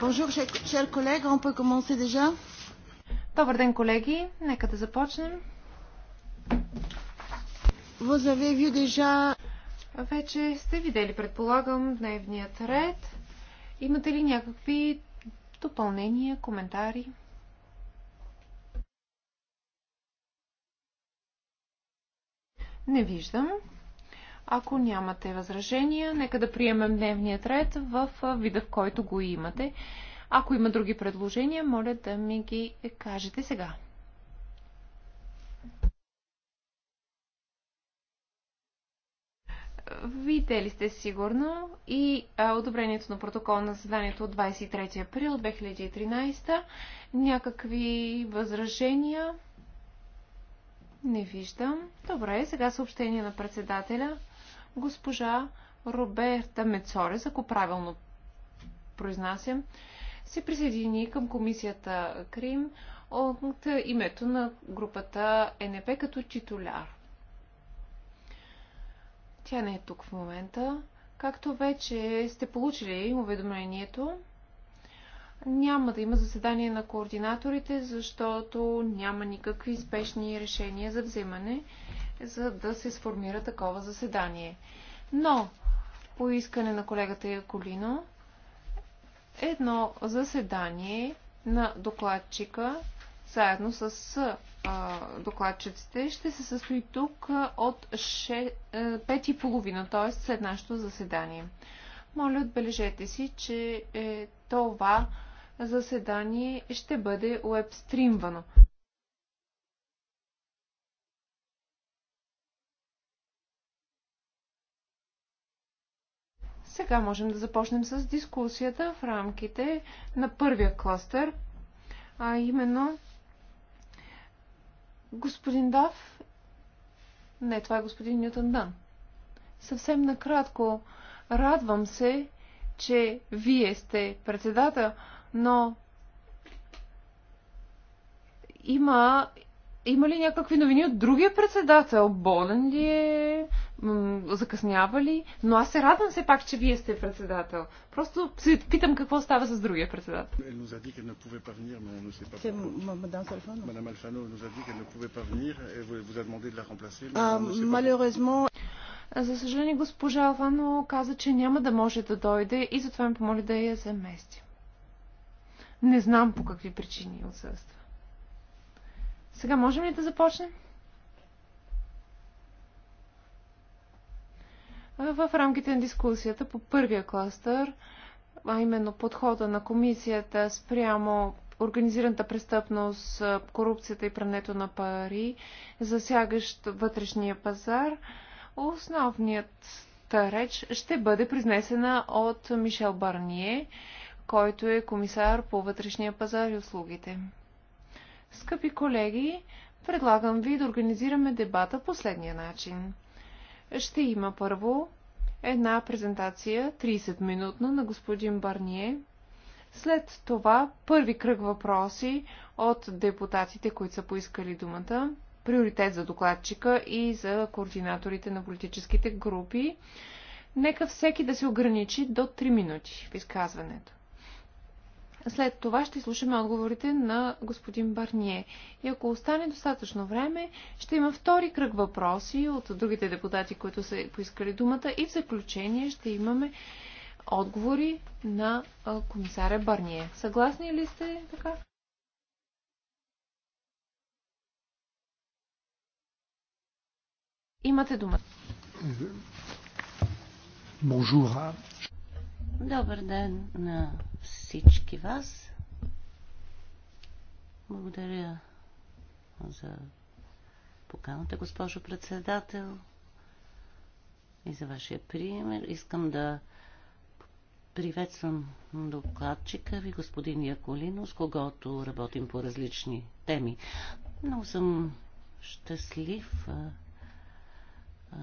Bonjour, chers collègues, on peut commencer déjà? Добър ден, колеги. Нека да започнем. Vous avez vu déjà... Вече сте видели, предполагам, дневният ред. Имате ли някакви допълнения, коментари? Не виждам. Ако нямате възражения, нека да приемем дневният ред в вида, в който го имате. Ако има други предложения, моля да ми ги кажете сега. Видели сте сигурно и а, одобрението на протокол на заданието от 23 април 2013. Някакви възражения? Не виждам. Добре, сега съобщение на председателя госпожа Роберта Мецорес, ако правилно произнасям, се присъедини към комисията Крим от името на групата НП като титуляр. Тя не е тук в момента. Както вече сте получили уведомлението, няма да има заседание на координаторите, защото няма никакви спешни решения за вземане за да се сформира такова заседание. Но, по искане на колегата Яколино, едно заседание на докладчика, заедно с а, докладчиците, ще се състои тук от 5.30, т.е. след нашето заседание. Моля, отбележете си, че е, това заседание ще бъде уебстримвано. Сега можем да започнем с дискусията в рамките на първия кластър, а именно господин Дав. Не, това е господин Нютон Дън. Съвсем накратко, радвам се, че вие сте председател, но има, има ли някакви новини от другия председател? Болен ли е? закъснява ли, но аз се радвам все пак, че вие сте председател. Просто се питам какво става с другия председател. За съжаление, госпожа Алфано каза, че няма да може да дойде и затова ми помоли да я замести. Не знам по какви причини отсъства. Сега можем ли да започнем? в рамките на дискусията по първия кластър, а именно подхода на комисията спрямо организираната престъпност, корупцията и прането на пари, засягащ вътрешния пазар, основният реч ще бъде произнесена от Мишел Барние, който е комисар по вътрешния пазар и услугите. Скъпи колеги, предлагам ви да организираме дебата последния начин – ще има първо една презентация 30-минутна на господин Барние. След това първи кръг въпроси от депутатите, които са поискали думата. Приоритет за докладчика и за координаторите на политическите групи. Нека всеки да се ограничи до 3 минути в изказването. След това ще слушаме отговорите на господин Барние. И ако остане достатъчно време, ще има втори кръг въпроси от другите депутати, които са поискали думата. И в заключение ще имаме отговори на комисаря Барние. Съгласни ли сте така? Имате думата. Bonjour. Добър ден на всички вас. Благодаря за поканата, госпожо председател, и за вашия пример. Искам да приветствам докладчика ви, господин Яколино, с когото работим по различни теми. Много съм щастлив, а,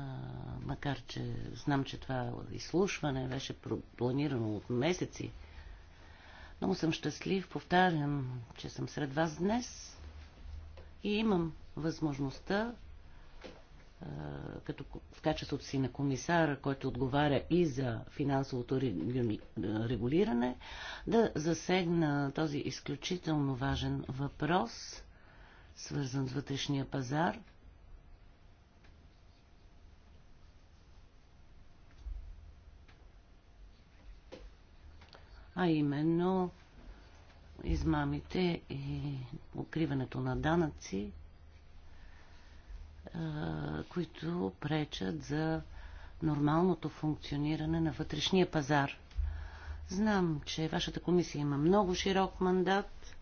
макар че знам, че това изслушване беше планирано от месеци. Много съм щастлив, повтарям, че съм сред вас днес и имам възможността като в качеството си на комисар, който отговаря и за финансовото регулиране, да засегна този изключително важен въпрос, свързан с вътрешния пазар – а именно измамите и укриването на данъци, които пречат за нормалното функциониране на вътрешния пазар. Знам, че вашата комисия има много широк мандат.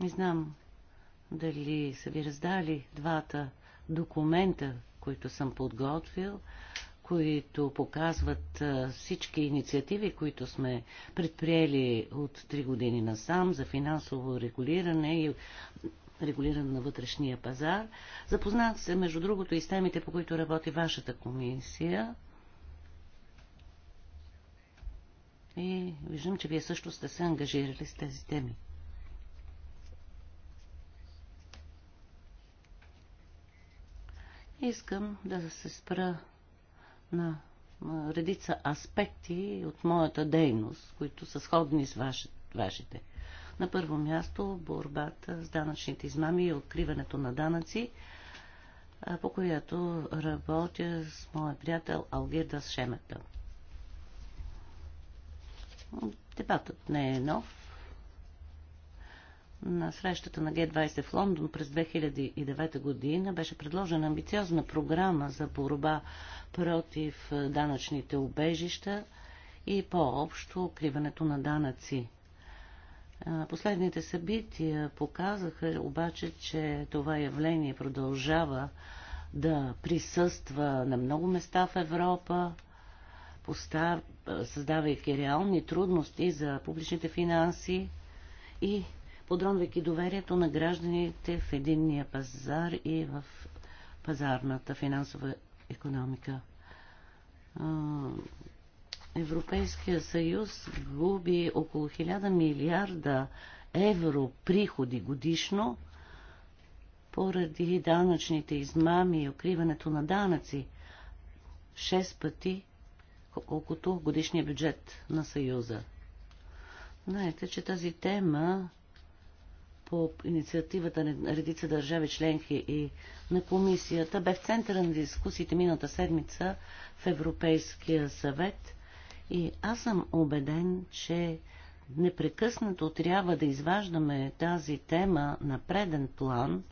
Не знам дали са ви раздали двата документа, които съм подготвил, които показват всички инициативи, които сме предприели от 3 години насам за финансово регулиране и регулиране на вътрешния пазар. Запознах се, между другото, и с темите, по които работи вашата комисия. И виждам, че вие също сте се ангажирали с тези теми. Искам да се спра на редица аспекти от моята дейност, които са сходни с вашите. На първо място борбата с данъчните измами и откриването на данъци, по която работя с моя приятел Алгирда Шемета. Дебатът не е нов на срещата на Г-20 в Лондон през 2009 година беше предложена амбициозна програма за борба против е, данъчните убежища и по-общо укриването на данъци. Е, последните събития показаха обаче, че това явление продължава да присъства на много места в Европа, е, създавайки реални трудности за публичните финанси и подронвайки доверието на гражданите в единния пазар и в пазарната финансова економика. Европейския съюз губи около 1000 милиарда евро приходи годишно поради данъчните измами и укриването на данъци. 6 пъти колкото годишния бюджет на Съюза. Знаете, че тази тема по инициативата на редица държави членки и на комисията бе в центъра на дискусиите миналата седмица в Европейския съвет и аз съм убеден, че непрекъснато трябва да изваждаме тази тема на преден план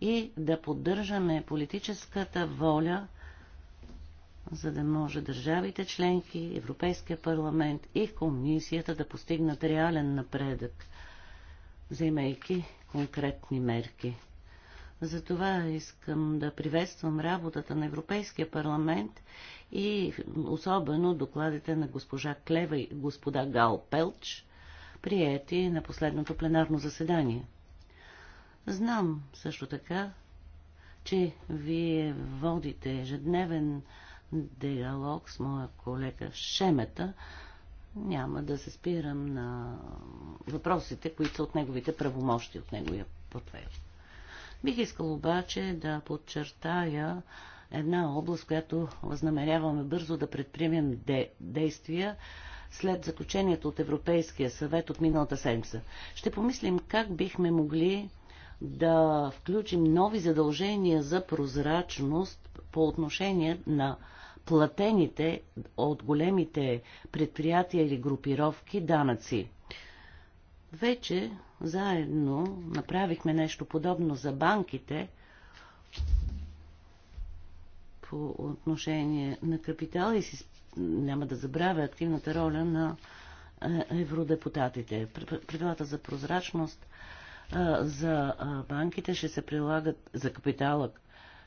и да поддържаме политическата воля, за да може държавите членки, Европейския парламент и комисията да постигнат реален напредък – вземайки конкретни мерки. Затова искам да приветствам работата на Европейския парламент и особено докладите на госпожа Клева и господа Гал Пелч, приети на последното пленарно заседание. Знам също така, че вие водите ежедневен диалог с моя колега Шемета няма да се спирам на въпросите, които са от неговите правомощи, от неговия портфел. Бих искал обаче да подчертая една област, която възнамеряваме бързо да предприемем де- действия след заключението от Европейския съвет от миналата седмица. Ще помислим как бихме могли да включим нови задължения за прозрачност по отношение на платените от големите предприятия или групировки данъци. Вече заедно направихме нещо подобно за банките по отношение на капитала и си, няма да забравя активната роля на е, евродепутатите. Правилата за прозрачност за банките ще се прилагат за капитала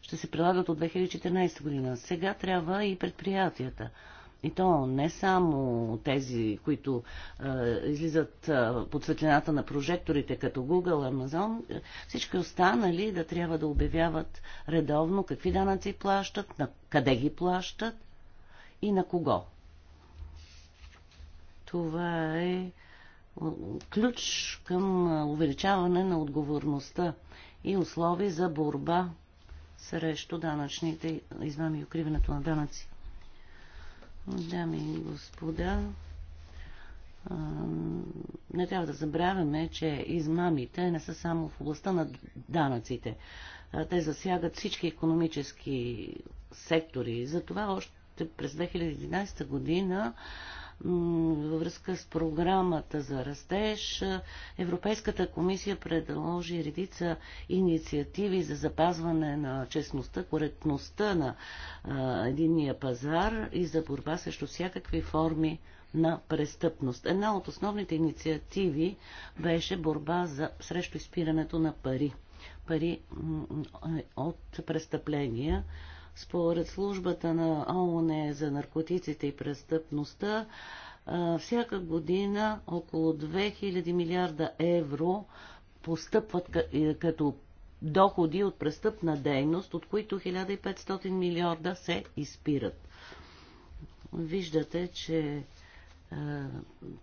ще се прилагат от 2014 година. Сега трябва и предприятията. И то не само тези, които е, излизат е, под светлината на прожекторите, като Google, Amazon, всички останали да трябва да обявяват редовно какви данъци плащат, на къде ги плащат и на кого. Това е ключ към увеличаване на отговорността и условия за борба срещу данъчните измами и укриването на данъци. Дами и господа, не трябва да забравяме, че измамите не са само в областта на данъците. Те засягат всички економически сектори. Затова още през 2011 година във връзка с програмата за растеж, Европейската комисия предложи редица инициативи за запазване на честността, коректността на единния пазар и за борба срещу всякакви форми на престъпност. Една от основните инициативи беше борба за, срещу изпирането на пари. Пари от престъпления, според службата на ООН за наркотиците и престъпността, всяка година около 2000 милиарда евро постъпват е, като доходи от престъпна дейност, от които 1500 милиарда се изпират. Виждате, че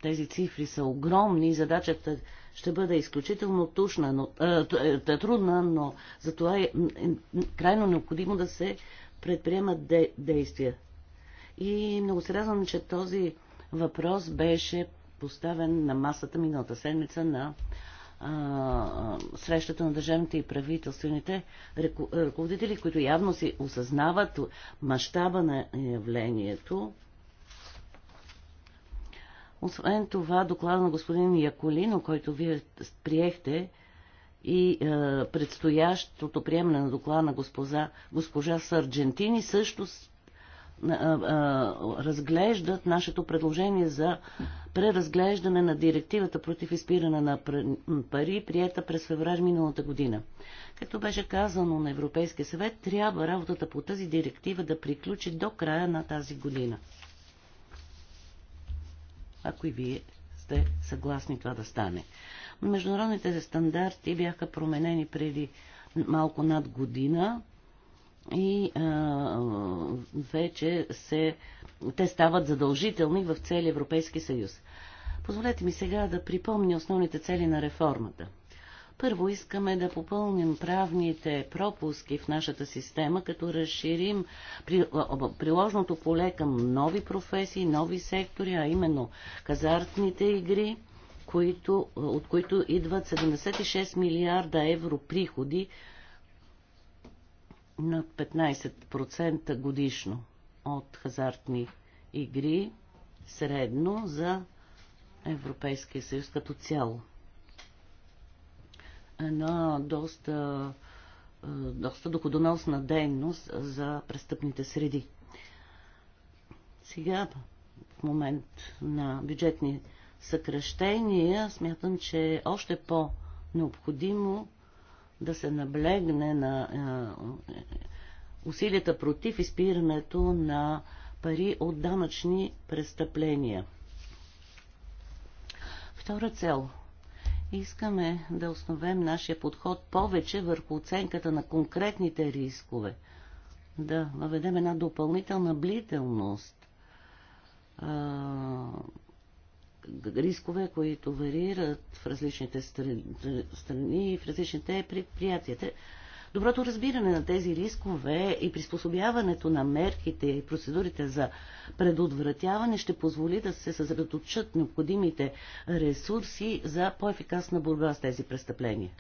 тези цифри са огромни, задачата ще бъде изключително тушна, но, е, трудна, но затова е крайно необходимо да се предприемат де- действия. И много се радвам, че този въпрос беше поставен на масата миналата седмица на а, срещата на държавните и правителствените ръководители, които явно си осъзнават мащаба на явлението. Освен това, доклада на господин Яколино, който вие приехте, и е, предстоящото приемане на доклада на госпожа, госпожа Сърджентини също с, е, е, разглеждат нашето предложение за преразглеждане на директивата против изпиране на пари, приета през февраж миналата година. Като беше казано на Европейския съвет, трябва работата по тази директива да приключи до края на тази година. Ако и вие сте съгласни това да стане. Международните стандарти бяха променени преди малко над година и а, вече се, те стават задължителни в целия Европейски съюз. Позволете ми сега да припомня основните цели на реформата. Първо искаме да попълним правните пропуски в нашата система, като разширим приложното поле към нови професии, нови сектори, а именно казартните игри – които, от които идват 76 милиарда евро приходи на 15% годишно от хазартни игри средно за Европейския съюз като цяло. Една доста, е, доста доходоносна дейност за престъпните среди. Сега, в момент на бюджетни съкръщения, смятам, че е още по-необходимо да се наблегне на е, е, усилията против изпирането на пари от данъчни престъпления. Втора цел. Искаме да основем нашия подход повече върху оценката на конкретните рискове. Да въведем една допълнителна блителност е, рискове, които варират в различните страни и в различните предприятия. Доброто разбиране на тези рискове и приспособяването на мерките и процедурите за предотвратяване ще позволи да се съсредоточат необходимите ресурси за по-ефикасна борба с тези престъпления.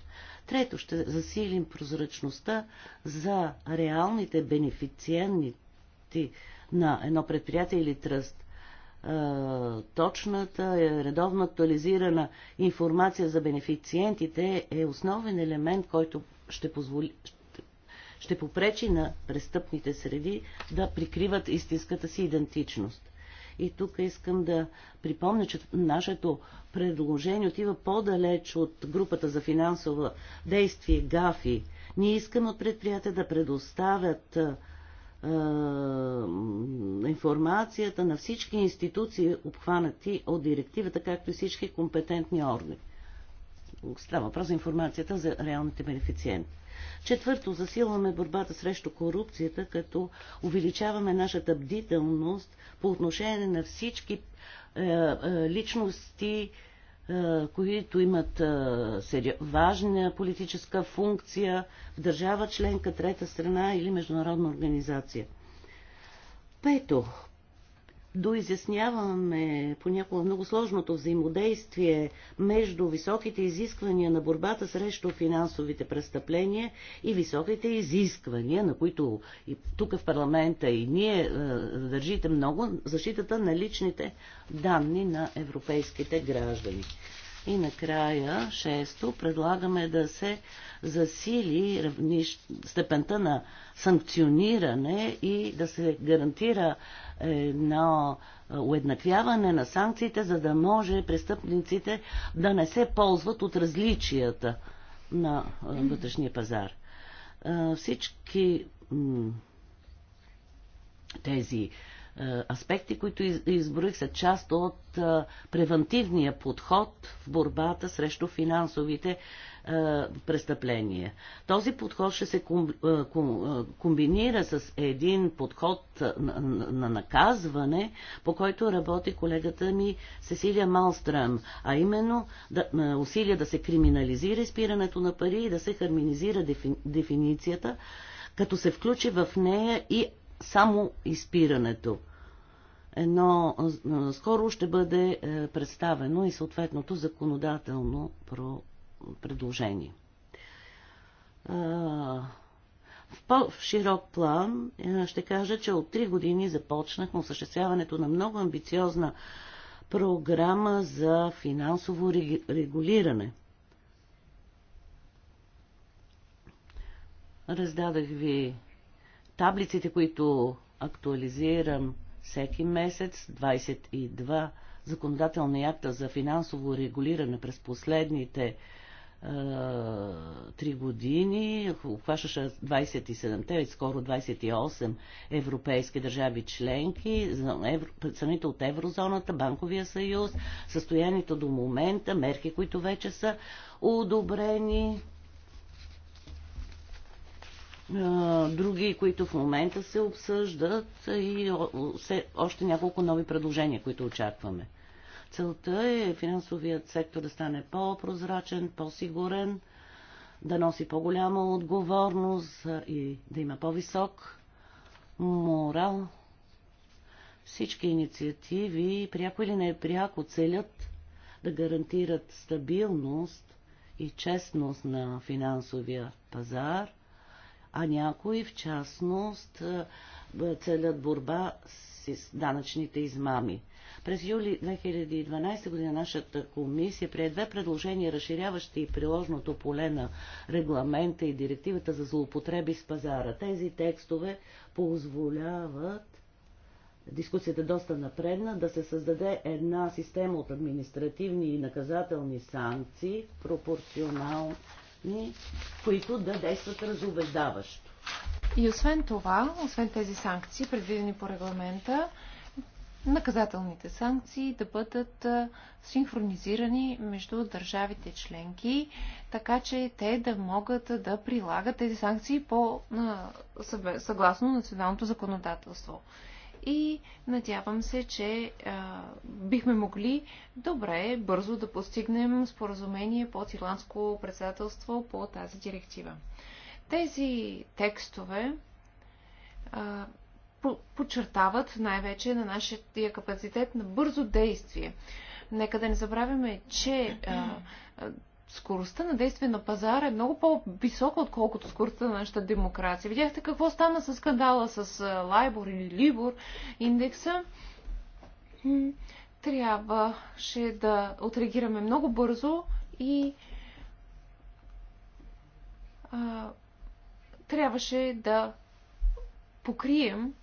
Трето, ще засилим прозрачността за реалните бенефициенти на едно предприятие или тръст точната, редовно актуализирана информация за бенефициентите е основен елемент, който ще позволи ще попречи на престъпните среди да прикриват истинската си идентичност. И тук искам да припомня, че нашето предложение отива по-далеч от групата за финансово действие ГАФИ. Ние искаме от предприятия да предоставят информацията на всички институции, обхванати от директивата, както и всички компетентни органи. Става въпрос за информацията за реалните бенефициенти. Четвърто, засилваме борбата срещу корупцията, като увеличаваме нашата бдителност по отношение на всички е, е, личности, които имат важна политическа функция в държава членка, трета страна или международна организация. Пето, доизясняваме понякога много сложното взаимодействие между високите изисквания на борбата срещу финансовите престъпления и високите изисквания, на които и тук в парламента и ние е, държите много, защитата на личните данни на европейските граждани. И накрая, шесто, предлагаме да се засили степента на санкциониране и да се гарантира на е, уеднаквяване на санкциите, за да може престъпниците да не се ползват от различията на е, вътрешния пазар. Е, всички тези е, аспекти, които изброих, са част от е, превентивния подход в борбата срещу финансовите е, престъпления. Този подход ще се комбинира с един подход на наказване, по който работи колегата ми Сесилия Малстрам, а именно да, усилия да се криминализира изпирането на пари и да се хармонизира дефиницията, като се включи в нея и само изпирането. Едно скоро ще бъде е, представено и съответното законодателно предложение. В по-широк план е, ще кажа, че от 3 години започнахме осъществяването на много амбициозна програма за финансово регулиране. Раздадах ви Таблиците, които актуализирам всеки месец, 22 законодателни акта за финансово регулиране през последните е, три години, обхващаше 27-те, скоро 28 европейски държави членки, страните от еврозоната, Банковия съюз, състоянието до момента, мерки, които вече са одобрени, други, които в момента се обсъждат и още няколко нови предложения, които очакваме. Целта е финансовият сектор да стане по-прозрачен, по-сигурен, да носи по-голяма отговорност и да има по-висок морал. Всички инициативи, пряко или непряко, целят да гарантират стабилност и честност на финансовия пазар – а някои в частност целят борба с данъчните измами. През юли 2012 година нашата комисия прие две предложения, разширяващи и приложното поле на регламента и директивата за злоупотреби с пазара. Тези текстове позволяват дискусията е доста напредна, да се създаде една система от административни и наказателни санкции, пропорционал, които да действат разобеждаващо. И освен това, освен тези санкции, предвидени по регламента, наказателните санкции да бъдат синхронизирани между държавите членки, така че те да могат да прилагат тези санкции по, съгласно националното законодателство и надявам се, че а, бихме могли добре, бързо да постигнем споразумение по ирландско председателство по тази директива. Тези текстове а, подчертават най-вече на нашия капацитет на бързо действие. Нека да не забравяме, че а, скоростта на действие на пазара е много по-висока, отколкото скоростта на нашата демокрация. Видяхте какво стана с скандала с Лайбор или Либор индекса. Трябваше да отреагираме много бързо и а, трябваше да покрием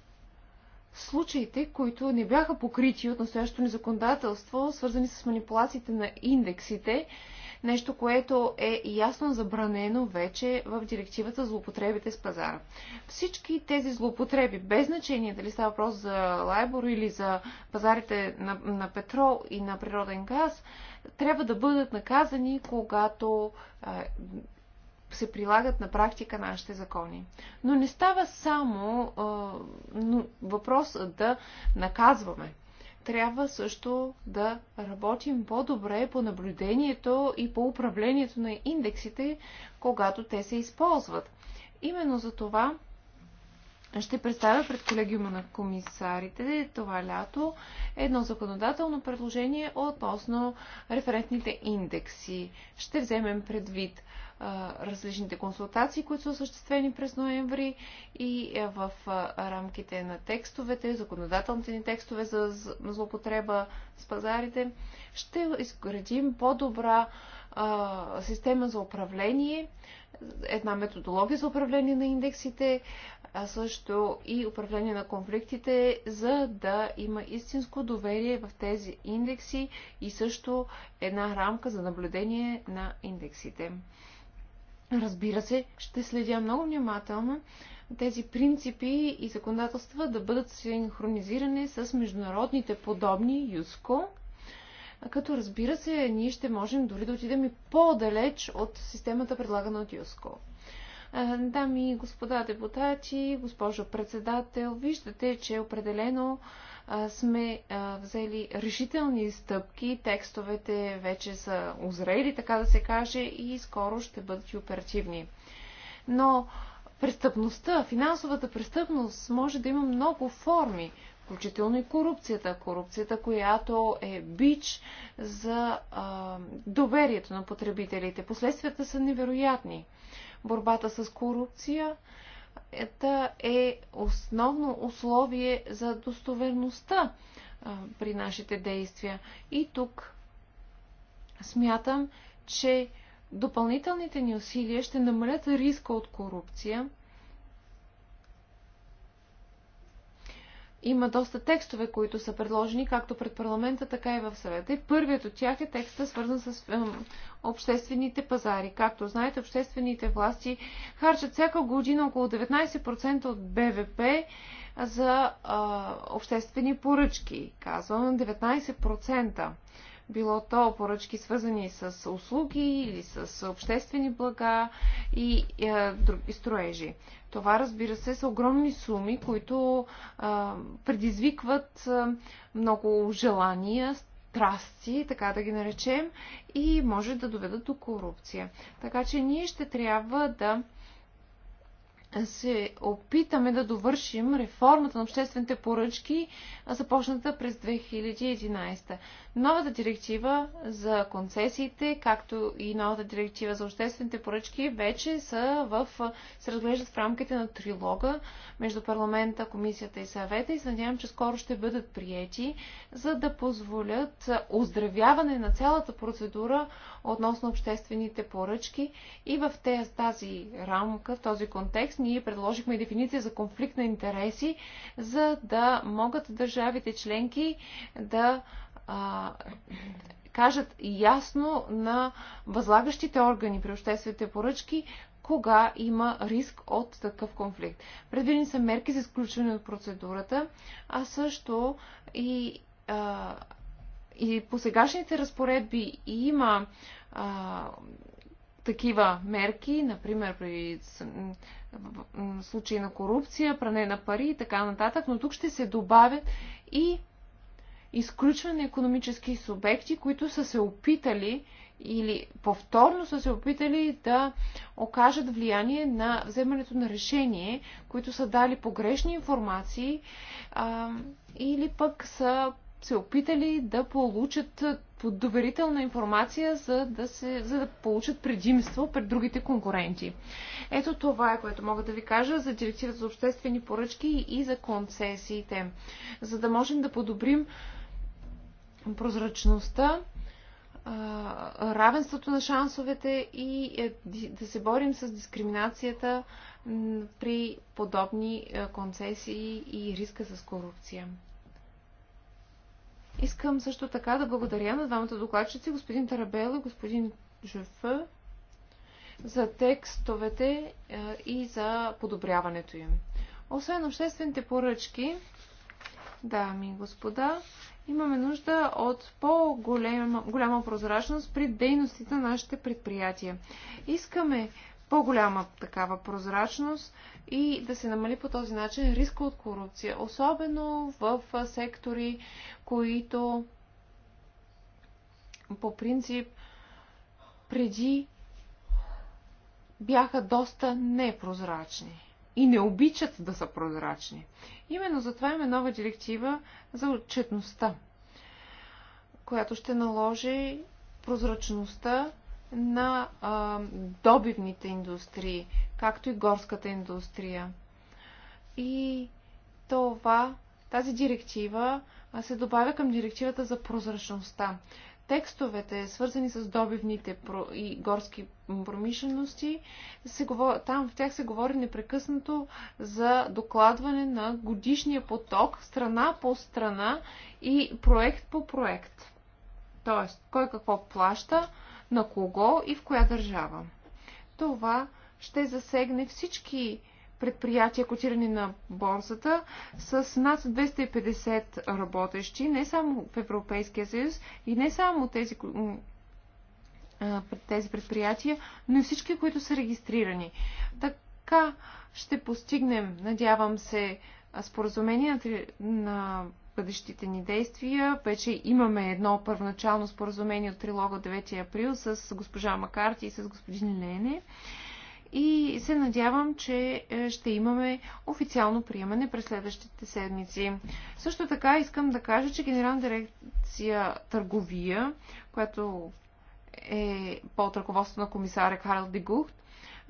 случаите, които не бяха покрити от настоящото ни законодателство, свързани с манипулациите на индексите нещо, което е ясно забранено вече в директивата за злоупотребите с пазара. Всички тези злоупотреби, без значение дали става въпрос за лайбор или за пазарите на, на петрол и на природен газ, трябва да бъдат наказани, когато а, се прилагат на практика нашите закони. Но не става само а, но въпрос да наказваме трябва също да работим по-добре по наблюдението и по управлението на индексите, когато те се използват. Именно за това ще представя пред колегиума на комисарите това лято едно законодателно предложение относно референтните индекси. Ще вземем предвид различните консултации, които са осъществени през ноември и в рамките на текстовете, законодателните ни текстове за злопотреба с пазарите, ще изградим по-добра система за управление, една методология за управление на индексите, а също и управление на конфликтите, за да има истинско доверие в тези индекси и също една рамка за наблюдение на индексите. Разбира се, ще следя много внимателно тези принципи и законодателства да бъдат синхронизирани с международните подобни ЮСКО, като разбира се, ние ще можем дори да отидем и по-далеч от системата предлагана от ЮСКО. Дами и господа депутати, госпожо председател, виждате, че определено сме взели решителни стъпки. Текстовете вече са озрели, така да се каже, и скоро ще бъдат и оперативни. Но престъпността, финансовата престъпност може да има много форми, включително и корупцията. Корупцията, която е бич за а, доверието на потребителите. Последствията са невероятни. Борбата с корупция е основно условие за достоверността при нашите действия. И тук смятам, че допълнителните ни усилия ще намалят риска от корупция – Има доста текстове, които са предложени както пред парламента, така и в съвета. И първият от тях е текста свързан с обществените пазари. Както знаете, обществените власти харчат всяка година около 19% от БВП за а, обществени поръчки. Казвам 19% било то поръчки свързани с услуги или с обществени блага и е, и, други строежи. Това, разбира се, са огромни суми, които а, предизвикват а, много желания, страсти, така да ги наречем, и може да доведат до корупция. Така че ние ще трябва да се опитаме да довършим реформата на обществените поръчки, започната през 2011. Новата директива за концесиите, както и новата директива за обществените поръчки, вече са в, се разглеждат в рамките на трилога между парламента, комисията и съвета и се надявам, че скоро ще бъдат приети, за да позволят оздравяване на цялата процедура относно обществените поръчки и в тази рамка, в този контекст, ние предложихме дефиниция за конфликт на интереси, за да могат държавите членки да а, кажат ясно на възлагащите органи при обществените поръчки кога има риск от такъв конфликт. Предвидени са мерки за изключване от процедурата, а също и, а, и по сегашните разпоредби има а, такива мерки, например при случаи на корупция, пране на пари и така нататък, но тук ще се добавят и изключване на економически субекти, които са се опитали или повторно са се опитали да окажат влияние на вземането на решение, които са дали погрешни информации а, или пък са се опитали да получат под доверителна информация, за да, се, за да получат предимство пред другите конкуренти. Ето това е, което мога да ви кажа за директивата за обществени поръчки и за концесиите, за да можем да подобрим прозрачността, равенството на шансовете и е, да се борим с дискриминацията при подобни концесии и риска с корупция. Искам също така да благодаря на двамата докладчици, господин Тарабел и господин Жеф, за текстовете е, и за подобряването им. Освен обществените поръчки, дами и господа, имаме нужда от по-голяма прозрачност при дейностите на нашите предприятия. Искаме по-голяма такава прозрачност и да се намали по този начин риска от корупция, особено в сектори, които по принцип преди бяха доста непрозрачни и не обичат да са прозрачни. Именно затова има нова директива за отчетността, която ще наложи прозрачността на а, добивните индустрии, както и горската индустрия. И това, тази директива се добавя към директивата за прозрачността. Текстовете, свързани с добивните и горски промишлености, се говор... там в тях се говори непрекъснато за докладване на годишния поток страна по страна и проект по проект. Тоест, кой какво плаща, на кого и в коя държава. Това ще засегне всички предприятия, котирани на борсата, с над 250 работещи, не само в Европейския съюз и не само тези, тези предприятия, но и всички, които са регистрирани. Така ще постигнем, надявам се, споразумение на, на бъдещите ни действия. Вече имаме едно първоначално споразумение от трилога 9 април с госпожа Макарти и с господин Лене. И се надявам, че е, ще имаме официално приемане през следващите седмици. Също така искам да кажа, че Генерална дирекция търговия, която е под ръководство на комисаря Карл Дегухт,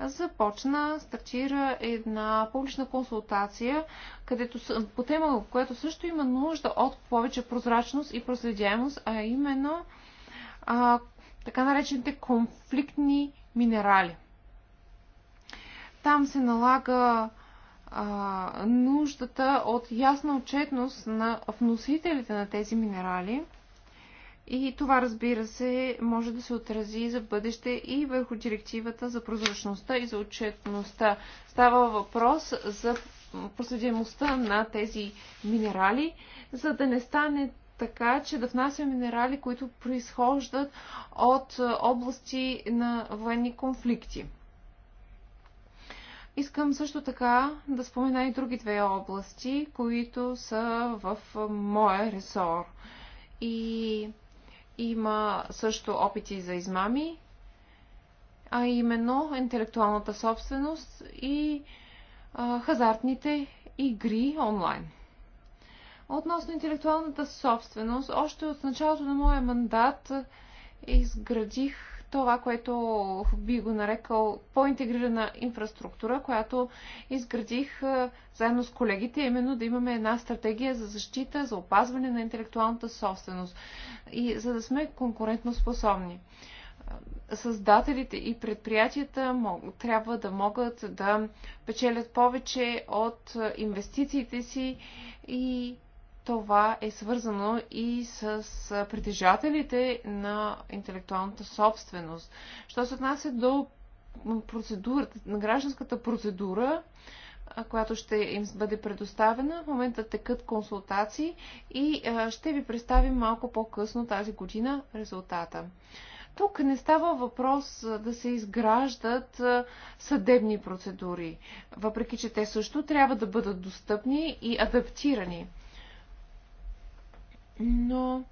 започна, стартира една публична консултация, където, по тема, в която също има нужда от повече прозрачност и проследяемост, а именно а, така наречените конфликтни минерали. Там се налага а, нуждата от ясна отчетност на вносителите на тези минерали – и това, разбира се, може да се отрази за бъдеще и върху директивата за прозрачността и за отчетността. Става въпрос за проследимостта на тези минерали, за да не стане така, че да внася минерали, които произхождат от области на военни конфликти. Искам също така да спомена и други две области, които са в моя ресор. И има също опити за измами, а именно интелектуалната собственост и а, хазартните игри онлайн. Относно интелектуалната собственост, още от началото на моя мандат изградих това, което би го нарекал по-интегрирана инфраструктура, която изградих е, заедно с колегите, именно да имаме една стратегия за защита, за опазване на интелектуалната собственост и за да сме конкурентно способни. Създателите и предприятията трябва да могат да печелят повече от е, инвестициите си и това е свързано и с притежателите на интелектуалната собственост. Що се отнася до процедурата, на гражданската процедура, която ще им бъде предоставена. В момента текат консултации и ще ви представим малко по-късно тази година резултата. Тук не става въпрос да се изграждат съдебни процедури, въпреки че те също трябва да бъдат достъпни и адаптирани. Но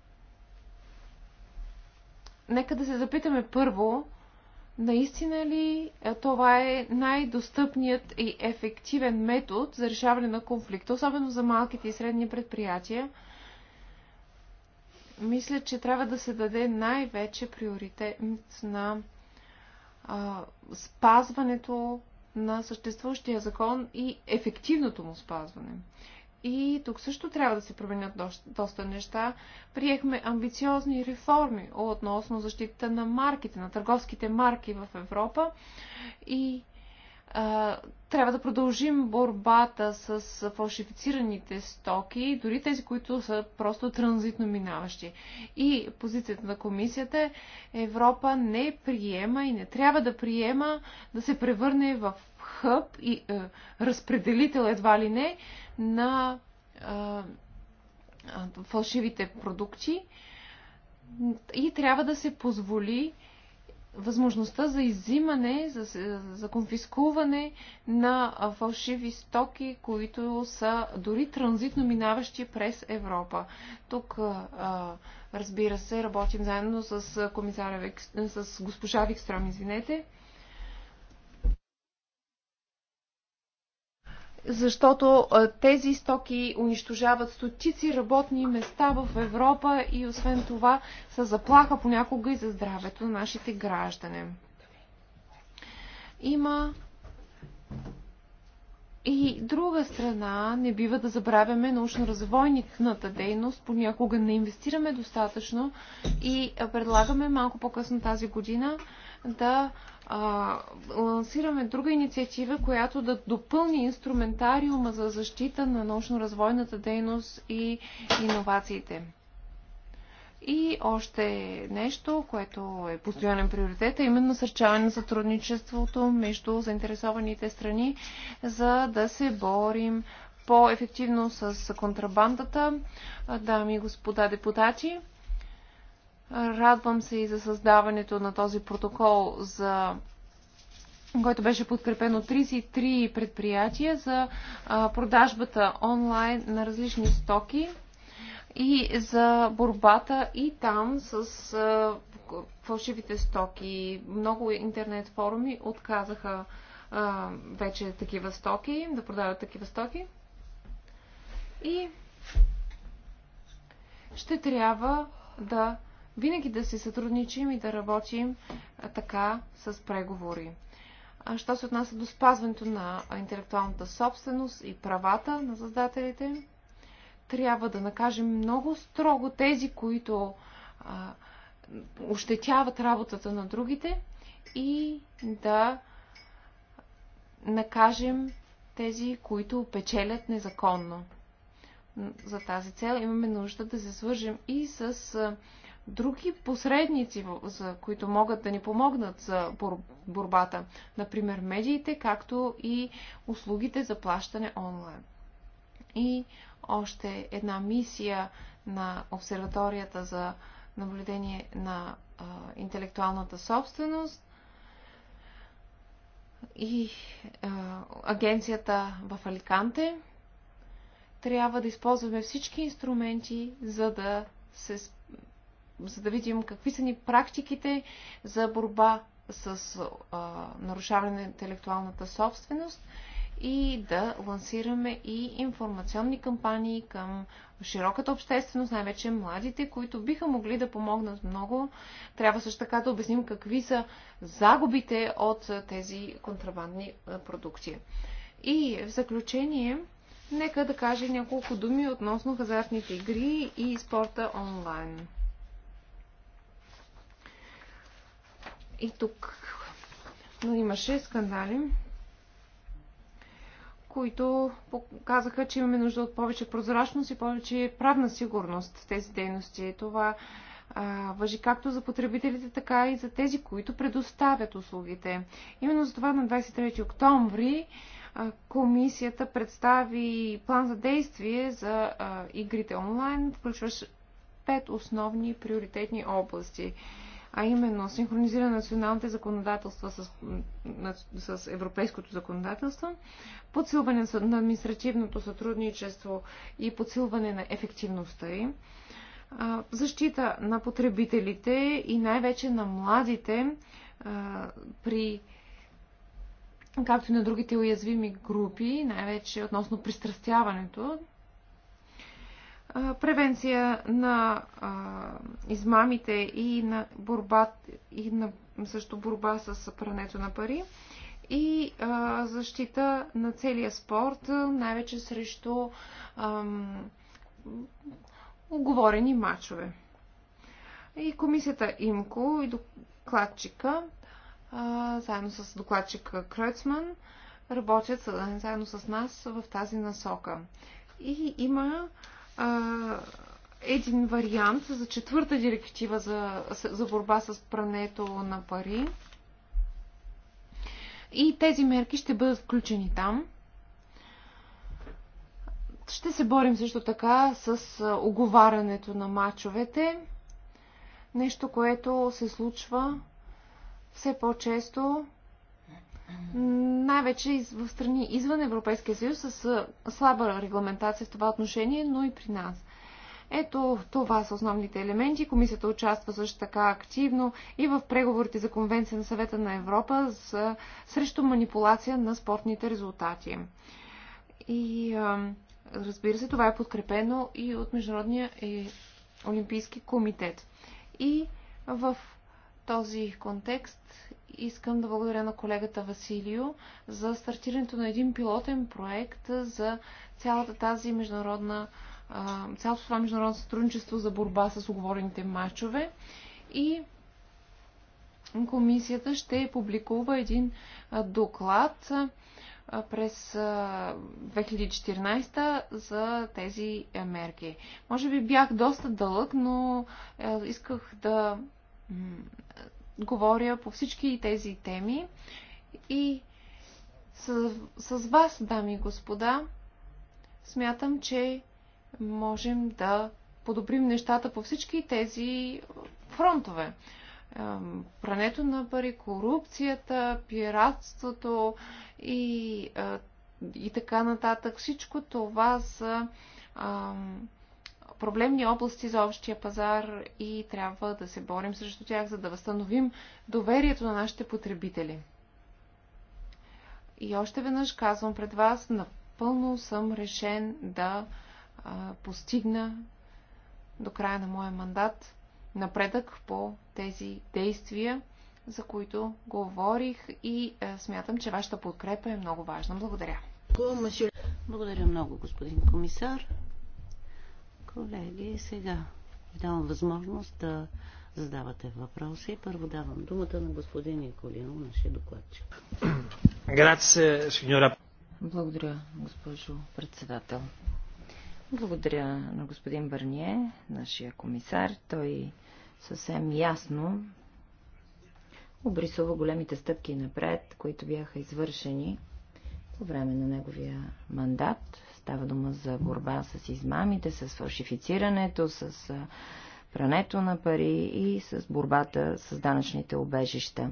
нека да се запитаме първо, наистина ли е, това е най-достъпният и ефективен метод за решаване на конфликта, особено за малките и средни предприятия. Мисля, че трябва да се даде най-вече приоритет на а, спазването на съществуващия закон и ефективното му спазване. И тук също трябва да се променят доста неща. Приехме амбициозни реформи относно защитата на марките, на търговските марки в Европа. И а, трябва да продължим борбата с фалшифицираните стоки, дори тези, които са просто транзитно минаващи. И позицията на комисията е Европа не приема и не трябва да приема да се превърне в хъб и е, разпределител едва ли не на е, фалшивите продукти и трябва да се позволи възможността за изимане, за, за конфискуване на фалшиви стоки, които са дори транзитно минаващи през Европа. Тук, е, е, разбира се, работим заедно с е, комисаря, с госпожа Викстром, извинете, защото тези стоки унищожават стотици работни места в Европа и освен това са заплаха понякога и за здравето на нашите граждане. Има и друга страна, не бива да забравяме научно-развойната дейност. Понякога не инвестираме достатъчно и предлагаме малко по-късно тази година да а, лансираме друга инициатива, която да допълни инструментариума за защита на научно-развойната дейност и иновациите. И още нещо, което е постоянен приоритет, е именно насърчаване на сътрудничеството между заинтересованите страни, за да се борим по-ефективно с контрабандата. Дами и господа депутати, Радвам се и за създаването на този протокол, за... който беше подкрепен от 33 предприятия за продажбата онлайн на различни стоки и за борбата и там с фалшивите стоки. Много интернет форуми отказаха вече такива стоки, да продават такива стоки. И ще трябва да винаги да се сътрудничим и да работим така с преговори. Що се отнася до спазването на интелектуалната собственост и правата на създателите, трябва да накажем много строго тези, които а, ощетяват работата на другите и да накажем тези, които печелят незаконно. За тази цел имаме нужда да се свържем и с други посредници, за които могат да ни помогнат за борбата. Например, медиите, както и услугите за плащане онлайн. И още една мисия на обсерваторията за наблюдение на а, интелектуалната собственост и а, агенцията в Аликанте. Трябва да използваме всички инструменти, за да се за да видим какви са ни практиките за борба с а, нарушаване на интелектуалната собственост и да лансираме и информационни кампании към широката общественост, най-вече младите, които биха могли да помогнат много. Трябва също така да обясним какви са загубите от тези контрабандни продукти. И в заключение, нека да кажа няколко думи относно хазартните игри и спорта онлайн. и тук. Но имаше скандали, които показаха, че имаме нужда от повече прозрачност и повече правна сигурност в тези дейности. Това а, въжи както за потребителите, така и за тези, които предоставят услугите. Именно за това на 23 октомври а, комисията представи план за действие за а, игрите онлайн, включващ пет основни приоритетни области. А, а именно синхронизира националните законодателства с, с европейското законодателство, подсилване на административното сътрудничество и подсилване на ефективността им, защита на потребителите и най-вече на младите при както и на другите уязвими групи, най-вече относно пристрастяването, превенция на а, измамите и на борба, и на също борба с прането на пари и а, защита на целия спорт, най-вече срещу ам, оговорени матчове. И комисията ИМКО и докладчика, а, заедно с докладчика Кръцман, работят заедно с нас в тази насока. И има а, един вариант за четвърта директива за, за борба с прането на пари. И тези мерки ще бъдат включени там. Ще се борим също така с оговарянето на мачовете. Нещо, което се случва все по-често най-вече в страни извън Европейския съюз с слаба регламентация в това отношение, но и при нас. Ето това са основните елементи. Комисията участва също така активно и в преговорите за Конвенция на съвета на Европа с, срещу манипулация на спортните резултати. И разбира се, това е подкрепено и от Международния и е, Олимпийски комитет. И в този контекст искам да благодаря на колегата Василио за стартирането на един пилотен проект за цялата тази международна, цялото това международно сътрудничество за борба с оговорените матчове. И комисията ще публикува един доклад през 2014 за тези мерки. Може би бях доста дълъг, но исках да говоря по всички тези теми и с, с вас, дами и господа, смятам, че можем да подобрим нещата по всички тези фронтове. Прането на пари, корупцията, пиратството и, и така нататък. Всичко това са проблемни области за общия пазар и трябва да се борим срещу тях, за да възстановим доверието на нашите потребители. И още веднъж казвам пред вас, напълно съм решен да а, постигна до края на моя мандат напредък по тези действия, за които говорих и а, смятам, че вашата подкрепа е много важна. Благодаря. Благодаря много, господин комисар. Колеги, сега ви давам възможност да задавате въпроси. Първо давам думата на господин Николино, нашия докладчик. Грация, сеньора. Благодаря, госпожо председател. Благодаря на господин Бърние, нашия комисар. Той съвсем ясно обрисува големите стъпки напред, които бяха извършени по време на неговия мандат Става дума за борба с измамите, с фалшифицирането, с прането на пари и с борбата с данъчните обежища.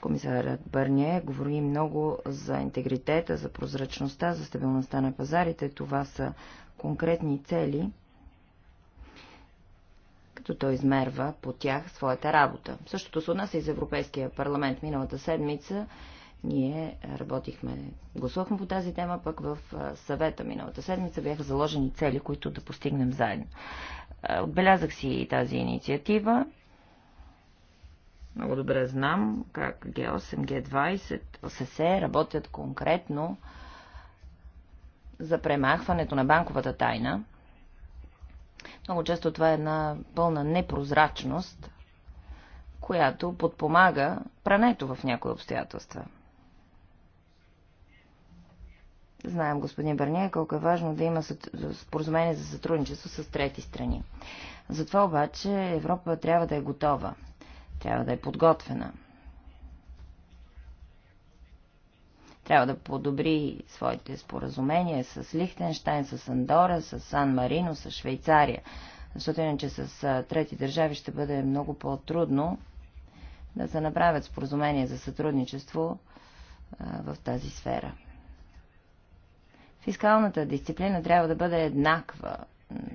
Комисарът Бърние говори много за интегритета, за прозрачността, за стабилността на пазарите. Това са конкретни цели, като той измерва по тях своята работа. Същото се отнася и за Европейския парламент. Миналата седмица ние работихме, гласувахме по тази тема, пък в съвета миналата седмица бяха заложени цели, които да постигнем заедно. Отбелязах си тази инициатива. Много добре знам как Г8, Г20, ОСС работят конкретно за премахването на банковата тайна. Много често това е една пълна непрозрачност, която подпомага прането в някои обстоятелства. Знаем, господин Берния, колко е важно да има споразумение за сътрудничество с трети страни. Затова обаче Европа трябва да е готова, трябва да е подготвена. Трябва да подобри своите споразумения с Лихтенштайн, с Андора, с Сан Марино, с Швейцария. Защото иначе с трети държави ще бъде много по-трудно да се направят споразумения за сътрудничество в тази сфера. Фискалната дисциплина трябва да бъде еднаква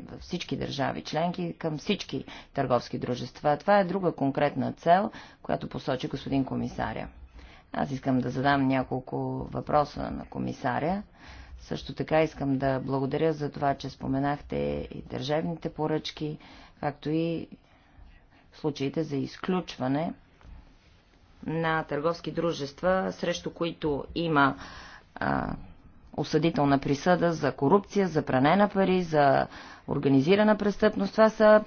във всички държави членки към всички търговски дружества. Това е друга конкретна цел, която посочи господин комисаря. Аз искам да задам няколко въпроса на комисаря. Също така искам да благодаря за това, че споменахте и държавните поръчки, както и случаите за изключване на търговски дружества, срещу които има а, осъдителна присъда за корупция, за пране на пари, за организирана престъпност. Това са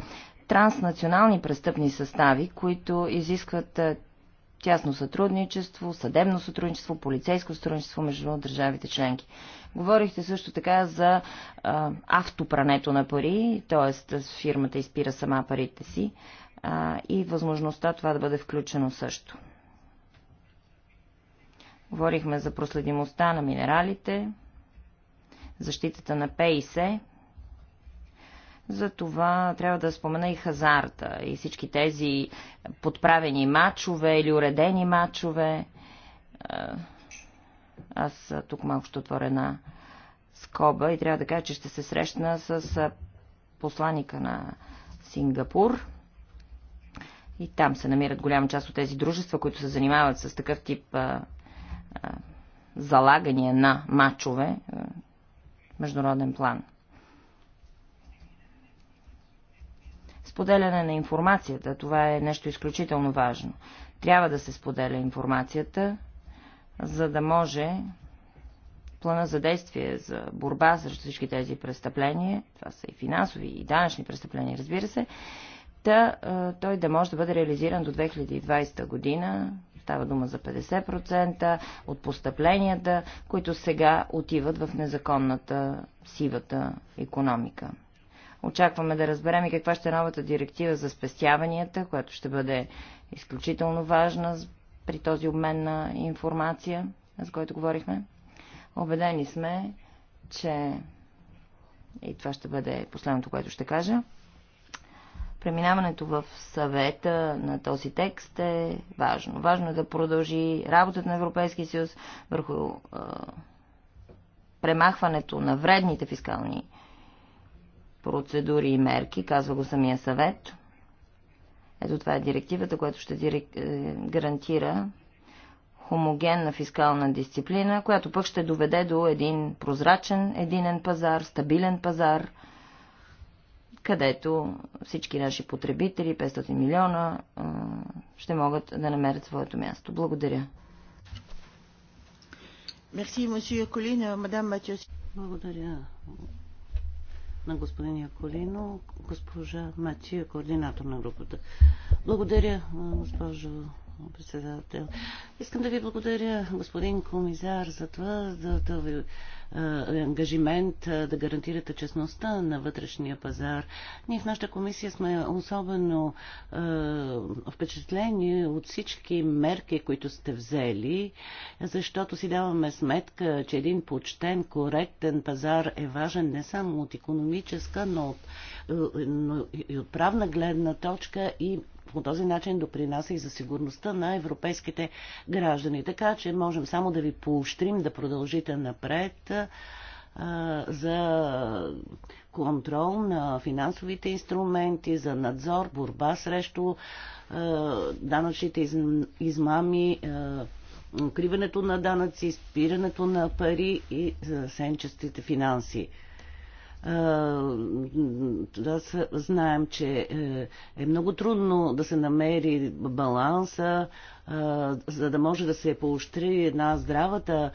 транснационални престъпни състави, които изискват тясно сътрудничество, съдебно сътрудничество, полицейско сътрудничество между държавите членки. Говорихте също така за а, автопрането на пари, т.е. фирмата изпира сама парите си а, и възможността това да бъде включено също. Говорихме за проследимостта на минералите, защитата на ПИС. За това трябва да спомена и хазарта и всички тези подправени мачове или уредени мачове. Аз тук малко ще отворя една скоба и трябва да кажа, че ще се срещна с посланика на Сингапур. И там се намират голяма част от тези дружества, които се занимават с такъв тип залагания на мачове е, международен план. Споделяне на информацията. Това е нещо изключително важно. Трябва да се споделя информацията, за да може плана за действие за борба срещу всички тези престъпления, това са и финансови, и данъчни престъпления, разбира се, да, е, той да може да бъде реализиран до 2020 година Става дума за 50% от постъпленията, които сега отиват в незаконната сивата економика. Очакваме да разберем и каква ще е новата директива за спестяванията, която ще бъде изключително важна при този обмен на информация, за който говорихме. Обедени сме, че и това ще бъде последното, което ще кажа. Преминаването в съвета на този текст е важно. Важно е да продължи работата на Европейския съюз върху е, премахването на вредните фискални процедури и мерки, казва го самия съвет. Ето това е директивата, която ще дирек... Е, гарантира хомогенна фискална дисциплина, която пък ще доведе до един прозрачен единен пазар, стабилен пазар – където всички наши потребители, 500 милиона, ще могат да намерят своето място. Благодаря. Мерси, мусия Колина, мадам Матиос. Благодаря на господин Яколино, госпожа Матия, координатор на групата. Благодаря, госпожо председател. Искам да ви благодаря, господин комисар, за това, за този е, ангажимент е, да гарантирате честността на вътрешния пазар. Ние в нашата комисия сме особено е, впечатлени от всички мерки, които сте взели, защото си даваме сметка, че един почтен, коректен пазар е важен не само от економическа, но, от, е, но и от правна гледна точка и по този начин допринася и за сигурността на европейските граждани. Така че можем само да ви поощрим да продължите напред за контрол на финансовите инструменти, за надзор, борба срещу данъчните измами, укриването на данъци, спирането на пари и за сенчестите финанси. Да, знаем, че е, е много трудно да се намери баланса, за да може да се поощри една здравата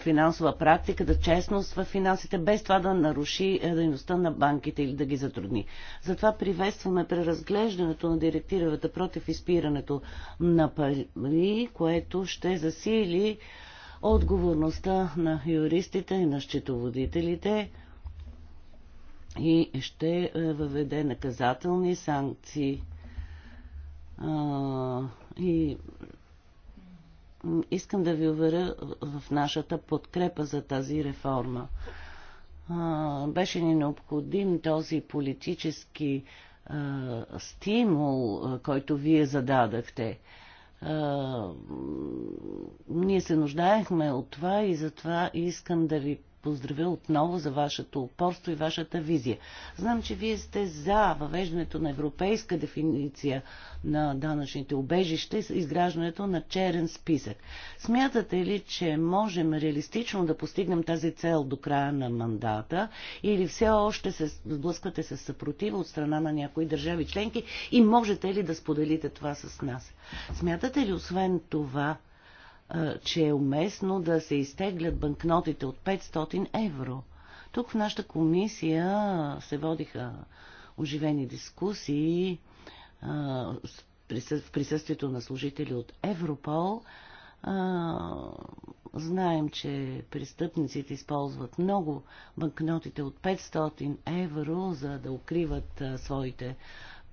финансова практика, да честност в финансите, без това да наруши е, дейността на банките или да ги затрудни. Затова приветстваме преразглеждането на директивата против изпирането на пари, което ще засили отговорността на юристите и на счетоводителите, и ще е, въведе наказателни санкции. А, и искам да ви уверя в нашата подкрепа за тази реформа. А, беше ни необходим този политически а, е, стимул, е, който вие зададахте. А, ние се нуждаехме от това и затова искам да ви поздравя отново за вашето упорство и вашата визия. Знам, че вие сте за въвеждането на европейска дефиниция на данъчните убежища и изграждането на черен списък. Смятате ли, че можем реалистично да постигнем тази цел до края на мандата или все още се сблъсквате с съпротива от страна на някои държави членки и можете ли да споделите това с нас? Смятате ли освен това, че е уместно да се изтеглят банкнотите от 500 евро. Тук в нашата комисия се водиха оживени дискусии в присъствието на служители от Европол. Знаем, че престъпниците използват много банкнотите от 500 евро, за да укриват своите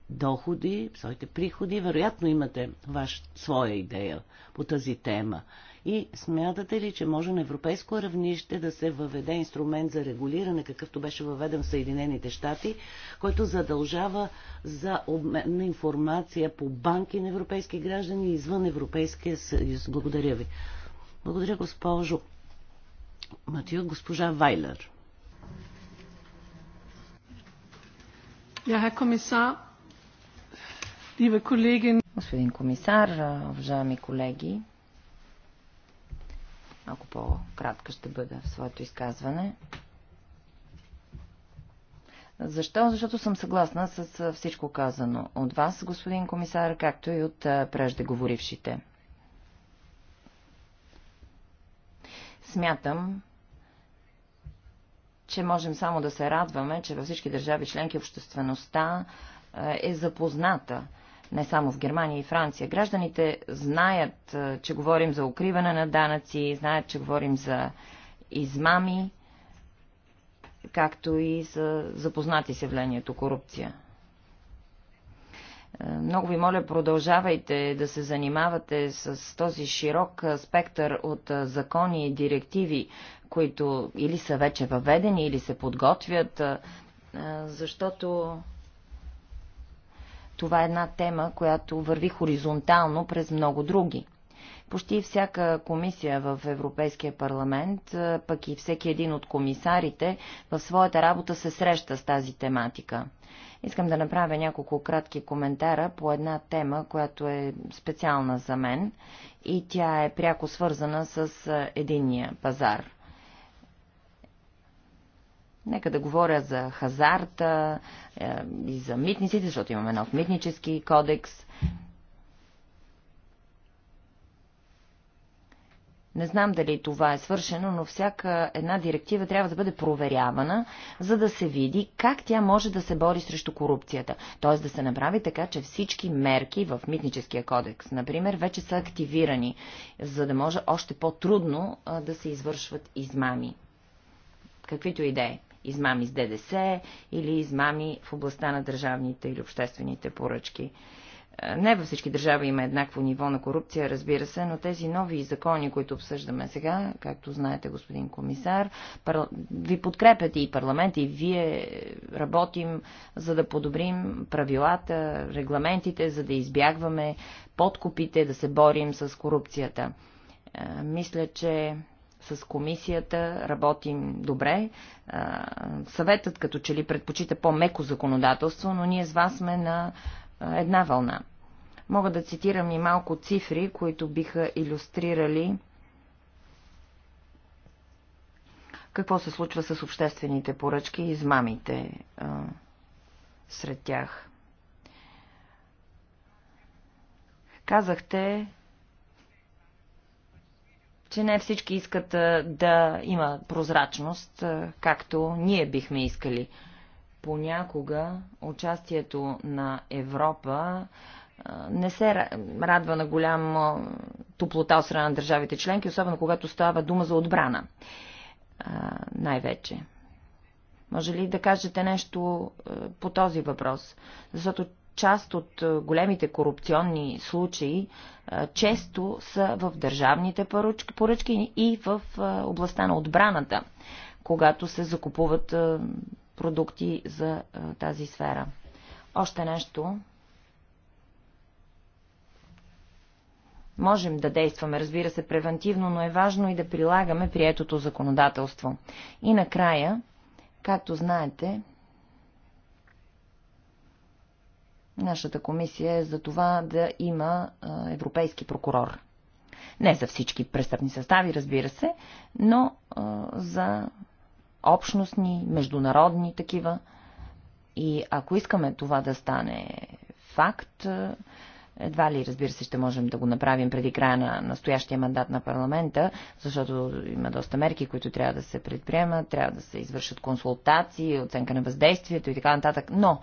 доходи, своите приходи. Вероятно имате ваш, своя идея по тази тема. И смятате ли, че може на европейско равнище да се въведе инструмент за регулиране, какъвто беше въведен в Съединените щати, който задължава за обмен на информация по банки на европейски граждани извън Европейския съюз? Благодаря ви. Благодаря, госпожо Матио, госпожа Вайлер. Ja, Herr Kommissar, Господин комисар, уважаеми колеги, малко по-кратка ще бъда в своето изказване. Защо? Защото съм съгласна с всичко казано от вас, господин комисар, както и от преждеговорившите. Смятам, че можем само да се радваме, че във всички държави членки обществеността е запозната не само в Германия и Франция. Гражданите знаят, че говорим за укриване на данъци, знаят, че говорим за измами, както и за запознати с явлението корупция. Много ви моля, продължавайте да се занимавате с този широк спектър от закони и директиви, които или са вече въведени, или се подготвят, защото това е една тема, която върви хоризонтално през много други. Почти всяка комисия в Европейския парламент, пък и всеки един от комисарите в своята работа се среща с тази тематика. Искам да направя няколко кратки коментара по една тема, която е специална за мен и тя е пряко свързана с единния пазар. Нека да говоря за хазарта е, и за митниците, защото имаме нов митнически кодекс. Не знам дали това е свършено, но всяка една директива трябва да бъде проверявана, за да се види как тя може да се бори срещу корупцията. Т.е. да се направи така, че всички мерки в Митническия кодекс, например, вече са активирани, за да може още по-трудно да се извършват измами. Каквито идеи. Е измами с ДДС или измами в областта на държавните или обществените поръчки. Е, не във всички държави има еднакво ниво на корупция, разбира се, но тези нови закони, които обсъждаме сега, както знаете, господин комисар, пар... ви подкрепят и парламент, и вие е, работим, за да подобрим правилата, регламентите, за да избягваме подкупите, да се борим с корупцията. Е, мисля, че с комисията работим добре. Съветът като че ли предпочита по-меко законодателство, но ние с вас сме на една вълна. Мога да цитирам и малко цифри, които биха иллюстрирали какво се случва с обществените поръчки и измамите сред тях. Казахте, че не всички искат да има прозрачност, както ние бихме искали. Понякога участието на Европа не се радва на голяма топлота от страна на държавите членки, особено когато става дума за отбрана. Най-вече. Може ли да кажете нещо по този въпрос? Защото част от е, големите корупционни случаи е, често са в държавните поръчки и в е, областта на отбраната, когато се закупуват продукти за тази сфера. Още нещо. Можем да действаме, разбира се, превентивно, но е важно и да прилагаме приетото законодателство. И накрая, както знаете, Нашата комисия е за това да има европейски прокурор. Не за всички престъпни състави, разбира се, но за общностни, международни такива. И ако искаме това да стане факт, едва ли, разбира се, ще можем да го направим преди края на настоящия мандат на парламента, защото има доста мерки, които трябва да се предприемат, трябва да се извършат консултации, оценка на въздействието и така нататък. Но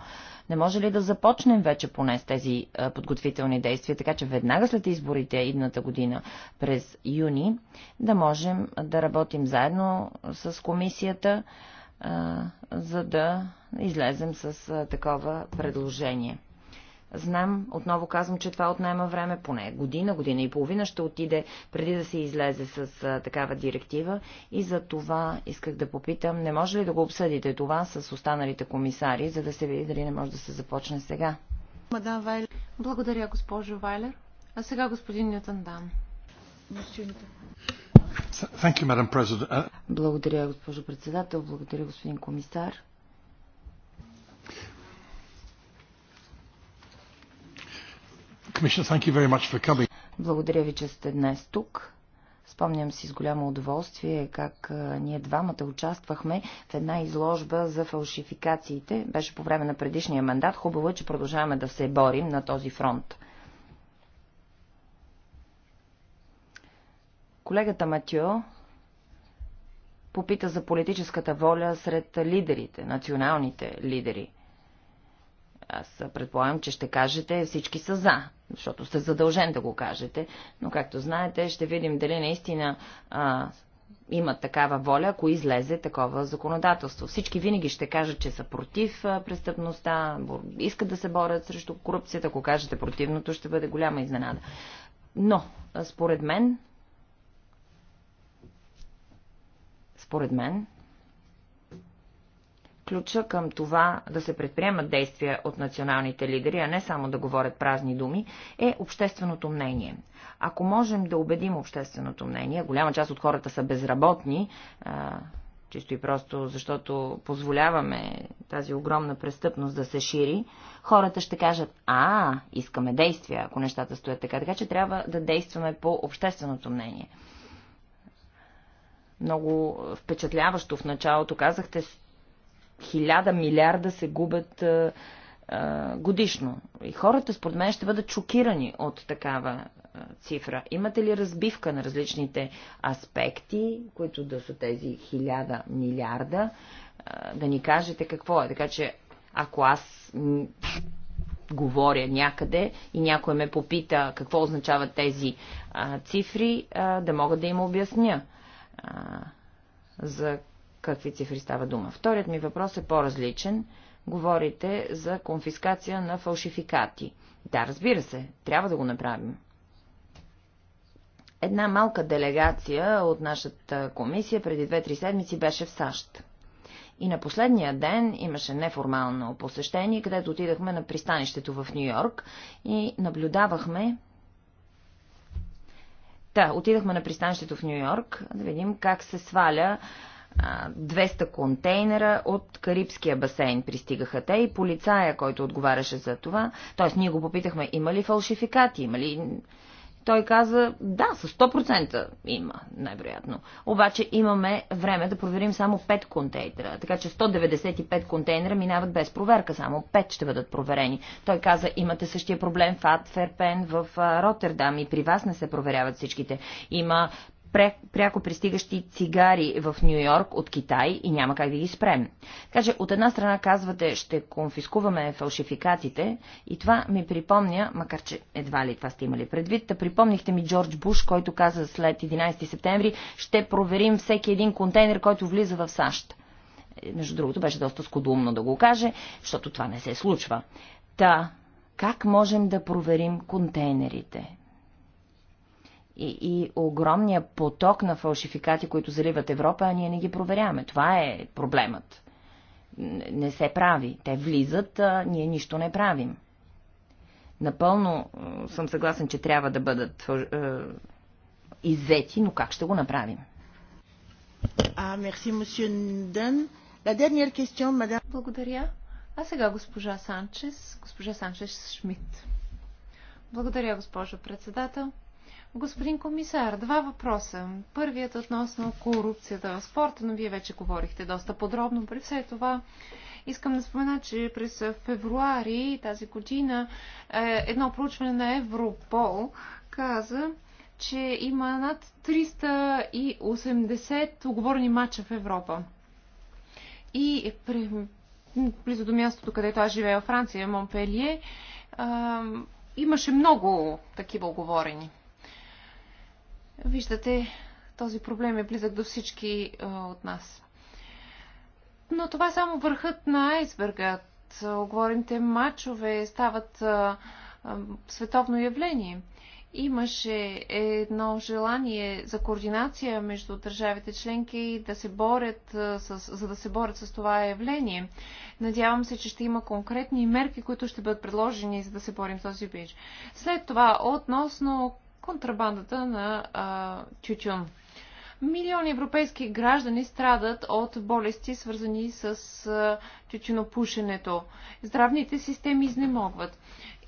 не може ли да започнем вече поне с тези подготвителни действия, така че веднага след изборите идната година през юни да можем да работим заедно с комисията, за да излезем с такова предложение. Знам, отново казвам, че това отнема време, поне година, година и половина ще отиде преди да се излезе с а, такава директива и за това исках да попитам, не може ли да го обсъдите това с останалите комисари, за да се види дали не може да се започне сега? Мадам Вайлер. Благодаря, госпожо Вайлер. А сега господин Нютан Дан. Благодаря, госпожо председател. Благодаря, господин комисар. Благодаря ви, че сте днес тук. Спомням си с голямо удоволствие как ние двамата участвахме в една изложба за фалшификациите. Беше по време на предишния мандат. Хубаво е, че продължаваме да се борим на този фронт. Колегата Матьо попита за политическата воля сред лидерите, националните лидери – аз предполагам, че ще кажете всички са за, защото сте задължен да го кажете. Но както знаете, ще видим дали наистина а, имат такава воля, ако излезе такова законодателство. Всички винаги ще кажат, че са против престъпността, искат да се борят срещу корупцията. Ако кажете противното, ще бъде голяма изненада. Но, според мен, според мен, ключа към това да се предприемат действия от националните лидери, а не само да говорят празни думи, е общественото мнение. Ако можем да убедим общественото мнение, голяма част от хората са безработни, чисто и просто защото позволяваме тази огромна престъпност да се шири, хората ще кажат, а, искаме действия, ако нещата стоят така. Така че трябва да действаме по общественото мнение много впечатляващо в началото. Казахте хиляда милиарда се губят а, а, годишно. И хората, според мен, ще бъдат шокирани от такава цифра. Имате ли разбивка на различните аспекти, които да са тези хиляда милиарда, а, да ни кажете какво е? Така че, ако аз говоря някъде и някой ме попита какво означават тези а, цифри, а, да мога да им обясня. А, за какви цифри става дума. Вторият ми въпрос е по-различен. Говорите за конфискация на фалшификати. Да, разбира се, трябва да го направим. Една малка делегация от нашата комисия преди 2-3 седмици беше в САЩ. И на последния ден имаше неформално посещение, където отидахме на пристанището в Нью Йорк и наблюдавахме. Да, отидахме на пристанището в Нью Йорк, да видим как се сваля 200 контейнера от Карибския басейн пристигаха те и полицая, който отговаряше за това, т.е. ние го попитахме, има ли фалшификати, има ли... Той каза, да, със 100% има, най-вероятно. Обаче имаме време да проверим само 5 контейнера, така че 195 контейнера минават без проверка, само 5 ще бъдат проверени. Той каза, имате същия проблем в Атферпен в Роттердам и при вас не се проверяват всичките. Има пряко пристигащи цигари в Нью Йорк от Китай и няма как да ги спрем. Така че от една страна казвате, ще конфискуваме фалшификатите и това ми припомня, макар че едва ли това сте имали предвид, да припомнихте ми Джордж Буш, който каза след 11 септември, ще проверим всеки един контейнер, който влиза в САЩ. Е, между другото, беше доста скудумно да го каже, защото това не се случва. Та, как можем да проверим контейнерите? и, и огромния поток на фалшификати, които заливат Европа, а ние не ги проверяваме. Това е проблемът. Не се прави. Те влизат, а ние нищо не правим. Напълно съм съгласен, че трябва да бъдат е, иззети, но как ще го направим? А, мерси, Дън. La dernière question, мадам. Благодаря. А сега госпожа Санчес, госпожа Санчес Шмидт. Благодаря, госпожо председател. Господин комисар, два въпроса. Първият относно корупцията в спорта, но вие вече говорихте доста подробно. При все това искам да спомена, че през февруари тази година е, едно проучване на Европол каза, че има над 380 оговорени матча в Европа. И при, близо до мястото, където аз живея, в Франция, Монпелие, имаше много такива оговорени. Виждате, този проблем е близък до всички от нас. Но това е само върхът на айсбергът. Оговорените матчове стават световно явление. Имаше едно желание за координация между държавите членки да се борят с, за да се борят с това явление. Надявам се, че ще има конкретни мерки, които ще бъдат предложени за да се борим с този бич. След това, относно контрабандата на а, тютюн. Милиони европейски граждани страдат от болести, свързани с тютюнопушенето. Здравните системи изнемогват.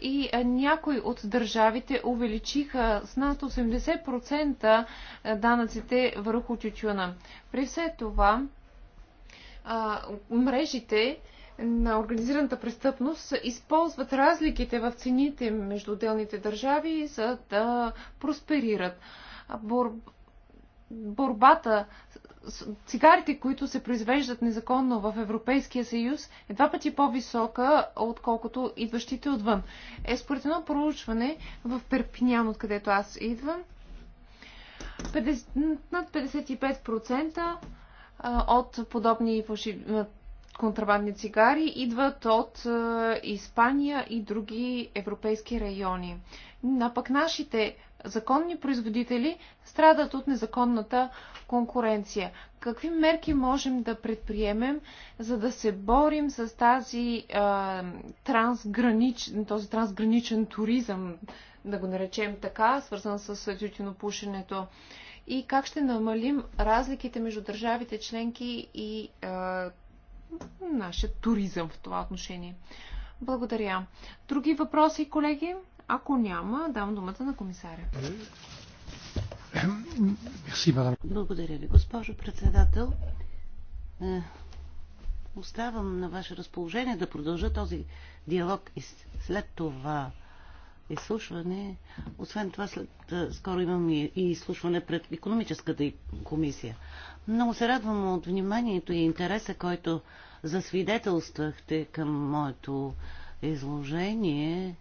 И някои от държавите увеличиха с над 80% данъците върху тютюна. При все това, мрежите на организираната престъпност използват разликите в цените между отделните държави, за да просперират. Бор... Борбата с цигарите, които се произвеждат незаконно в Европейския съюз, е два пъти по-висока, отколкото идващите отвън. Е, според едно проучване в Перпинян, откъдето аз идвам, 50... над 55% от подобни фалшиви контрабандни цигари идват от е, Испания и други европейски райони. А пък нашите законни производители страдат от незаконната конкуренция. Какви мерки можем да предприемем, за да се борим с тази, а, е, трансгранич, този трансграничен туризъм, да го наречем така, свързан с тютюнопушенето? И как ще намалим разликите между държавите членки и а, е, нашия туризъм в това отношение. Благодаря. Други въпроси, колеги? Ако няма, давам думата на комисаря. Благодаря ви, госпожо председател. Е, оставам на ваше разположение да продължа този диалог и след това изслушване. Освен това, след, е, скоро имам и изслушване пред економическата комисия. Много се радвам от вниманието и интереса, който засвидетелствахте към моето изложение.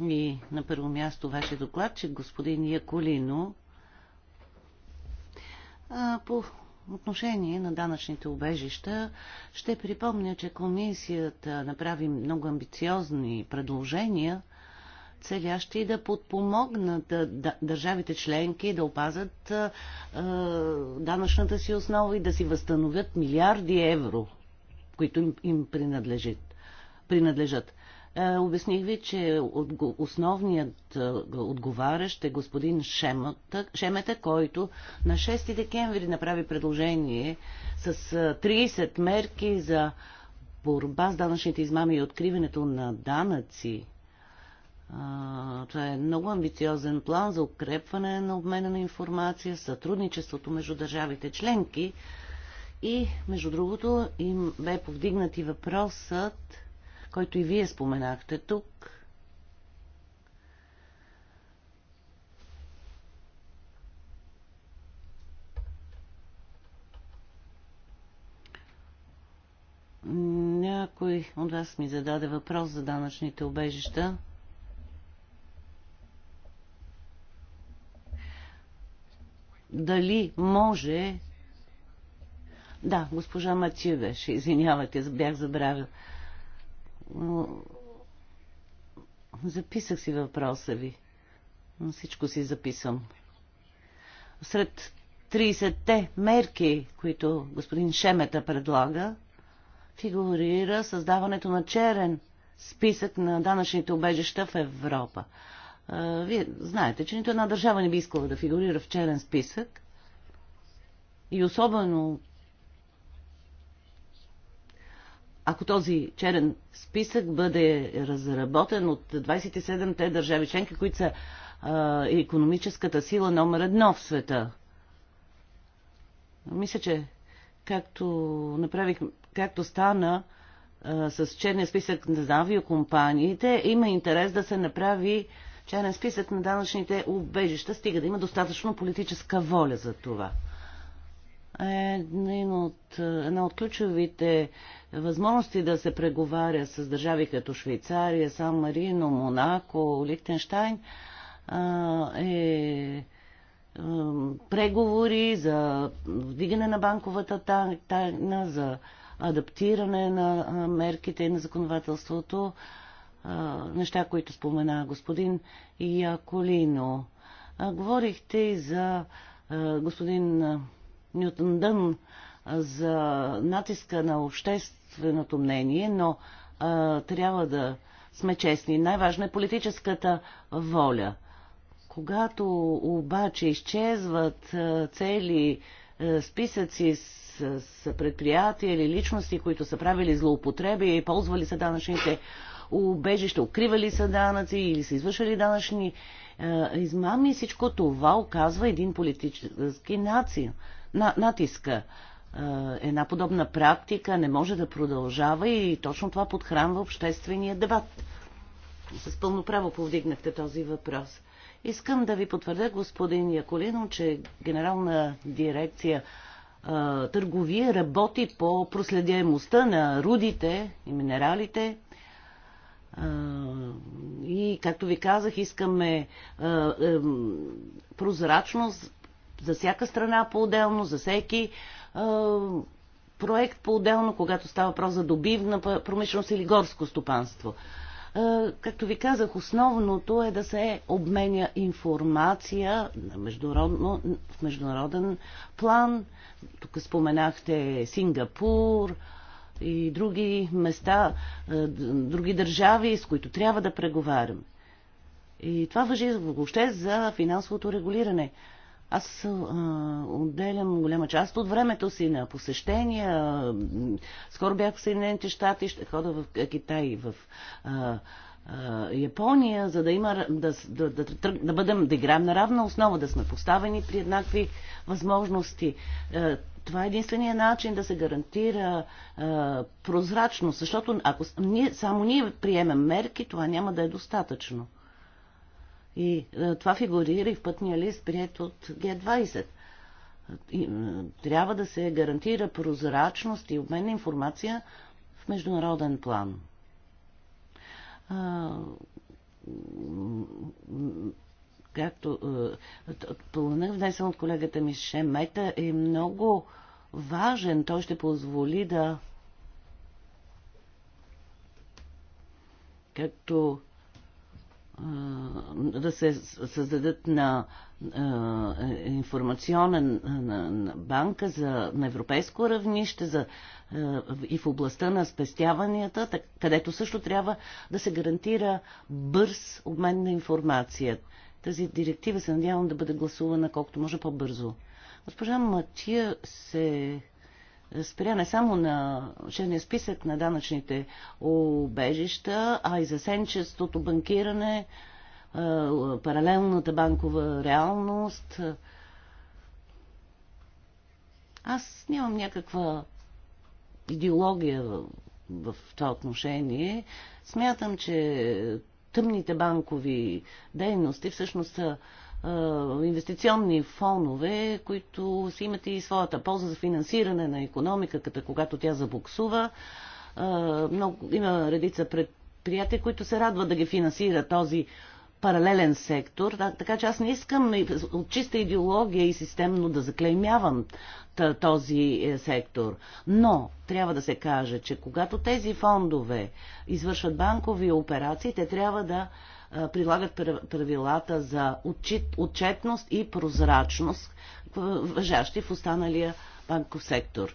И на първо място вашия докладчик, господин Яколино, по отношение на данъчните убежища, ще припомня, че комисията направи много амбициозни предложения – целящи да подпомогнат държавите членки да опазят данъчната си основа и да си възстановят милиарди евро, които им принадлежат. Обясних ви, че основният отговарящ е господин Шемета, Шемета, който на 6 декември направи предложение с 30 мерки за борба с данъчните измами и откриването на данъци това е много амбициозен план за укрепване на обмена на информация, сътрудничеството между държавите членки и, между другото, им бе повдигнат и въпросът, който и вие споменахте тук, Някой от вас ми зададе въпрос за данъчните обежища. дали може... Да, госпожа Матю беше, извинявате, бях забравил. Но... Записах си въпроса ви. Но всичко си записам. Сред 30-те мерки, които господин Шемета предлага, фигурира създаването на черен списък на данъчните убежища в Европа вие знаете, че нито една държава не би искала да фигурира в черен списък. И особено ако този черен списък бъде разработен от 27-те държави членки, които са а, економическата сила номер едно в света. Мисля, че както направих, както стана а, с черния списък на авиокомпаниите, има интерес да се направи черен списък на данъчните убежища, стига да има достатъчно политическа воля за това. Една от, една от ключовите възможности да се преговаря с държави като Швейцария, Сан Марино, Монако, Лихтенштайн е преговори за вдигане на банковата тайна, за адаптиране на мерките и на законодателството неща, които спомена господин Яколино. Говорихте и за господин Нютон Дън, за натиска на общественото мнение, но а, трябва да сме честни. Най-важна е политическата воля. Когато обаче изчезват а, цели а, списъци с, с предприятия или личности, които са правили злоупотреби и ползвали се данъчните убежище, укривали са данъци или са извършвали данъчни е, измами. Всичко това оказва един политически наци, на, натиска. Е, една подобна практика не може да продължава и точно това подхранва обществения дебат. С пълно право повдигнахте този въпрос. Искам да ви потвърдя, господин Яколино, че генерална дирекция е, търговия работи по проследяемостта на рудите и минералите. И, както ви казах, искаме прозрачност за всяка страна по-отделно, за всеки проект по-отделно, когато става въпрос за добивна промишленост или горско стопанство. Както ви казах, основното е да се обменя информация на международно, в международен план. Тук споменахте Сингапур, и други места, е, други държави, с които трябва да преговарям. И това въжи въобще за финансовото регулиране. Аз а, е, отделям голяма част от времето си на посещения. Скоро бях в Съединените щати, ще хода в Китай, в а, е, а, Япония, за да, има, да, да, да, да бъдем, да играем на равна основа, да сме поставени при еднакви възможности. Това е единствения начин да се гарантира а, прозрачност, защото ако ние, само ние приемем мерки, това няма да е достатъчно. И а, това фигурира и в пътния лист, прият от Г-20. И, трябва да се гарантира прозрачност и обмен на информация в международен план както е, плана, внесен от колегата ми Шемета, е много важен. Той ще позволи да както е, да се създадат на е, информационен банка за, на европейско равнище за, и в областта на спестяванията, където също трябва да се гарантира бърз обмен на информация тази директива се надявам да бъде гласувана колкото може по-бързо. Госпожа Матия се спря не само на черния списък на данъчните обежища, а и за сенчестото банкиране, паралелната банкова реалност. Аз нямам някаква идеология в това отношение. Смятам, че тъмните банкови дейности всъщност са инвестиционни фонове, които си имат и своята полза за финансиране на економиката, когато тя забуксува. Много, има редица предприятия, които се радват да ги финансира този паралелен сектор, така че аз не искам от чиста идеология и системно да заклеймявам този е, сектор. Но трябва да се каже, че когато тези фондове извършват банкови операции, те трябва да е, прилагат правилата за отчетност и прозрачност, въжащи в останалия банков сектор.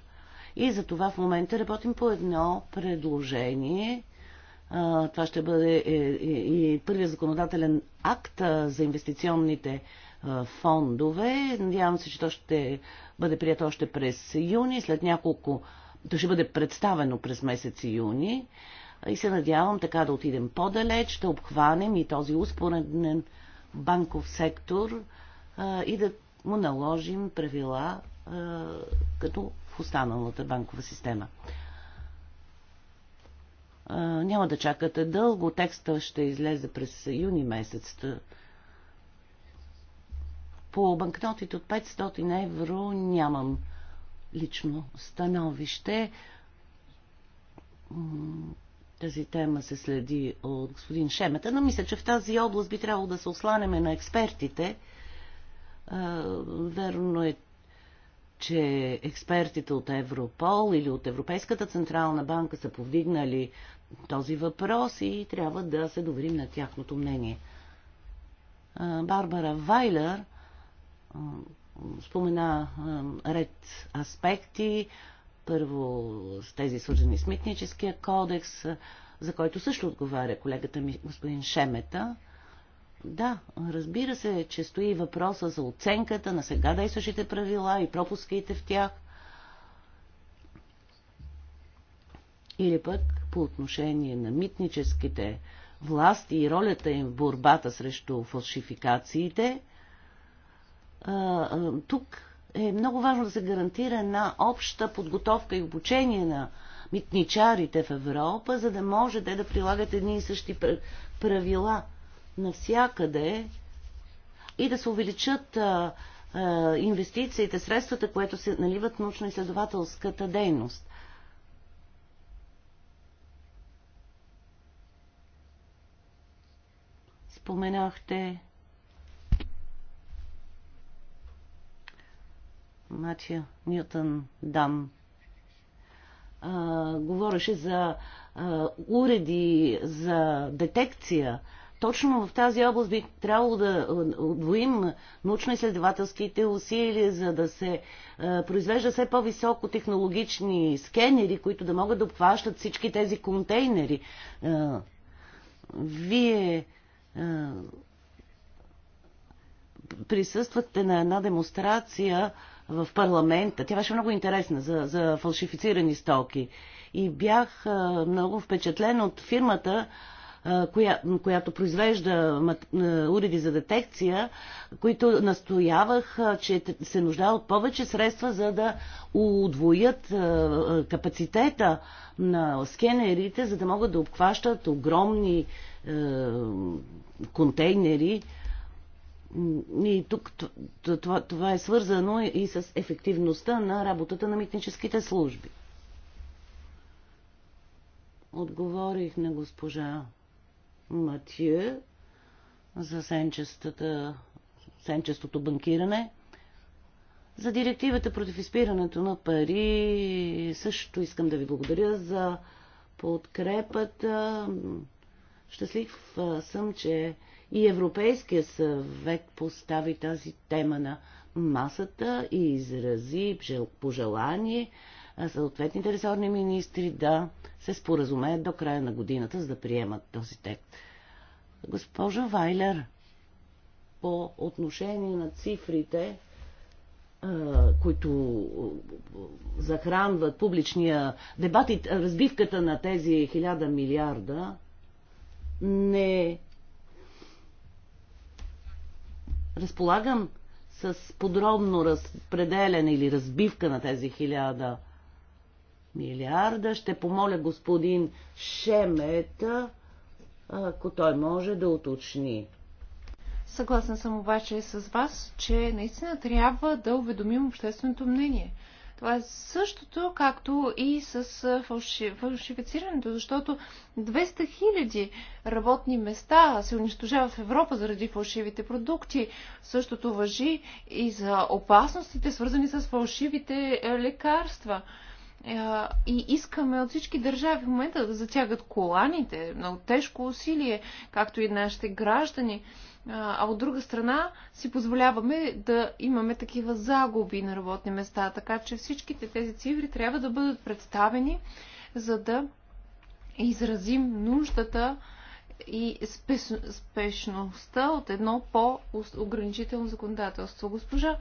И за това в момента работим по едно предложение това ще бъде е, е, и първият законодателен акт за инвестиционните фондове. Надявам се, че то ще бъде прието още през юни, след няколко... То ще бъде представено през месец юни. И се надявам така да отидем по-далеч, да обхванем и този успореден банков сектор и да му наложим правила като в останалата банкова система няма да чакате дълго. Текста ще излезе през юни месец. По банкнотите от 500 евро нямам лично становище. Тази тема се следи от господин Шемета, но мисля, че в тази област би трябвало да се осланеме на експертите. Верно е, че експертите от Европол или от Европейската централна банка са повдигнали този въпрос и трябва да се доверим на тяхното мнение. Барбара Вайлер спомена ред аспекти. Първо с тези свързани с митническия кодекс, за който също отговаря колегата ми господин Шемета – да, разбира се, че стои въпроса за оценката на сега действащите правила и пропуските в тях. Или пък по отношение на митническите власти и ролята им в борбата срещу фалшификациите. Тук е много важно да се гарантира една обща подготовка и обучение на митничарите в Европа, за да може те да прилагат едни и същи правила – навсякъде и да се увеличат а, а, инвестициите, средствата, които се наливат в научно-изследователската дейност. Споменахте Матия Ньютън Дан а, говореше за а, уреди за детекция точно в тази област би трябвало да е, отвоим научно-изследователските усилия, за да се е, произвежда все по-високо технологични скенери, които да могат да обхващат всички тези контейнери. Е, вие присъствахте на една демонстрация в парламента. Тя беше много интересна за, за фалшифицирани стоки. И бях много впечатлен от фирмата, коя, която произвежда уреди за детекция, които настоявах, че се нуждае от повече средства, за да удвоят капацитета на скенерите, за да могат да обхващат огромни контейнери. И тук това, това е свързано и с ефективността на работата на митническите служби. Отговорих на госпожа Матю за сенчестото банкиране. За директивата против изпирането на пари също искам да ви благодаря за подкрепата. Щастлив съм, че и Европейския съвет постави тази тема на масата и изрази пожелание съответните ресорни министри да се споразумеят до края на годината, за да приемат този текст. Госпожа Вайлер, по отношение на цифрите, които захранват публичния дебат и разбивката на тези хиляда милиарда, не разполагам с подробно разпределяне или разбивка на тези хиляда милиарда. Ще помоля господин Шемета, ако той може да уточни. Съгласен съм обаче с вас, че наистина трябва да уведомим общественото мнение. Това е същото, както и с фалши... фалшифицирането, защото 200 хиляди работни места се унищожават в Европа заради фалшивите продукти. Същото въжи и за опасностите, свързани с фалшивите лекарства и искаме от всички държави в момента да затягат коланите, много тежко усилие, както и нашите граждани, а от друга страна си позволяваме да имаме такива загуби на работни места, така че всичките тези цифри трябва да бъдат представени, за да изразим нуждата и спешността от едно по-ограничително законодателство. Госпожа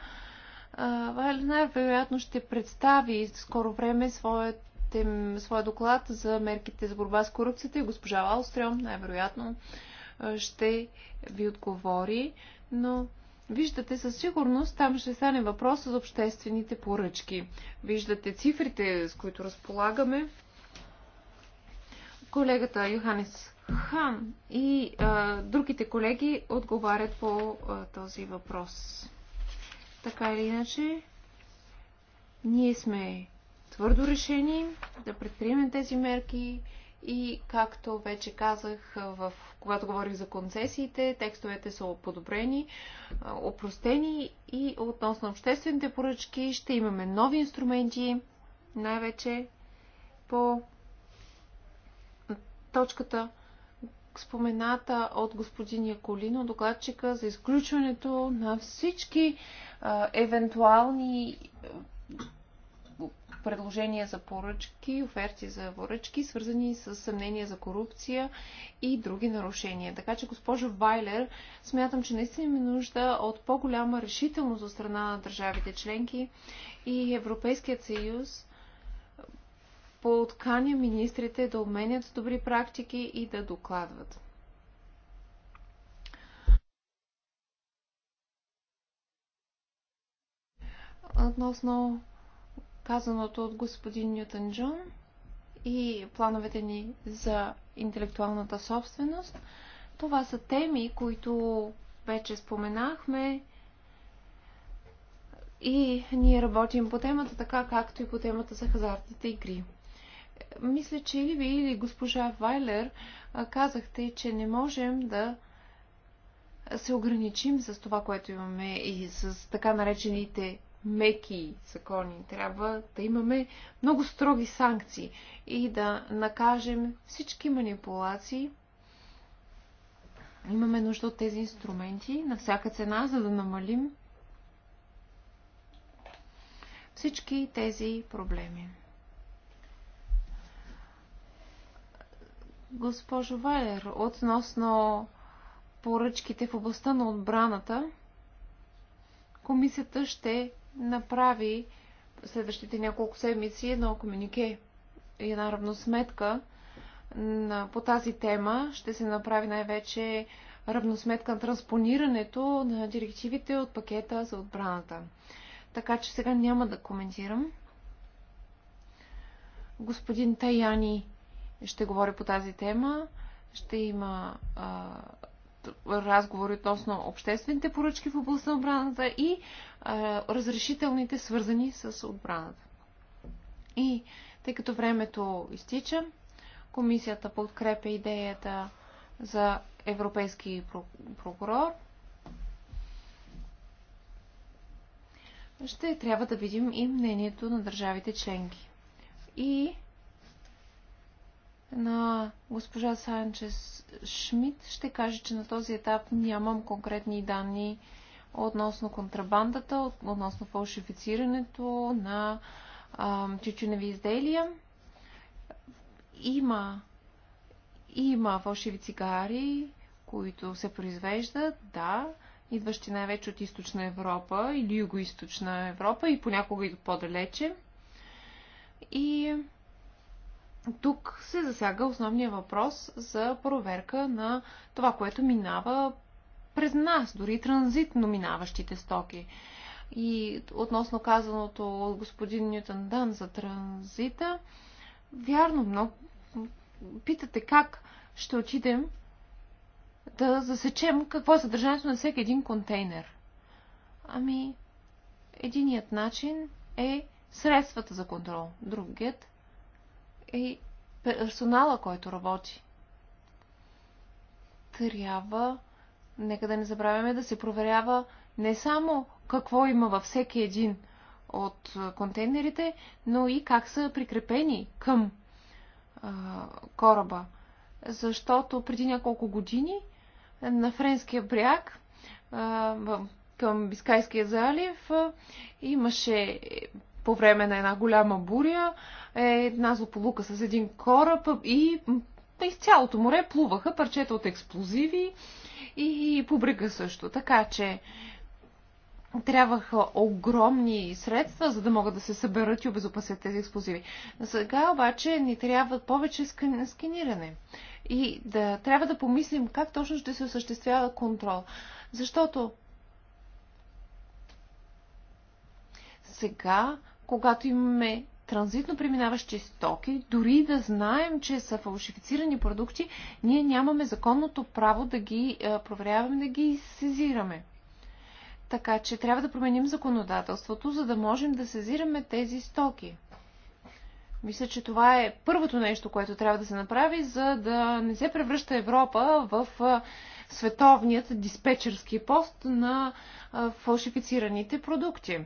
Валина вероятно ще представи скоро време своят своя доклад за мерките за борба с корупцията и госпожа Алстрем най-вероятно ще ви отговори, но виждате със сигурност там ще стане въпрос за обществените поръчки. Виждате цифрите, с които разполагаме. Колегата Йоханес Хан и а, другите колеги отговарят по а, този въпрос. Така или иначе, ние сме твърдо решени да предприемем тези мерки и както вече казах, в, когато говорих за концесиите, текстовете са подобрени, опростени и относно обществените поръчки ще имаме нови инструменти, най-вече по точката спомената от господиня Колино, докладчика за изключването на всички евентуални е, предложения за поръчки, оферти за поръчки, свързани с съмнения за корупция и други нарушения. Така че, госпожо Вайлер, смятам, че наистина ми нужда от по-голяма решителност от страна на държавите членки и Европейският съюз подканя министрите да обменят добри практики и да докладват. относно казаното от господин Нютон Джон и плановете ни за интелектуалната собственост. Това са теми, които вече споменахме и ние работим по темата така, както и по темата за хазартните игри. Мисля, че или ви, или госпожа Вайлер казахте, че не можем да се ограничим с това, което имаме и с така наречените меки закони. Трябва да имаме много строги санкции и да накажем всички манипулации. Имаме нужда от тези инструменти на всяка цена, за да намалим всички тези проблеми. Госпожо Валер, относно поръчките в областта на отбраната, комисията ще направи следващите няколко седмици едно комюнике и една равносметка по тази тема. Ще се направи най-вече равносметка на транспонирането на директивите от пакета за отбраната. Така че сега няма да коментирам. Господин Таяни ще говори по тази тема. Ще има а, разговори относно обществените поръчки в областта на отбраната и а, е, разрешителните, свързани с отбраната. И тъй като времето изтича, комисията подкрепя идеята за европейски прокурор. Ще трябва да видим и мнението на държавите членки. И на госпожа Санчес Шмидт ще каже, че на този етап нямам конкретни данни относно контрабандата, относно фалшифицирането на чечуневи тютюневи изделия. Има, има фалшиви цигари, които се произвеждат, да, идващи най-вече от източна Европа или юго-источна Европа и понякога и по-далече. И тук се засяга основния въпрос за проверка на това, което минава през нас, дори транзитно минаващите стоки. И относно казаното от господин Ньютон Дан за транзита, вярно, но питате как ще отидем да засечем какво е съдържанието на всеки един контейнер. Ами, единият начин е средствата за контрол, другият и е персонала, който работи. Трябва, нека да не забравяме, да се проверява не само какво има във всеки един от контейнерите, но и как са прикрепени към а, кораба. Защото преди няколко години на френския бряг а, към Бискайския залив а, имаше по време на една голяма буря, е една злополука с един кораб и из цялото море плуваха парчета от експлозиви и по брега също. Така че трябваха огромни средства, за да могат да се съберат и обезопасят тези експлозиви. Сега обаче ни трябва повече сканиране. И да, трябва да помислим как точно ще се осъществява контрол. Защото сега, когато имаме транзитно преминаващи стоки, дори да знаем, че са фалшифицирани продукти, ние нямаме законното право да ги е, проверяваме, да ги сезираме. Така че трябва да променим законодателството, за да можем да сезираме тези стоки. Мисля, че това е първото нещо, което трябва да се направи, за да не се превръща Европа в е, световният диспетчерски пост на е, фалшифицираните продукти.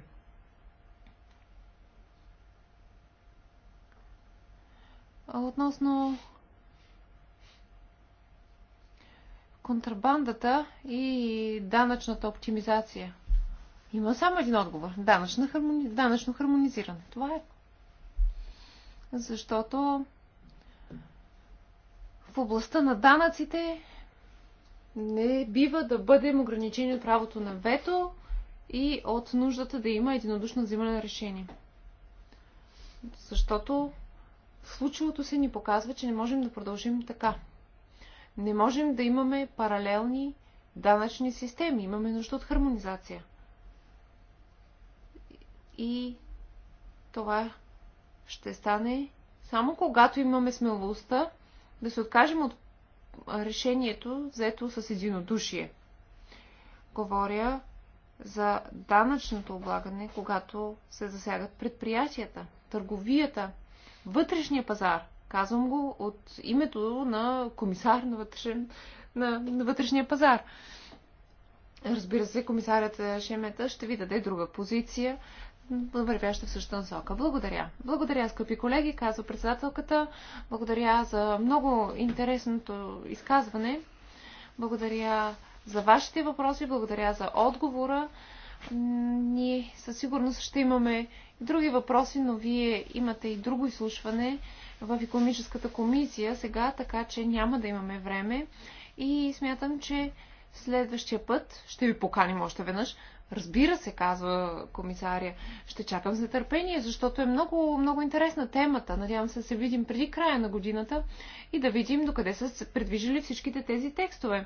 Относно контрабандата и данъчната оптимизация. Има само един отговор. Данъчно, хармони... данъчно хармонизиране. Това е. Защото в областта на данъците не бива да бъдем ограничени от правото на вето и от нуждата да има единодушно взимане на решение. Защото случилото се ни показва, че не можем да продължим така. Не можем да имаме паралелни данъчни системи. Имаме нужда от хармонизация. И това ще стане само когато имаме смелостта да се откажем от решението, взето с единодушие. Говоря за данъчното облагане, когато се засягат предприятията, търговията – вътрешния пазар. Казвам го от името на комисар на, вътрешен, на, на вътрешния пазар. Разбира се, комисарят Шемета ще ви даде друга позиция, вървяща в същата насока. Благодаря. Благодаря, скъпи колеги, казва председателката. Благодаря за много интересното изказване. Благодаря за вашите въпроси, благодаря за отговора. Ние със сигурност ще имаме други въпроси, но вие имате и друго изслушване в економическата комисия сега, така че няма да имаме време. И смятам, че следващия път ще ви поканим още веднъж. Разбира се, казва комисаря, ще чакам с нетърпение, защото е много, много интересна темата. Надявам се да се видим преди края на годината и да видим докъде са се предвижили всичките тези текстове.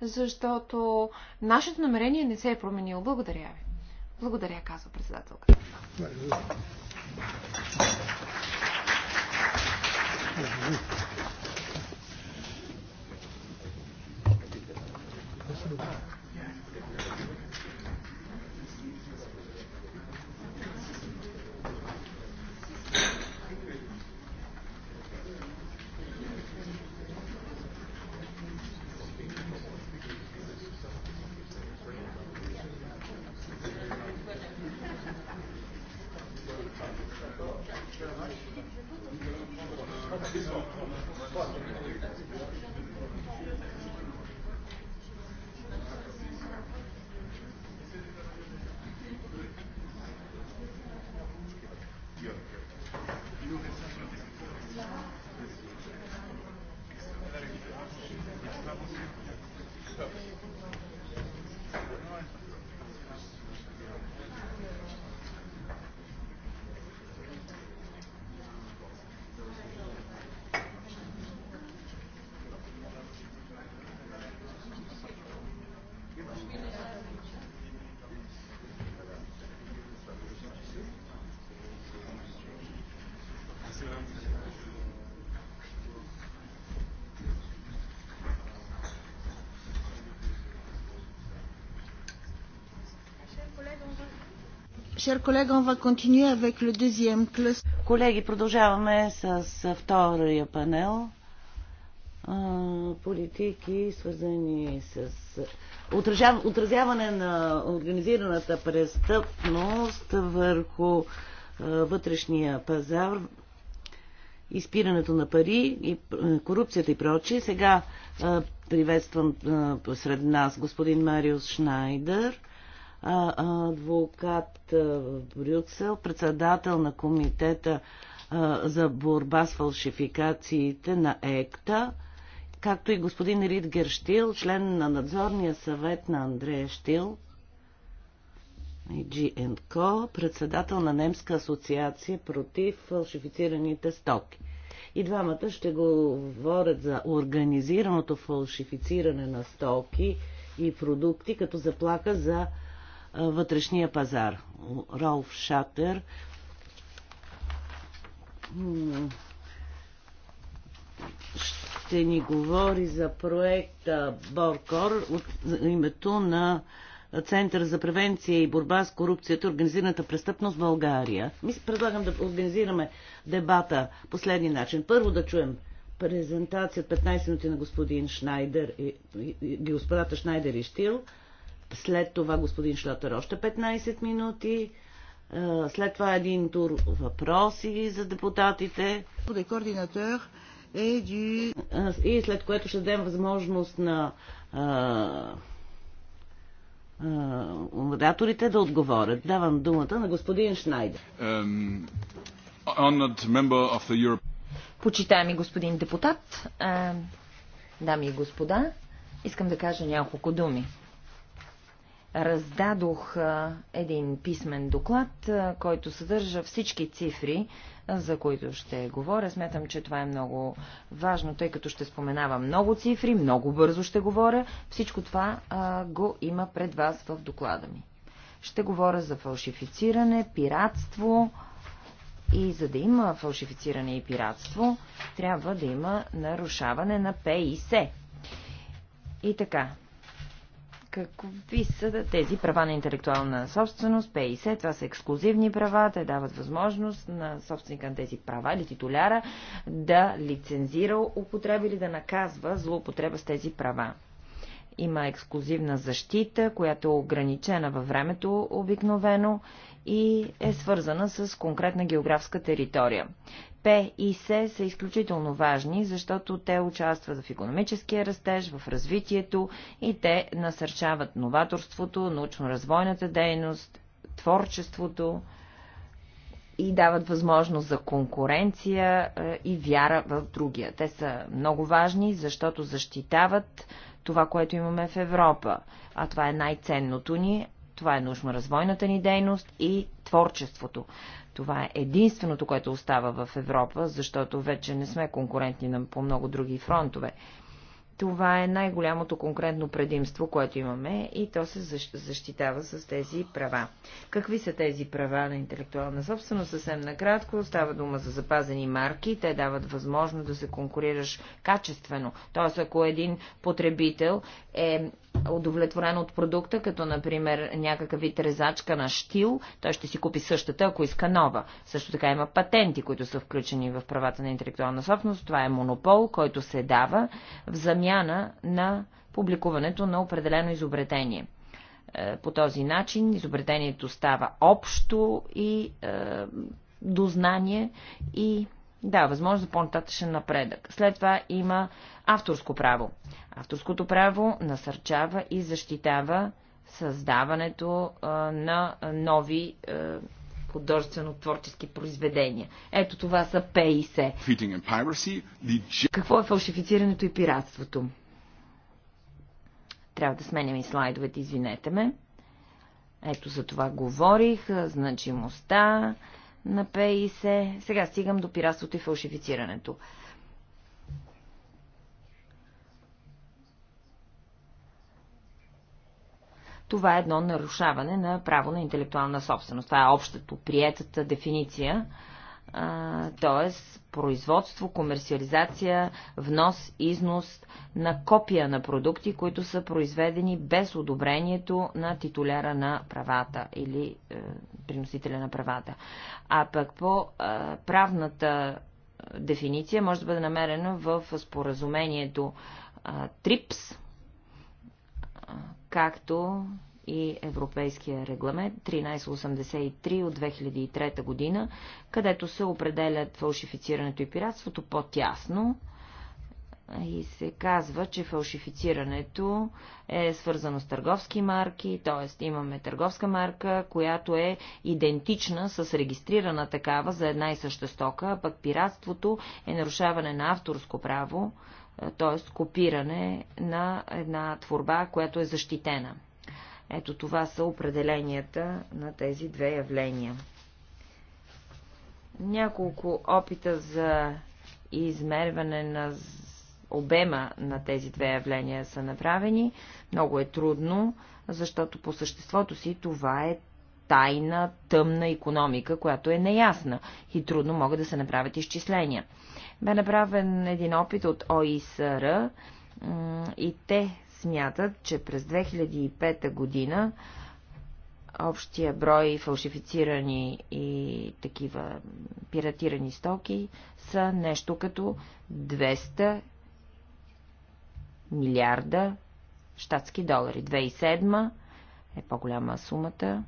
Защото нашето намерение не се е променило. Благодаря ви. Благодаря, казва председателка. Thank you. Колеги, продължаваме с втория панел. Политики, свързани с отразяване на организираната престъпност върху вътрешния пазар, изпирането на пари, и корупцията и прочие. Сега приветствам сред нас господин Мариус Шнайдер – адвокат в Брюксел, председател на комитета за борба с фалшификациите на ЕКТА, както и господин Ридгер Штил, член на надзорния съвет на Андрея Штил и G&Co, председател на Немска асоциация против фалшифицираните стоки. И двамата ще говорят за организираното фалшифициране на стоки и продукти като заплака за вътрешния пазар. Ролф Шатер ще ни говори за проекта Боркор от името на Център за превенция и борба с корупцията организираната престъпност в България. Ми предлагам да организираме дебата последния начин. Първо да чуем презентация от 15 минути на господин Шнайдер и, и, и господата Шнайдер и Штил. След това господин Шлатър още 15 минути. Е, след това един тур въпроси за депутатите. Е е, и след което ще дадем възможност на модераторите да отговорят. Давам думата на господин Шнайдер. Почитаеми господин депутат, дами и господа, искам да кажа няколко думи раздадох един писмен доклад, който съдържа всички цифри, за които ще говоря. Смятам, че това е много важно, тъй като ще споменава много цифри, много бързо ще говоря. Всичко това го има пред вас в доклада ми. Ще говоря за фалшифициране, пиратство и за да има фалшифициране и пиратство, трябва да има нарушаване на ПИС. И така, Какви са тези права на интелектуална собственост, ПИС, това са ексклюзивни права, те дават възможност на собственика на тези права или титуляра да лицензира употреба или да наказва злоупотреба с тези права. Има ексклюзивна защита, която е ограничена във времето обикновено и е свързана с конкретна географска територия. П и С са изключително важни, защото те участват в економическия растеж, в развитието и те насърчават новаторството, научно-развойната дейност, творчеството и дават възможност за конкуренция е, и вяра в другия. Те са много важни, защото защитават това, което имаме в Европа, а това е най-ценното ни, това е нужно развойната ни дейност и творчеството. Това е единственото, което остава в Европа, защото вече не сме конкурентни на по много други фронтове. Това е най-голямото конкретно предимство, което имаме и то се защитава с тези права. Какви са тези права на интелектуална собственост? Съвсем накратко става дума за запазени марки. Те дават възможност да се конкурираш качествено. Тоест, ако един потребител е удовлетворен от продукта, като например някакъв вид резачка на штил, той ще си купи същата, ако иска нова. Също така има патенти, които са включени в правата на интелектуална собственост. Това е монопол, който се дава в замяна на публикуването на определено изобретение. Е, по този начин изобретението става общо и е, дознание и да, възможност за по-нататъчен напредък. След това има авторско право. Авторското право насърчава и защитава създаването а, на нови а, художествено-творчески произведения. Ето това са П и Какво е фалшифицирането и пиратството? Трябва да сменям и слайдовете, извинете ме. Ето за това говорих, значимостта, на се. Сега стигам до пиратството и фалшифицирането. Това е едно нарушаване на право на интелектуална собственост. Това е общото приетата дефиниция т.е. производство, комерциализация, внос, износ на копия на продукти, които са произведени без одобрението на титуляра на правата или е, приносителя на правата. А пък по е, правната е, дефиниция може да бъде намерена в споразумението е, ТРИПС, е, както и Европейския регламент 1383 от 2003 година, където се определят фалшифицирането и пиратството по-тясно и се казва, че фалшифицирането е свързано с търговски марки, т.е. имаме търговска марка, която е идентична с регистрирана такава за една и съща стока, а пък пиратството е нарушаване на авторско право, т.е. копиране на една творба, която е защитена. Ето това са определенията на тези две явления. Няколко опита за измерване на обема на тези две явления са направени. Много е трудно, защото по съществото си това е тайна, тъмна економика, която е неясна и трудно могат да се направят изчисления. Бе направен един опит от ОИСР и те смятат, че през 2005 година общия брой фалшифицирани и такива пиратирани стоки са нещо като 200 милиарда щатски долари. 2007 е по-голяма сумата.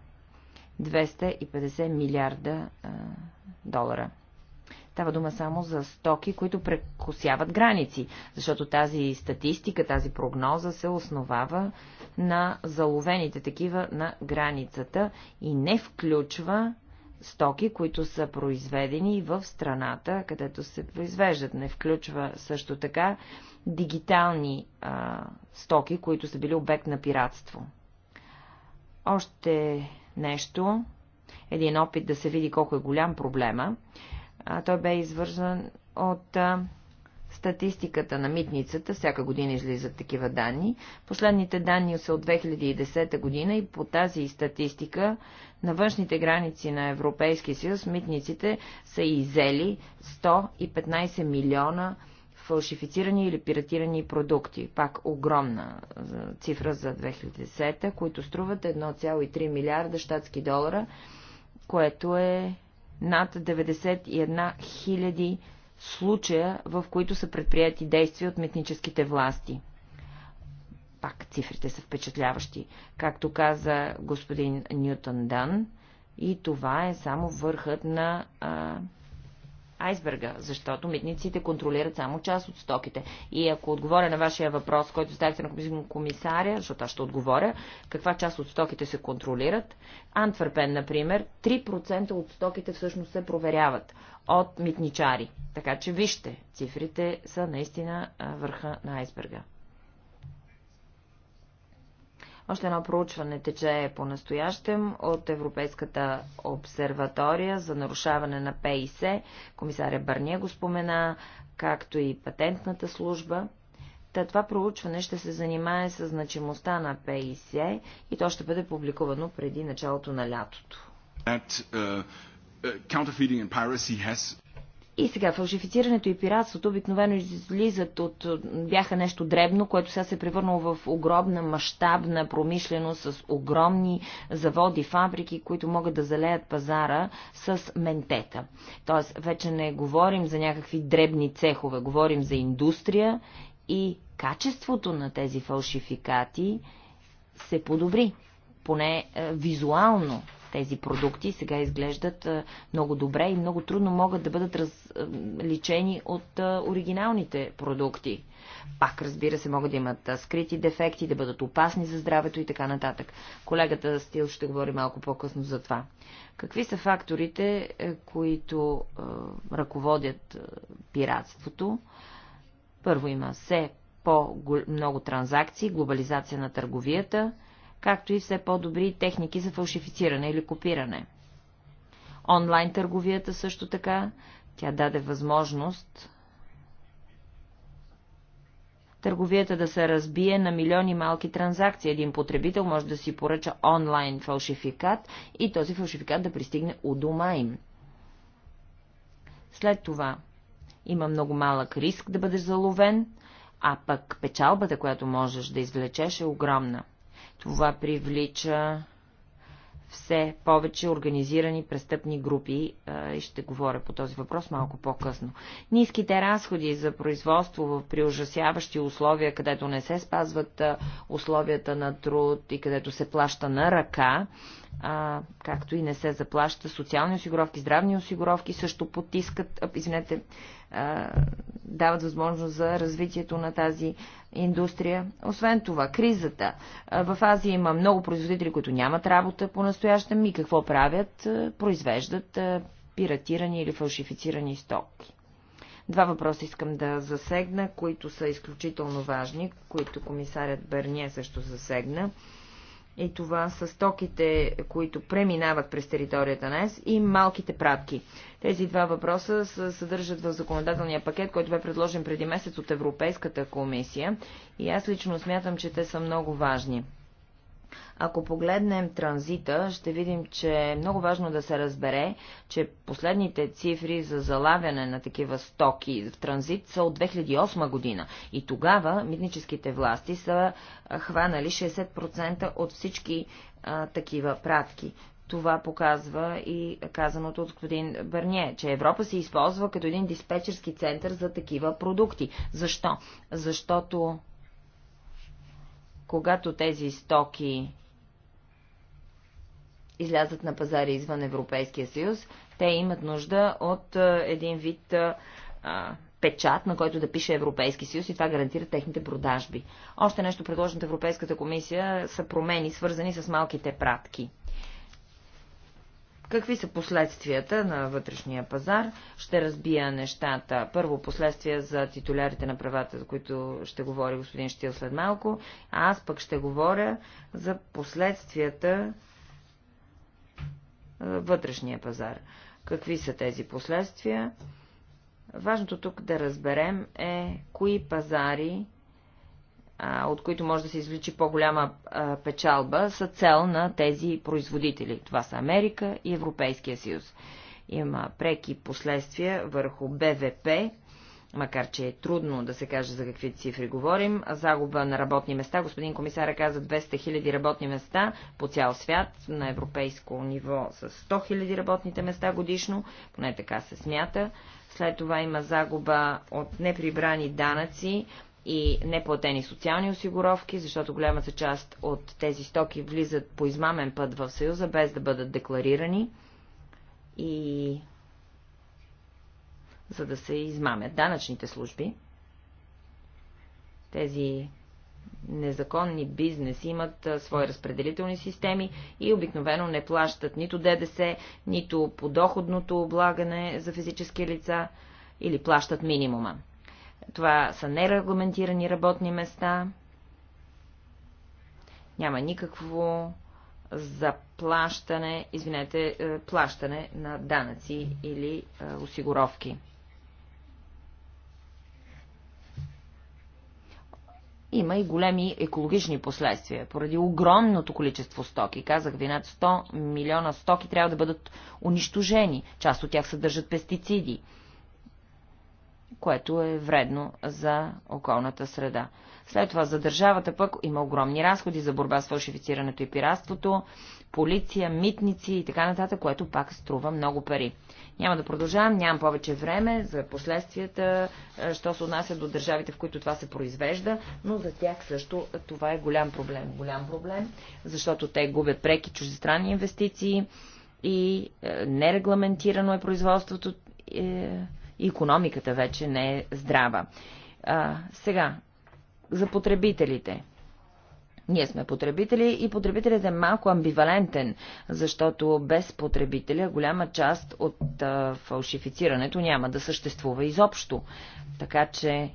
250 милиарда а, долара. Става дума само за стоки, които прекосяват граници, защото тази статистика, тази прогноза се основава на заловените такива на границата и не включва стоки, които са произведени в страната, където се произвеждат. Не включва също така дигитални а, стоки, които са били обект на пиратство. Още нещо, един опит да се види колко е голям проблема, а, той бе извързан от а, статистиката на митницата, всяка година излизат такива данни. Последните данни са от 2010 година и по тази статистика на външните граници на Европейския съюз митниците са изели 115 милиона фалшифицирани или пиратирани продукти. Пак огромна цифра за 2010, които струват 1,3 милиарда щатски долара, което е над 91 000 случая, в които са предприяти действия от митническите власти. Пак цифрите са впечатляващи, както каза господин Нютон Дан, и това е само върхът на а, айсберга, защото митниците контролират само част от стоките. И ако отговоря на вашия въпрос, който ставите на комисаря, защото аз ще отговоря, каква част от стоките се контролират, Антверпен, например, 3% от стоките всъщност се проверяват от митничари. Така че вижте, цифрите са наистина върха на айсберга. Още едно проучване тече по-настоящем от Европейската обсерватория за нарушаване на ПИС. Комисаря Барния го спомена, както и патентната служба. Та това проучване ще се занимае с значимостта на ПИС и то ще бъде публикувано преди началото на лятото. That, uh, uh и сега фалшифицирането и пиратството обикновено излизат от... бяха нещо дребно, което сега се е превърнало в огромна мащабна промишленост с огромни заводи, фабрики, които могат да залеят пазара с ментета. Тоест, вече не говорим за някакви дребни цехове, говорим за индустрия и качеството на тези фалшификати се подобри, поне е, визуално тези продукти сега изглеждат много добре и много трудно могат да бъдат различени от оригиналните продукти. Пак, разбира се, могат да имат скрити дефекти, да бъдат опасни за здравето и така нататък. Колегата Стил ще говори малко по-късно за това. Какви са факторите, е, които ръководят пиратството? Първо има все по-много транзакции, глобализация на търговията, както и все по-добри техники за фалшифициране или копиране. Онлайн търговията също така, тя даде възможност търговията да се разбие на милиони малки транзакции. Един потребител може да си поръча онлайн фалшификат и този фалшификат да пристигне у дома им. След това има много малък риск да бъдеш заловен, а пък печалбата, която можеш да извлечеш, е огромна. Това привлича все повече организирани престъпни групи и ще говоря по този въпрос малко по-късно. Ниските разходи за производство в приужасяващи условия, където не се спазват условията на труд и където се плаща на ръка, както и не се заплаща социални осигуровки, здравни осигуровки, също потискат, извинете, дават възможност за развитието на тази индустрия. Освен това, кризата. В Азия има много производители, които нямат работа по-настоящем и какво правят? Произвеждат пиратирани или фалшифицирани стоки. Два въпроса искам да засегна, които са изключително важни, които комисарят Берния също засегна. И това са стоките, които преминават през територията на ЕС и малките пратки. Тези два въпроса се съдържат в законодателния пакет, който бе предложен преди месец от Европейската комисия и аз лично смятам, че те са много важни. Ако погледнем транзита, ще видим, че е много важно да се разбере, че последните цифри за залавяне на такива стоки в транзит са от 2008 година. И тогава митническите власти са хванали 60% от всички а, такива пратки. Това показва и казаното от господин Бърние, че Европа се използва като един диспетчерски център за такива продукти. Защо? Защото когато тези стоки излязат на пазари извън Европейския съюз, те имат нужда от един вид печат, на който да пише Европейски съюз и това гарантира техните продажби. Още нещо предложено от Европейската комисия са промени, свързани с малките пратки. Какви са последствията на вътрешния пазар? Ще разбия нещата. Първо последствия за титулярите на правата, за които ще говори господин Штил след малко, а аз пък ще говоря за последствията вътрешния пазар. Какви са тези последствия? Важното тук да разберем е, кои пазари от които може да се извлечи по-голяма печалба, са цел на тези производители. Това са Америка и Европейския съюз. Има преки последствия върху БВП, макар че е трудно да се каже за какви цифри говорим. Загуба на работни места. Господин комисар каза 200 000 работни места по цял свят, на европейско ниво с 100 000 работните места годишно, поне така се смята. След това има загуба от неприбрани данъци и неплатени социални осигуровки, защото голямата част от тези стоки влизат по измамен път в Съюза, без да бъдат декларирани и за да се измамят данъчните служби. Тези незаконни бизнеси имат свои разпределителни системи и обикновено не плащат нито ДДС, нито подоходното облагане за физически лица или плащат минимума. Това са нерегламентирани работни места. Няма никакво заплащане, извинете, е, плащане на данъци или е, осигуровки. Има и големи екологични последствия, поради огромното количество стоки. Казах ви, над 100 милиона стоки трябва да бъдат унищожени. Част от тях съдържат пестициди което е вредно за околната среда. След това за държавата пък има огромни разходи за борба с фалшифицирането и пиратството, полиция, митници и така нататък, което пак струва много пари. Няма да продължавам, нямам повече време за последствията, е, що се отнася до държавите, в които това се произвежда, но за тях също това е голям проблем. Голям проблем, защото те губят преки чуждестранни инвестиции и е, нерегламентирано е производството. Е, економиката вече не е здрава. А, сега, за потребителите. Ние сме потребители и потребителят е малко амбивалентен, защото без потребителя голяма част от а, фалшифицирането няма да съществува изобщо. Така че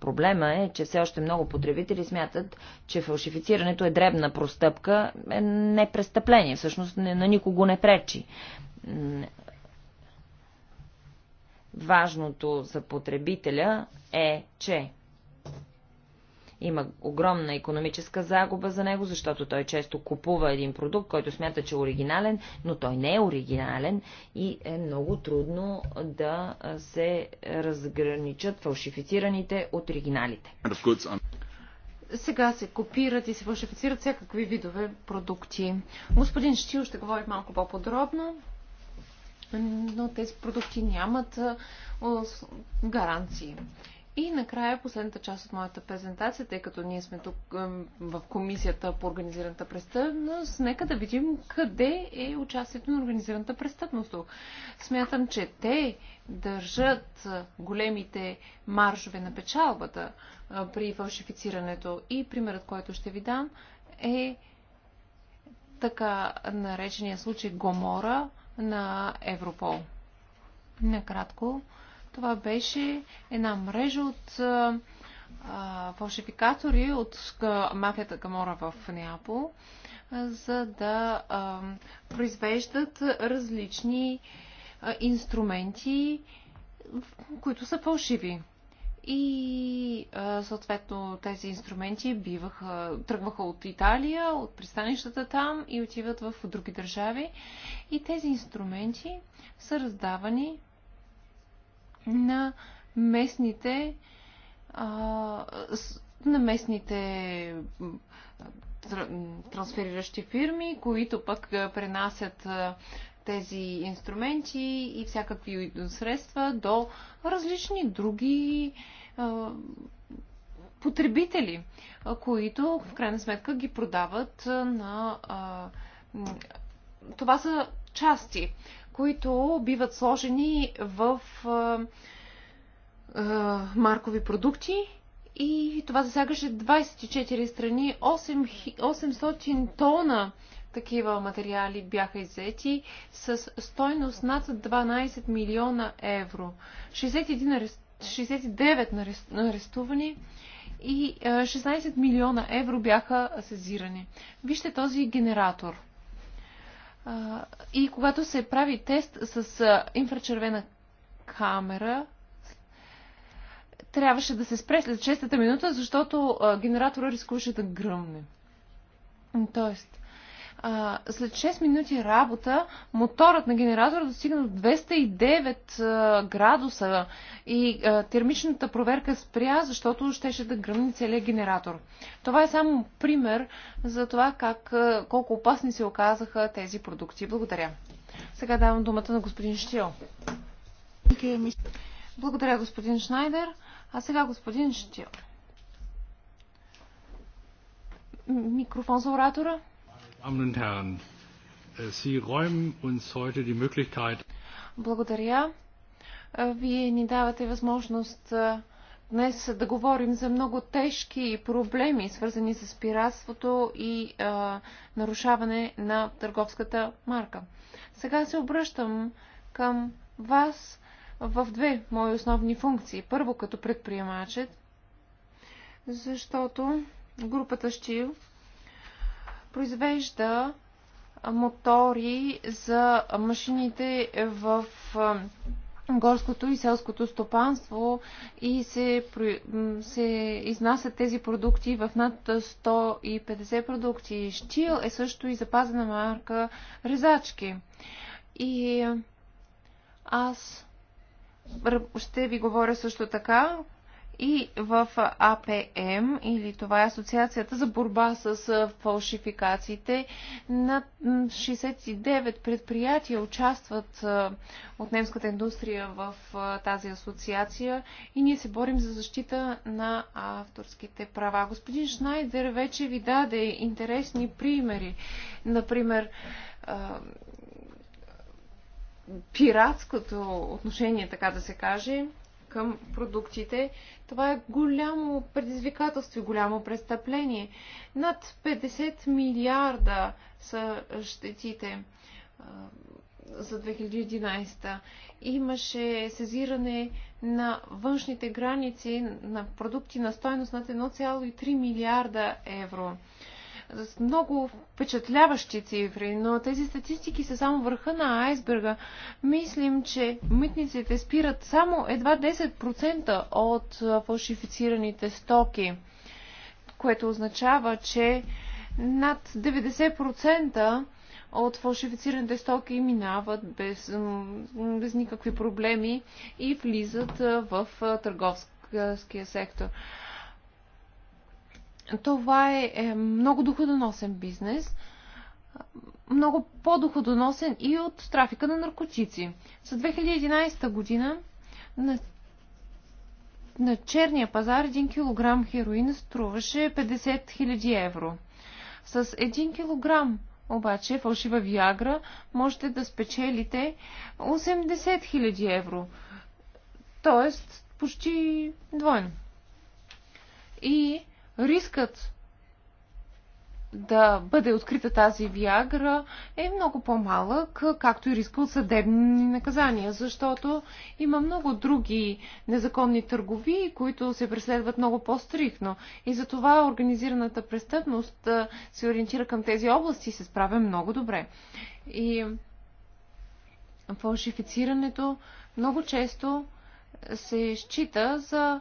Проблема е, че все още много потребители смятат, че фалшифицирането е дребна простъпка, е не престъпление, всъщност на никого не пречи. Важното за потребителя е, че има огромна економическа загуба за него, защото той често купува един продукт, който смята, че е оригинален, но той не е оригинален и е много трудно да се разграничат фалшифицираните от оригиналите. Сега се копират и се фалшифицират всякакви видове продукти. Господин Штил ще говори малко по-подробно но тези продукти нямат гаранции. И накрая последната част от моята презентация, тъй като ние сме тук в комисията по организираната престъпност, нека да видим къде е участието на организираната престъпност. Смятам, че те държат големите маржове на печалбата е, при фалшифицирането. И примерът, който ще ви дам е така наречения случай Гомора – на Европол. Накратко, това беше една мрежа от а, фалшификатори от мафията Гамора в Неапол, за да а, произвеждат различни а, инструменти, които са фалшиви. И съответно тези инструменти биваха, тръгваха от Италия, от пристанищата там и отиват в други държави. И тези инструменти са раздавани на местните на местните трансфериращи фирми, които пък пренасят тези инструменти и всякакви средства до различни други а, потребители, а, които в крайна сметка ги продават на. А, това са части, които биват сложени в маркови продукти и това засягаше 24 страни, 8, 800 тона такива материали бяха иззети с стойност над 12 милиона евро. 61, 69 арестувани и 16 е, милиона евро бяха сезирани. Вижте този генератор. И когато се прави тест с е, инфрачервена камера, трябваше да се спре след 6-та минута, защото е, генератора рискуваше да гръмне. Тоест, а, след 6 минути работа моторът на генератора достигна до 209 а, градуса и а, термичната проверка спря, защото щеше да гръмни целият генератор. Това е само пример за това как, а, колко опасни се оказаха тези продукти. Благодаря. Сега давам думата на господин Штил. Благодаря, господин Шнайдер. А сега господин Штил. Микрофон за оратора. Damen und Herren, äh, Sie räumen uns heute die Möglichkeit. Благодаря. Э, вие ни давате възможност э, днес да говорим за много тежки проблеми, свързани с пиратството и а, э, нарушаване на търговската марка. Сега се обръщам към вас в две мои основни функции. Първо като предприемачът, защото групата Щил произвежда мотори за машините в горското и селското стопанство и се, се изнасят тези продукти в над 150 продукти. Щил е също и запазена марка резачки. И аз ще ви говоря също така и в АПМ, или това е Асоциацията за борба с фалшификациите, над 69 предприятия участват от немската индустрия в тази асоциация и ние се борим за защита на авторските права. Господин Шнайдер вече ви даде интересни примери. Например, пиратското отношение, така да се каже, към продуктите, това е голямо предизвикателство и голямо престъпление. Над 50 милиарда са щетите за 2011. Имаше сезиране на външните граници на продукти на стойност над 1,3 милиарда евро с много впечатляващи цифри, но тези статистики са само върха на айсберга. Мислим, че митниците спират само едва 10% от фалшифицираните стоки, което означава, че над 90% от фалшифицираните стоки минават без, без никакви проблеми и влизат в търговския сектор това е, е много доходоносен бизнес, много по-доходоносен и от трафика на наркотици. За 2011 година на, на черния пазар 1 кг хероин струваше 50 000 евро. С 1 кг обаче фалшива виагра можете да спечелите 80 000 евро. Тоест почти двойно. И рискът да бъде открита тази Виагра е много по-малък, както и риска от съдебни наказания, защото има много други незаконни търгови, които се преследват много по-стрихно. И затова организираната престъпност се ориентира към тези области и се справя много добре. И фалшифицирането много често се счита за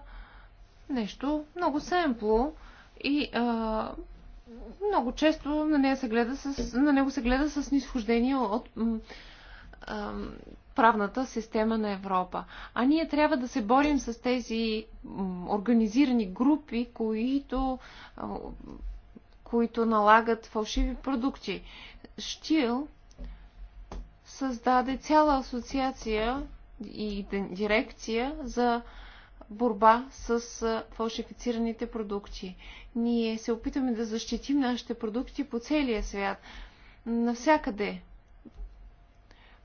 нещо много семпло и а, много често на, нея се гледа с, на него се гледа с нисхождение от а, правната система на Европа. А ние трябва да се борим с тези организирани групи, които, а, които налагат фалшиви продукти. Штил създаде цяла асоциация и дирекция за а, борба с фалшифицираните продукти. Ние се опитаме да защитим нашите продукти по целия свят, навсякъде.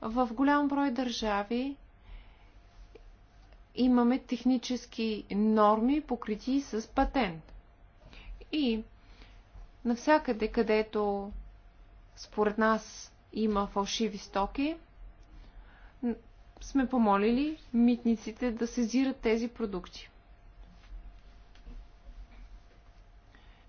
В голям брой държави имаме технически норми, покрити с патент. И навсякъде, където според нас има фалшиви стоки, сме помолили митниците да сезират тези продукти.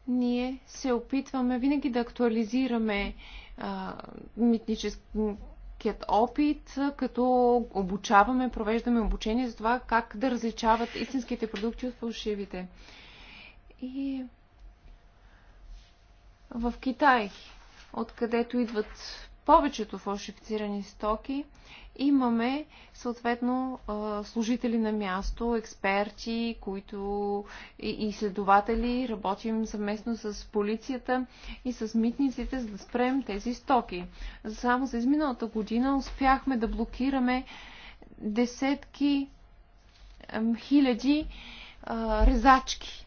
Ние се опитваме винаги да актуализираме а, митническият опит, като обучаваме, провеждаме обучение за това как да различават истинските продукти от фалшивите. И в Китай, откъдето идват повечето фалшифицирани стоки имаме съответно служители на място, експерти, които и изследователи работим съвместно с полицията и с митниците, за да спрем тези стоки. Само за изминалата година успяхме да блокираме десетки хиляди резачки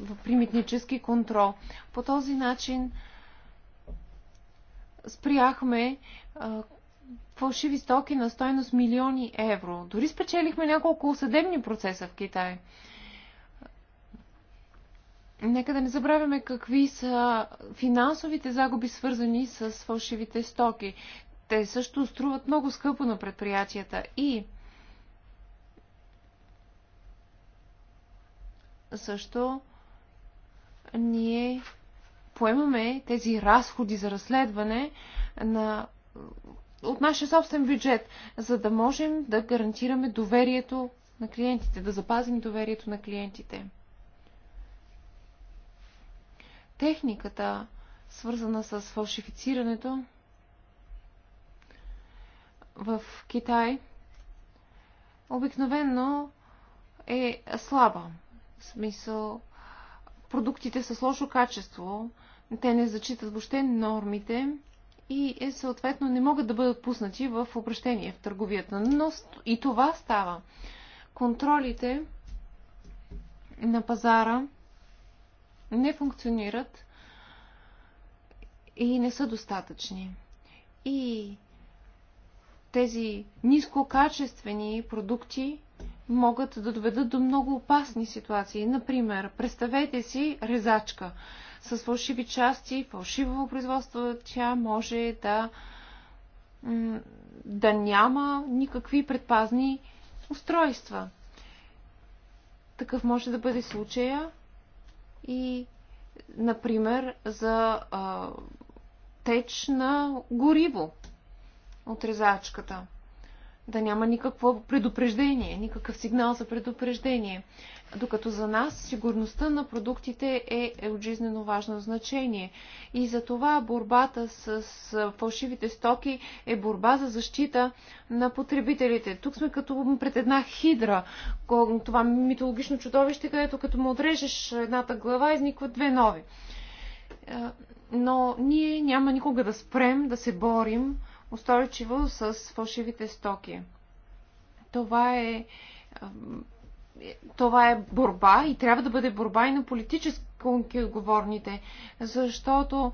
в примитнически контрол. По този начин спряхме а, фалшиви стоки на стойност милиони евро. Дори спечелихме няколко съдебни процеса в Китай. Нека да не забравяме какви са финансовите загуби, свързани с фалшивите стоки. Те също струват много скъпо на предприятията и също ние поемаме тези разходи за разследване на, от нашия собствен бюджет, за да можем да гарантираме доверието на клиентите, да запазим доверието на клиентите. Техниката, свързана с фалшифицирането в Китай, обикновенно е слаба. В смисъл, продуктите с лошо качество те не зачитат въобще нормите и е, съответно не могат да бъдат пуснати в обращение в търговията. Но и това става. Контролите на пазара не функционират и не са достатъчни. И тези нискокачествени продукти могат да доведат до много опасни ситуации. Например, представете си резачка с фалшиви части, фалшиво производство, тя може да, да няма никакви предпазни устройства. Такъв може да бъде случая и, например, за а, теч на гориво отрезачката. резачката да няма никакво предупреждение, никакъв сигнал за предупреждение. Докато за нас сигурността на продуктите е, е от жизнено важно значение. И за това борбата с фалшивите стоки е борба за защита на потребителите. Тук сме като пред една хидра, това митологично чудовище, където като му отрежеш едната глава, изникват две нови. Е, но ние няма никога да спрем да се борим устойчиво с фалшивите стоки. Това е, е, това е борба и трябва да бъде борба и на политически отговорните, защото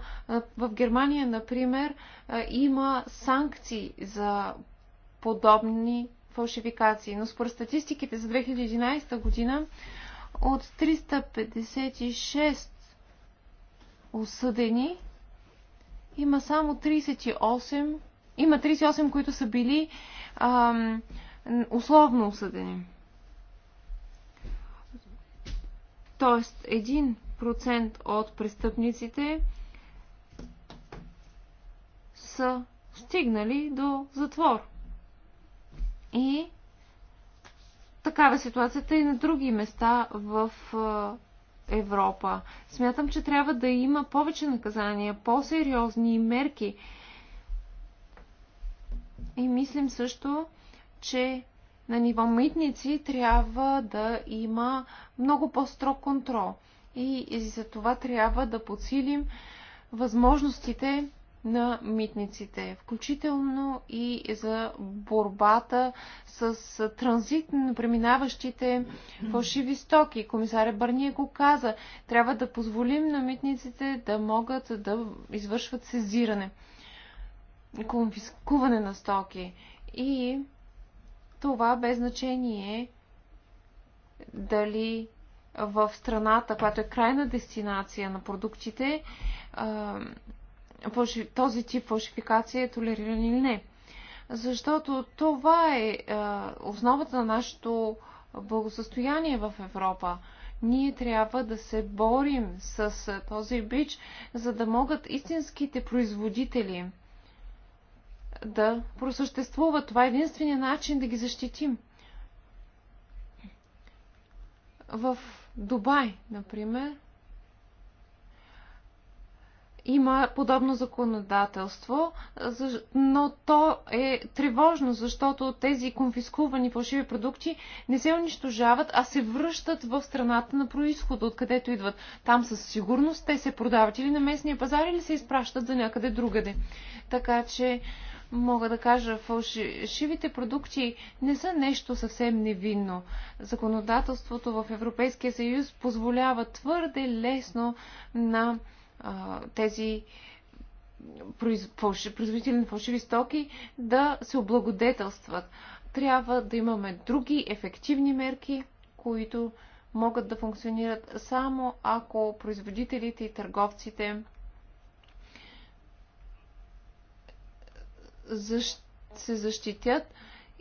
в Германия, например, има санкции за подобни фалшификации. Но според статистиките за 2011 година от 356 осъдени има само 38 има 38, които са били ам, условно осъдени. Тоест, 1% от престъпниците са стигнали до затвор. И такава е ситуацията и на други места в Европа. Смятам, че трябва да има повече наказания, по-сериозни мерки, и мислим също, че на ниво митници трябва да има много по-строг контрол. И, и за това трябва да подсилим възможностите на митниците, включително и за борбата с транзит на преминаващите фалшиви стоки. Комисаря Барния го каза. Трябва да позволим на митниците да могат да извършват сезиране конфискуване на стоки. И това без значение дали в страната, която е крайна дестинация на продуктите, този тип фалшификация е толериран или не. Защото това е основата на нашето благосъстояние в Европа. Ние трябва да се борим с този бич, за да могат истинските производители да просъществуват. Това е единствения начин да ги защитим. В Дубай, например, има подобно законодателство, но то е тревожно, защото тези конфискувани фалшиви продукти не се унищожават, а се връщат в страната на происхода, откъдето идват. Там със сигурност те се продават или на местния пазар, или се изпращат за някъде другаде. Така че мога да кажа, фалшивите продукти не са нещо съвсем невинно. Законодателството в Европейския съюз позволява твърде лесно на а, тези производители на фалшиви стоки да се облагодетелстват. Трябва да имаме други ефективни мерки, които могат да функционират само ако производителите и търговците защ... се защитят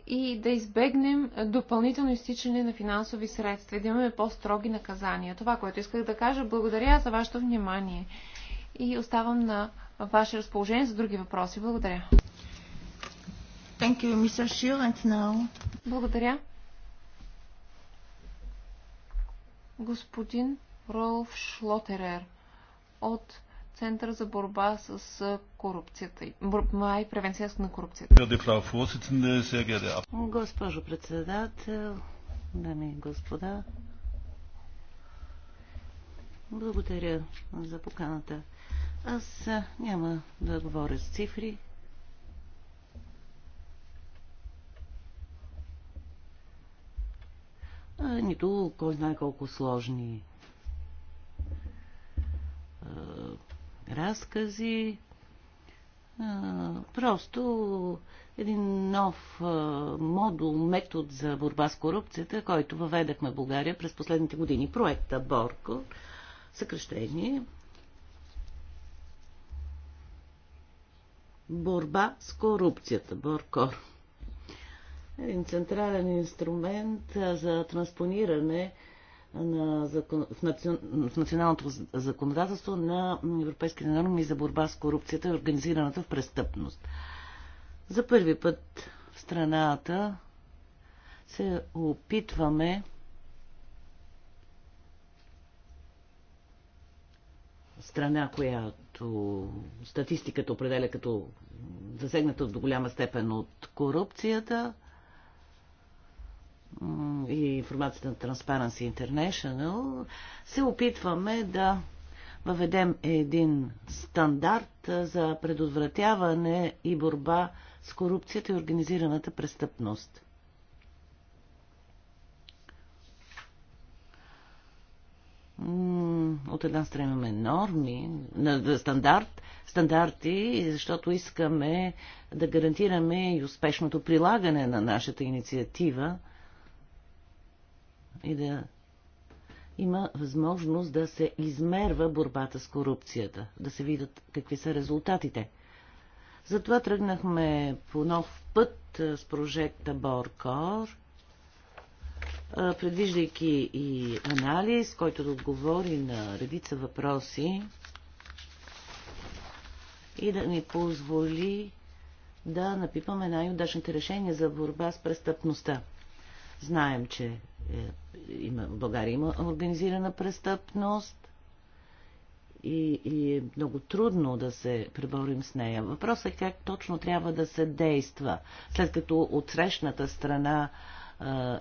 и да избегнем допълнително изтичане на финансови средства и да имаме по-строги наказания. Това, което исках да кажа, благодаря за вашето внимание и оставам на ваше разположение за други въпроси. Благодаря. Thank you, Mr. now. Благодаря. Господин Ролф Шлотерер от Център за борба с корупцията борба и превенция на корупцията. Госпожо председател, дами и господа, благодаря за поканата. Аз няма да говоря с цифри. А, нито кой знае колко сложни разкази. Просто един нов модул, метод за борба с корупцията, който въведахме в България през последните години. Проекта Борко, съкръщение, борба с корупцията, Боркор. Един централен инструмент за транспониране на закон... в, национ... в националното законодателство на европейските норми за борба с корупцията и организираната в престъпност. За първи път в страната се опитваме страна, която статистиката определя като засегната до голяма степен от корупцията – и информацията на Transparency International, се опитваме да въведем един стандарт за предотвратяване и борба с корупцията и организираната престъпност. От една страна имаме норми, стандарт, стандарти, защото искаме да гарантираме и успешното прилагане на нашата инициатива – и да има възможност да се измерва борбата с корупцията, да се видят какви са резултатите. Затова тръгнахме по нов път с прожекта Боркор, предвиждайки и анализ, който да отговори на редица въпроси и да ни позволи да напипаме най-удачните решения за борба с престъпността. Знаем, че е, има, България има организирана престъпност и, и е много трудно да се преборим с нея. Въпросът е как точно трябва да се действа, след като отсрещната страна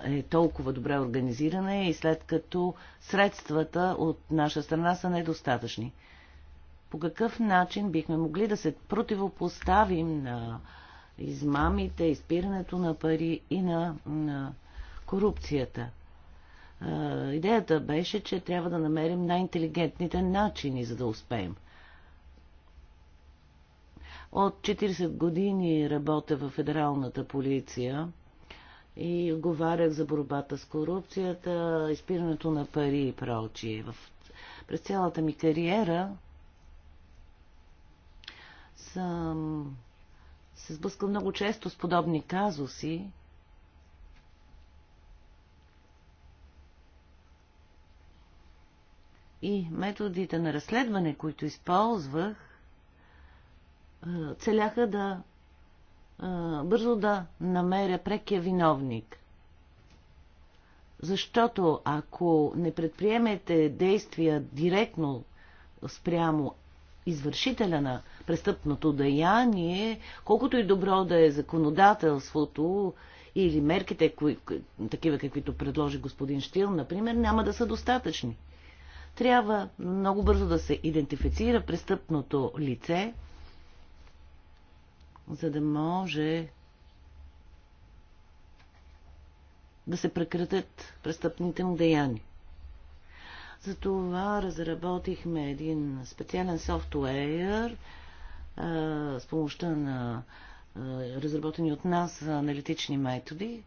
е толкова добре организирана и след като средствата от наша страна са недостатъчни. По какъв начин бихме могли да се противопоставим на измамите, изпирането на пари и на, на корупцията. Идеята беше, че трябва да намерим най-интелигентните начини, за да успеем. От 40 години работя в федералната полиция и отговарях за борбата с корупцията, изпирането на пари и прочие. През цялата ми кариера съм се сблъскал много често с подобни казуси и методите на разследване, които използвах, целяха да бързо да намеря прекия виновник. Защото ако не предприемете действия директно спрямо извършителя на престъпното деяние, колкото и добро да е законодателството или мерките, кои, такива каквито предложи господин Штил, например, няма да са достатъчни. Трябва много бързо да се идентифицира престъпното лице, за да може да се прекратят престъпните му деяния. Затова разработихме един специален софтуер с помощта на разработени от нас аналитични методи,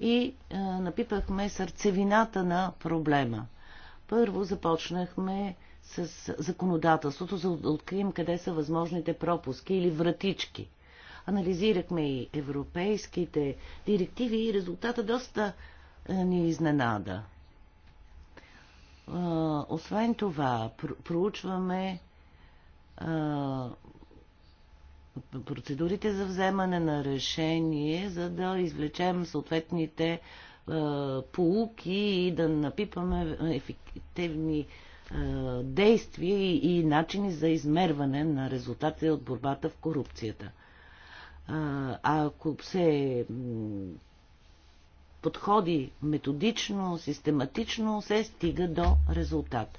и а, напипахме сърцевината на проблема. Първо започнахме с законодателството, за да открием къде са възможните пропуски или вратички. Анализирахме и европейските директиви и резултата доста а, ни изненада. А, освен това, проучваме процедурите за вземане на решение, за да извлечем съответните а, е, полуки и да напипаме ефективни а, е, действия и, и начини за измерване на резултатите от борбата в корупцията. А, ако се подходи методично, систематично, се стига до резултат.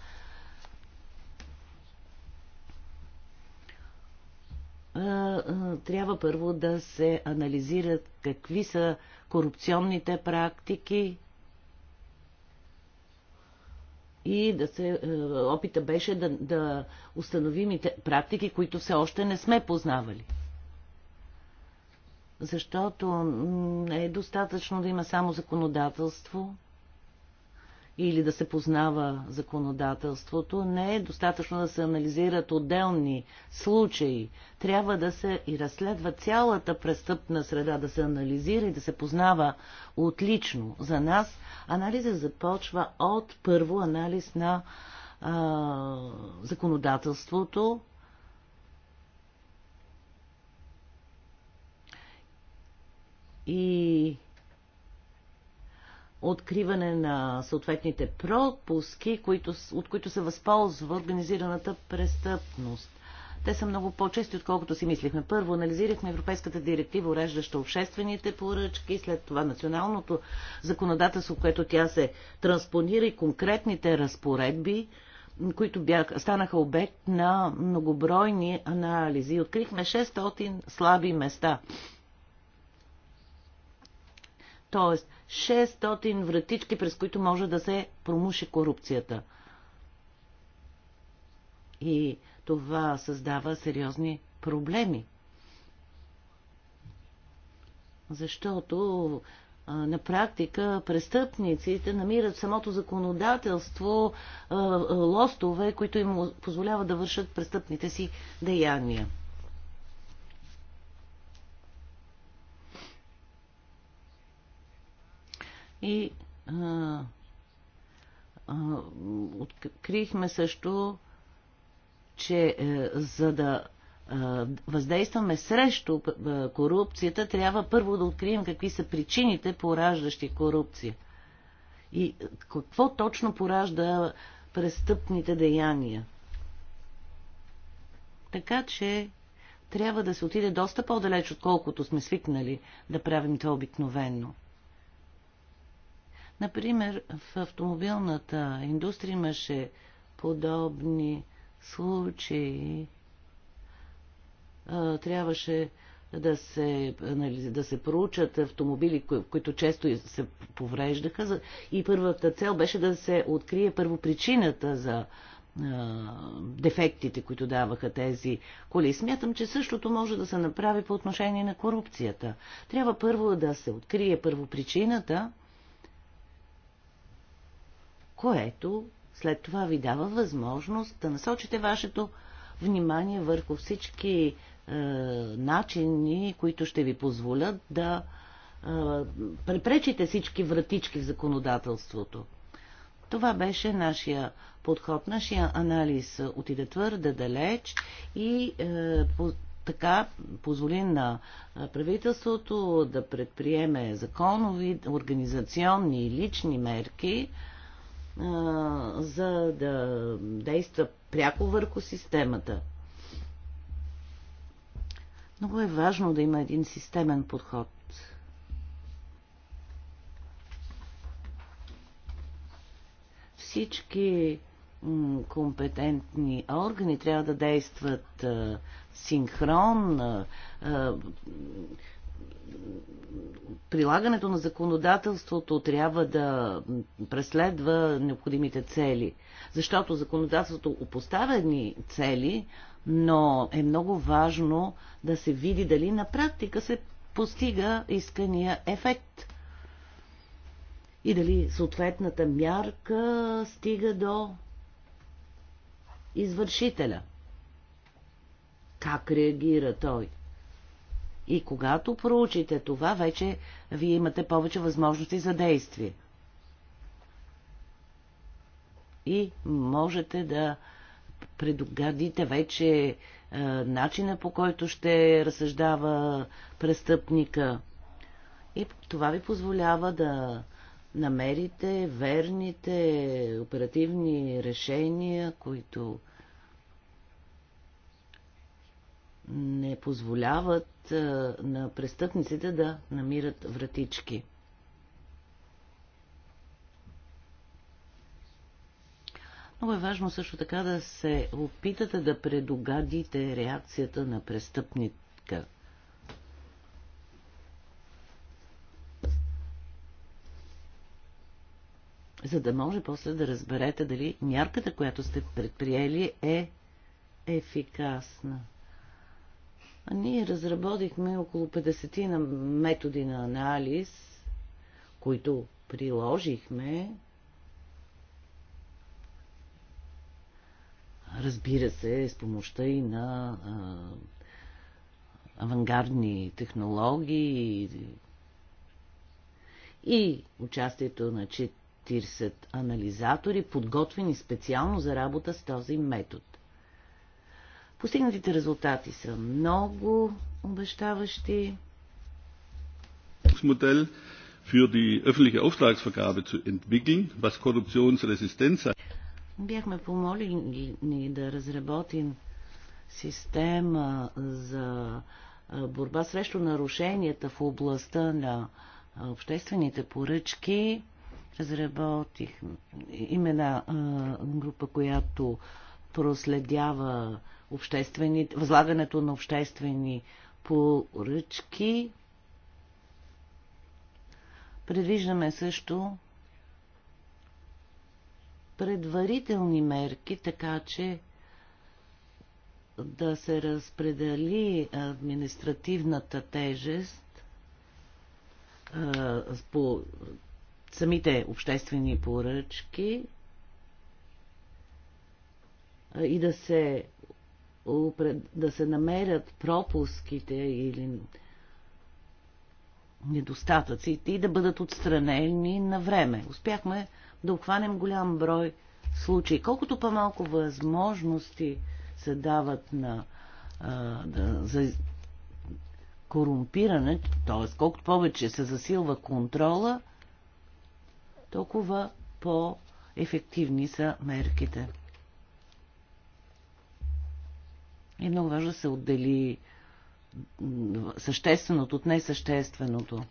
трябва първо да се анализират какви са корупционните практики и да се, опита беше да, да установим и те, практики, които все още не сме познавали. Защото не е достатъчно да има само законодателство – или да се познава законодателството. Не е достатъчно да се анализират отделни случаи. Трябва да се и разследва цялата престъпна среда, да се анализира и да се познава отлично. За нас анализа започва от първо анализ на а, законодателството, и откриване на съответните пропуски, които, от които се възползва организираната престъпност. Те са много по-чести, отколкото си мислихме. Първо анализирахме Европейската директива, уреждаща обществените поръчки, след това националното законодателство, което тя се транспонира и конкретните разпоредби, които бях, станаха обект на многобройни анализи. Открихме 600 слаби места т.е. 600 вратички, през които може да се промуши корупцията. И това създава сериозни проблеми. Защото на практика престъпниците намират самото законодателство лостове, които им позволяват да вършат престъпните си деяния. И а, а, открихме също, че а, е, за да въздействаме срещу корупцията, трябва първо да открием какви са причините, пораждащи корупция. И е, какво точно поражда престъпните деяния. Така че трябва да се отиде доста по-далеч, отколкото сме свикнали да правим това обикновено. Например, в автомобилната индустрия имаше подобни случаи. Трябваше да се, нали, да се проучат автомобили, които често се повреждаха. И първата цел беше да се открие първопричината за дефектите, които даваха тези коли. Смятам, че същото може да се направи по отношение на корупцията. Трябва първо да се открие първопричината, което след това ви дава възможност да насочите вашето внимание върху всички е, начини, които ще ви позволят да е, препречите всички вратички в законодателството. Това беше нашия подход, нашия анализ отиде твърде далеч и е, по, така позволи на е, правителството да предприеме законови, организационни и лични мерки, за да действа пряко върху системата. Много е важно да има един системен подход. Всички компетентни органи трябва да действат синхронно прилагането на законодателството трябва да преследва необходимите цели. Защото законодателството опоставя едни цели, но е много важно да се види дали на практика се постига искания ефект. И дали съответната мярка стига до извършителя. Как реагира той? И когато проучите това, вече вие имате повече възможности за действие. И можете да предугадите вече е, начина по който ще разсъждава престъпника. И това ви позволява да намерите верните оперативни решения, които не позволяват на престъпниците да намират вратички. Много е важно също така да се опитате да предогадите реакцията на престъпника. За да може после да разберете дали мярката, която сте предприели е ефикасна. Ние разработихме около 50 на методи на анализ, които приложихме. Разбира се, с помощта и на а, авангардни технологии и участието на 40 анализатори, подготвени специално за работа с този метод. Постигнатите резултати са много обещаващи. Модел für die öffentliche Auftragsvergabe zu entwickeln, was korruptionsresistent sei. Бяхме помолили ни да разработим система за борба срещу нарушенията в областта на обществените поръчки. Разработих имена група, която проследява обществени, възлагането на обществени поръчки. Предвиждаме също предварителни мерки, така че да се разпредели административната тежест а, по самите обществени поръчки а, и да се да се намерят пропуските или недостатъците и да бъдат отстранени на време. Успяхме да обхванем голям брой случаи. Колкото по-малко възможности се дават на, а, да, за корумпиране, т.е. колкото повече се засилва контрола, толкова по-ефективни са мерките. е много важно да се отдели същественото от несъщественото.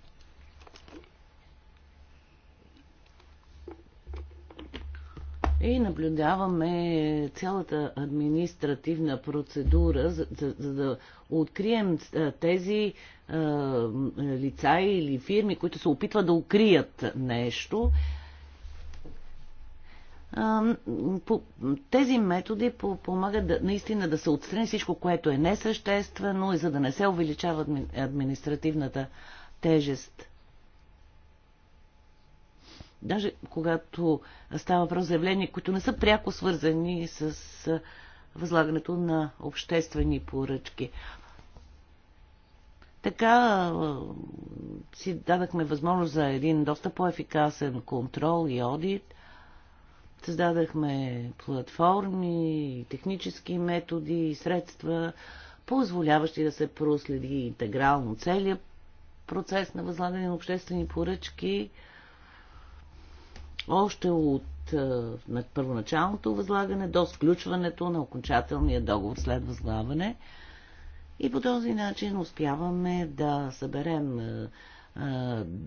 И наблюдаваме цялата административна процедура, за, за, за да открием тези е, лица или фирми, които се опитват да укрият нещо тези методи помагат наистина да се отстрани всичко, което е несъществено и за да не се увеличава административната тежест. Даже когато става въпрос за явления, които не са пряко свързани с възлагането на обществени поръчки. Така си дадахме възможност за един доста по-ефикасен контрол и одит Създадахме платформи, технически методи и средства, позволяващи да се проследи интегрално целият процес на възлагане на обществени поръчки. Още от на първоначалното възлагане до сключването на окончателния договор след възглаване. И по този начин успяваме да съберем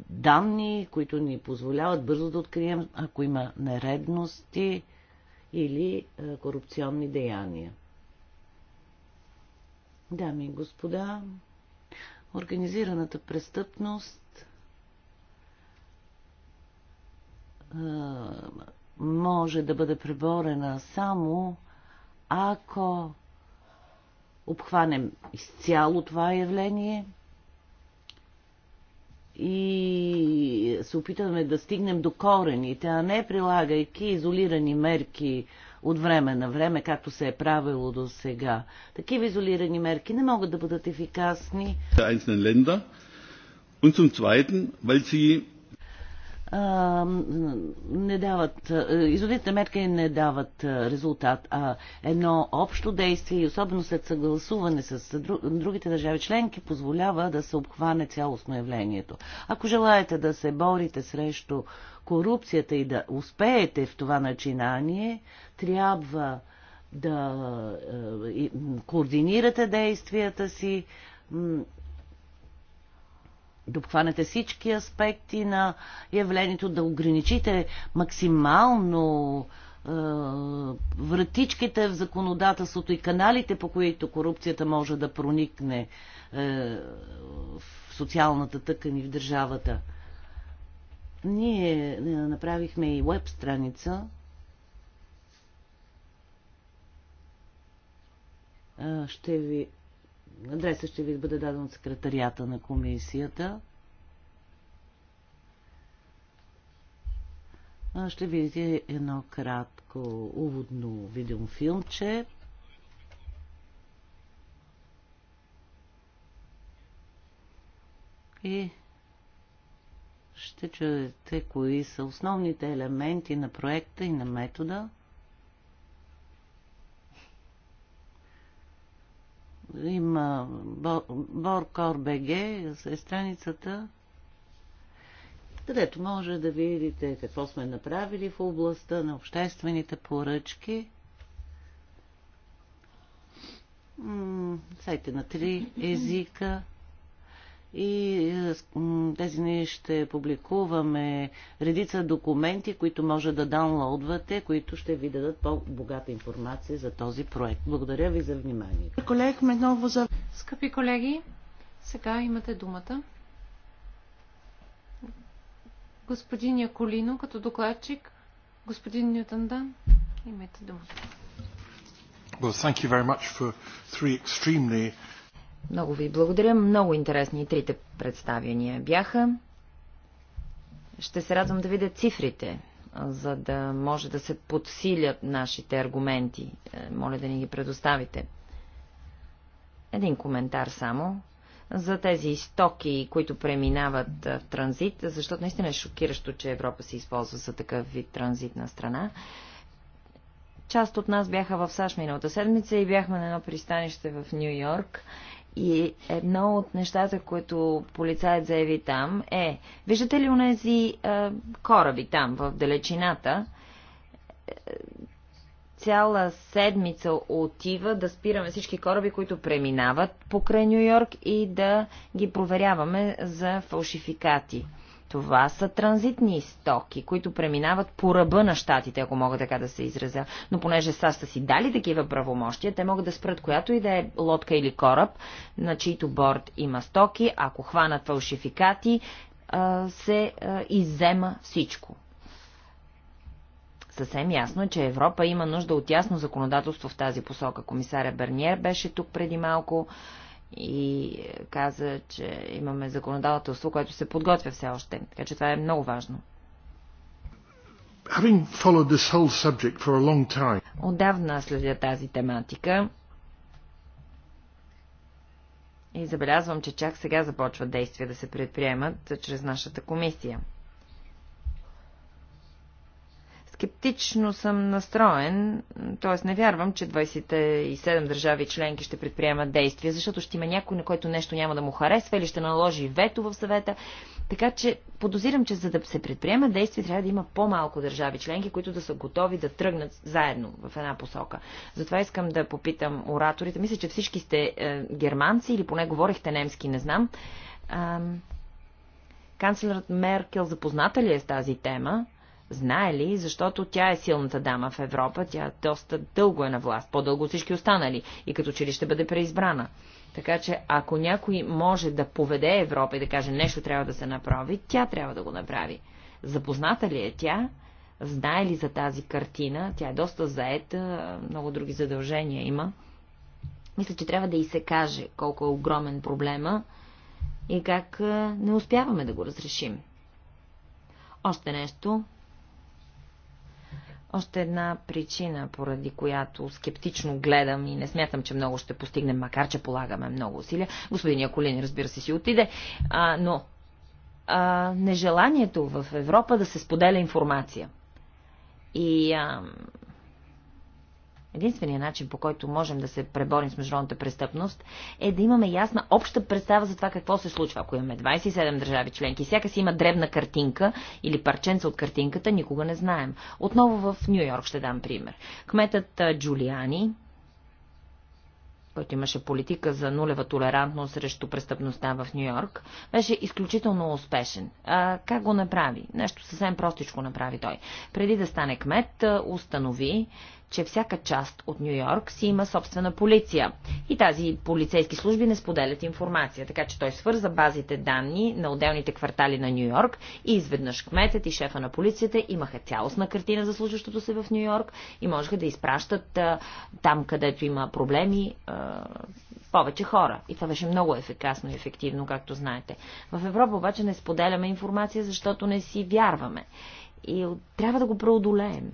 данни, които ни позволяват бързо да открием, ако има нередности или корупционни деяния. Дами и господа, организираната престъпност може да бъде преборена само ако обхванем изцяло това явление – и се опитаме да стигнем до корените, а не прилагайки изолирани мерки от време на време, както се е правило до сега. Такива изолирани мерки не могат да бъдат ефикасни. Und zum Zweiten, weil sie не дават, изводите мерки не дават резултат, а едно общо действие, и особено след съгласуване с другите държави членки, позволява да се обхване цялостно явлението. Ако желаете да се борите срещу корупцията и да успеете в това начинание, трябва да координирате действията си, да обхванете всички аспекти на явлението, да ограничите максимално е, вратичките в законодателството и каналите, по които корупцията може да проникне е, в социалната тъкан и в държавата. Ние е, направихме и веб страница. Е, ще ви адреса ще ви бъде даден от секретарията на комисията. Ще видите едно кратко уводно видеофилмче. И ще чуете кои са основните елементи на проекта и на метода. има БГ е страницата, където може да видите какво сме направили в областта на обществените поръчки. сайте на три езика и е, тези ние ще публикуваме редица документи, които може да даунлоудвате, които ще ви дадат по-богата информация за този проект. Благодаря ви за вниманието. Колег, много за... Скъпи колеги, сега имате думата. Господин Яколино, като докладчик, господин Нютандан, имате думата. Well, thank you very much for three extremely много ви благодаря. Много интересни и трите представяния бяха. Ще се радвам да видя цифрите, за да може да се подсилят нашите аргументи. Е, моля да ни ги предоставите. Един коментар само за тези стоки, които преминават е, в транзит, защото наистина е шокиращо, че Европа се използва за такъв вид транзитна страна. Част от нас бяха в САЩ миналата седмица и бяхме на едно пристанище в Нью Йорк и едно от нещата, които полицаят заяви там е, виждате ли унези е, кораби там, в далечината, е, цяла седмица отива да спираме всички кораби, които преминават покрай Нью Йорк и да ги проверяваме за фалшификати. Това са транзитни стоки, които преминават по ръба на щатите, ако мога така да се изразя. Но понеже САЩ са си дали такива правомощия, те могат да спрат която и да е лодка или кораб, на чийто борт има стоки, ако хванат фалшификати, се иззема всичко. Съвсем ясно е, че Европа има нужда от ясно законодателство в тази посока. Комисаря Берниер беше тук преди малко и каза, че имаме законодателство, което се подготвя все още. Така че това е много важно. Отдавна следя тази тематика и забелязвам, че чак сега започват действия да се предприемат чрез нашата комисия. Скептично съм настроен, т.е. не вярвам, че 27 държави членки ще предприемат действия, защото ще има някой, на който нещо няма да му харесва или ще наложи вето в съвета. Така че подозирам, че за да се предприема действия, трябва да има по-малко държави членки, които да са готови да тръгнат заедно в една посока. Затова искам да попитам ораторите. Мисля, че всички сте е, германци или поне говорихте немски, не знам. Канцлерът Меркел запозната ли е с тази тема? Знае ли, защото тя е силната дама в Европа, тя доста дълго е на власт, по-дълго всички останали и като че ли ще бъде преизбрана. Така че, ако някой може да поведе Европа и да каже нещо трябва да се направи, тя трябва да го направи. Запозната ли е тя? Знае ли за тази картина? Тя е доста заета, много други задължения има. Мисля, че трябва да и се каже колко е огромен проблема и как не успяваме да го разрешим. Още нещо, още една причина, поради която скептично гледам и не смятам, че много ще постигнем, макар че полагаме много усилия. Господин Яколин, разбира се, си отиде, а, но а, нежеланието в Европа да се споделя информация. И а, Единственият начин, по който можем да се преборим с международната престъпност, е да имаме ясна обща представа за това какво се случва. Ако имаме 27 държави членки, всяка си има дребна картинка или парченца от картинката, никога не знаем. Отново в Нью Йорк ще дам пример. Кметът Джулиани, който имаше политика за нулева толерантност срещу престъпността в Нью Йорк, беше изключително успешен. А, как го направи? Нещо съвсем простичко направи той. Преди да стане кмет, установи, че всяка част от Нью Йорк си има собствена полиция и тази полицейски служби не споделят информация, така че той свърза базите данни на отделните квартали на Нью Йорк и изведнъж кметът и шефа на полицията имаха цялостна картина за случващото се в Нью Йорк и можеха да изпращат а, там, където има проблеми, а, повече хора. И това беше много ефикасно и ефективно, както знаете. В Европа обаче не споделяме информация, защото не си вярваме. И трябва да го преодолеем.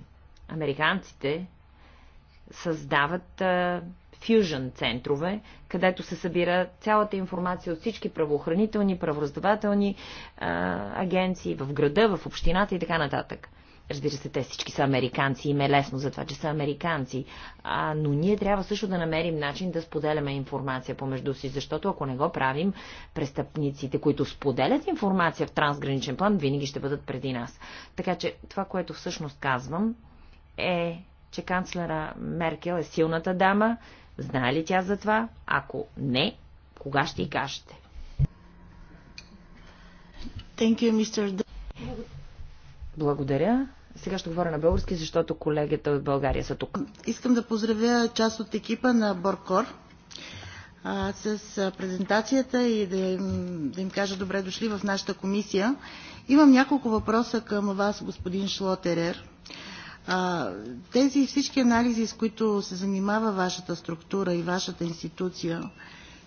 Американците създават фюжън центрове, където се събира цялата информация от всички правоохранителни, правораздавателни агенции в града, в общината и така нататък. Разбира се, те всички са американци, им е лесно за това, че са американци. А, но ние трябва също да намерим начин да споделяме информация помежду си, защото ако не го правим, престъпниците, които споделят информация в трансграничен план, винаги ще бъдат преди нас. Така че това, което всъщност казвам, е че канцлера Меркел е силната дама? Знае ли тя за това? Ако не, кога ще й кажете? Thank you, Mr. Благодаря. Сега ще говоря на български, защото колегите от България са тук. Искам да поздравя част от екипа на Боркор с презентацията и да им, да им кажа добре дошли в нашата комисия. Имам няколко въпроса към вас, господин Шлотерер. А, тези всички анализи, с които се занимава вашата структура и вашата институция,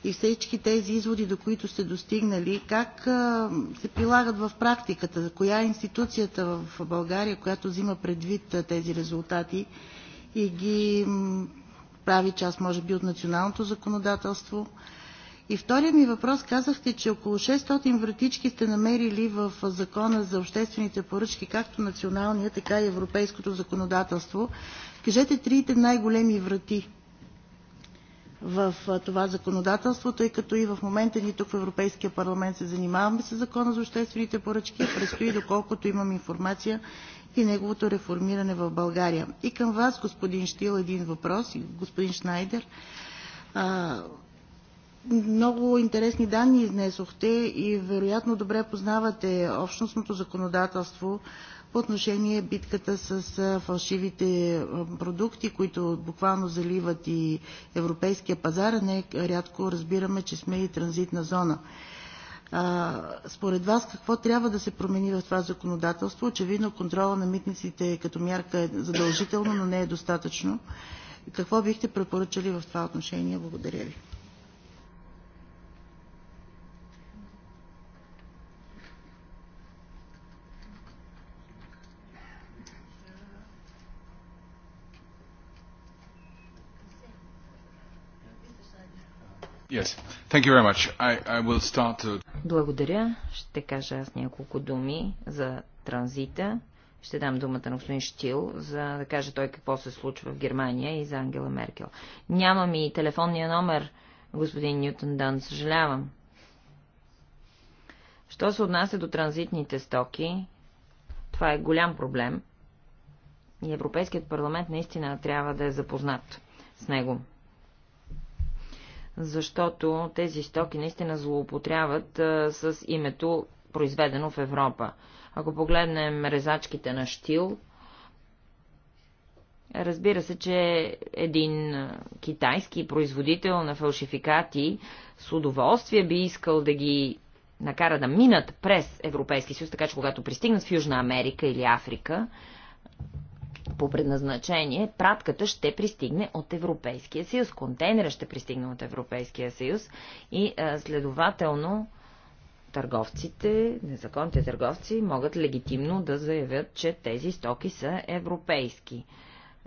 и всички тези изводи, до които сте достигнали, как а, се прилагат в практиката? Коя е институцията в България, която взима предвид тези резултати и ги прави част, може би, от националното законодателство? И вторият ми въпрос, казахте, че около 600 вратички сте намерили в Закона за обществените поръчки, както националния, така и европейското законодателство. Кажете трите най-големи врати в това законодателство, тъй като и в момента ние тук в Европейския парламент се занимаваме с Закона за обществените поръчки, предстои, доколкото имам информация, и неговото реформиране в България. И към вас, господин Штил, един въпрос, и господин Шнайдер. Много интересни данни изнесохте и вероятно добре познавате общностното законодателство по отношение битката с фалшивите продукти, които буквално заливат и европейския пазар, а не рядко разбираме, че сме и транзитна зона. А, според вас какво трябва да се промени в това законодателство? Очевидно контрола на митниците като мярка е задължително, но не е достатъчно. Какво бихте препоръчали в това отношение? Благодаря ви. Yes. Thank you very much. I, I will start to... Благодаря. Ще кажа аз няколко думи за транзита. Ще дам думата на господин Штил, за да каже той какво се случва в Германия и за Ангела Меркел. Нямам и телефонния номер, господин Ньютон Дан, съжалявам. Що се отнася до транзитните стоки, това е голям проблем и Европейският парламент наистина трябва да е запознат с него защото тези стоки наистина злоупотряват а, с името произведено в Европа. Ако погледнем резачките на Штил, разбира се, че един китайски производител на фалшификати с удоволствие би искал да ги накара да минат през Европейски съюз, така че когато пристигнат в Южна Америка или Африка, по предназначение, пратката ще пристигне от Европейския съюз, контейнера ще пристигне от Европейския съюз и а, следователно търговците, незаконните търговци могат легитимно да заявят, че тези стоки са европейски.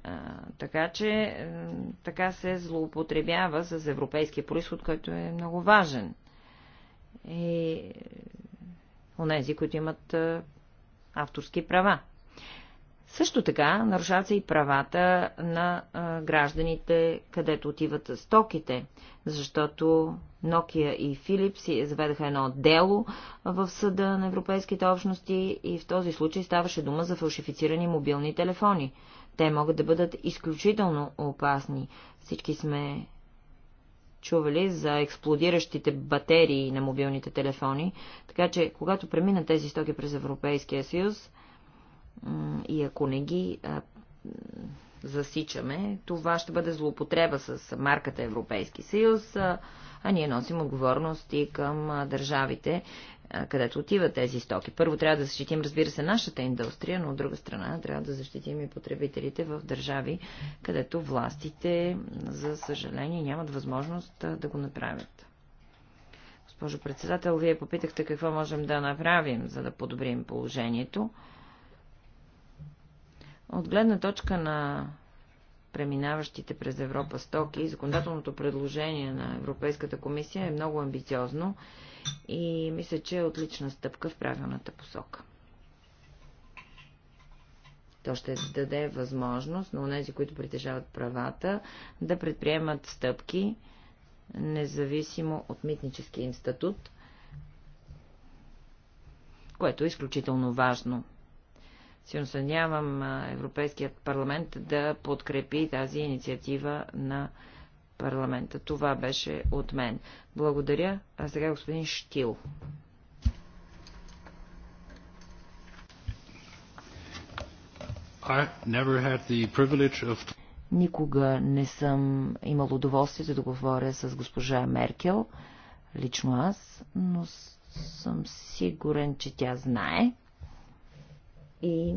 А, така че а, така се злоупотребява с европейския происход, който е много важен. И онези, които имат авторски права. Също така нарушават се и правата на а, гражданите, където отиват стоките, защото Nokia и Philips заведаха едно дело в съда на европейските общности и в този случай ставаше дума за фалшифицирани мобилни телефони. Те могат да бъдат изключително опасни. Всички сме чували за експлодиращите батерии на мобилните телефони, така че когато преминат тези стоки през Европейския съюз, и ако не ги засичаме, това ще бъде злоупотреба с марката Европейски съюз, а ние носим отговорност към държавите, където отиват тези стоки. Първо трябва да защитим, разбира се, нашата индустрия, но от друга страна трябва да защитим и потребителите в държави, където властите, за съжаление, нямат възможност да го направят. Госпожо председател, вие попитахте какво можем да направим, за да подобрим положението. От гледна точка на преминаващите през Европа стоки, законодателното предложение на Европейската комисия е много амбициозно и мисля, че е отлична стъпка в правилната посока. То ще даде възможност на тези, които притежават правата, да предприемат стъпки, независимо от митнически статут, което е изключително важно. Силно се надявам Европейският парламент да подкрепи тази инициатива на парламента. Това беше от мен. Благодаря. А сега господин Штил. Of... Никога не съм имал удоволствието да говоря с госпожа Меркел, лично аз, но съм сигурен, че тя знае и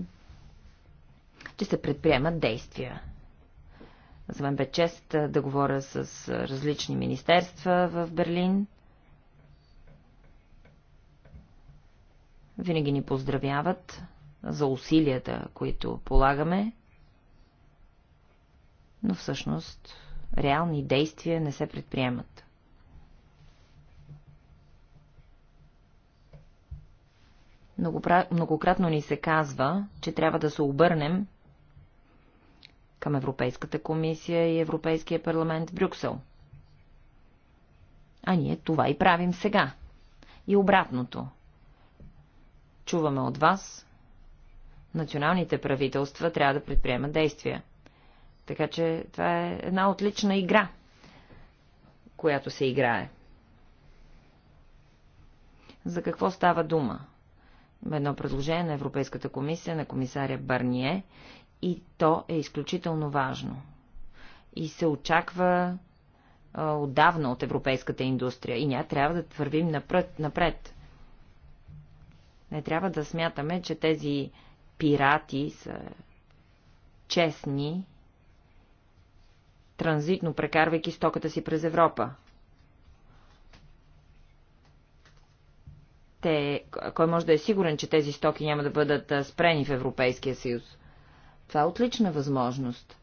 че се предприемат действия. За мен бе чест да говоря с различни министерства в Берлин. Винаги ни поздравяват за усилията, които полагаме, но всъщност реални действия не се предприемат. Многократно ни се казва, че трябва да се обърнем към Европейската комисия и Европейския парламент в Брюксел. А ние това и правим сега. И обратното. Чуваме от вас. Националните правителства трябва да предприемат действия. Така че това е една отлична игра, която се играе. За какво става дума? едно предложение на Европейската комисия, на комисаря Барние, и то е изключително важно. И се очаква а, отдавна от европейската индустрия. И ние трябва да вървим напред, напред. Не трябва да смятаме, че тези пирати са честни, транзитно прекарвайки стоката си през Европа. те, кой може да е сигурен, че тези стоки няма да бъдат спрени в Европейския съюз? Това е отлична възможност.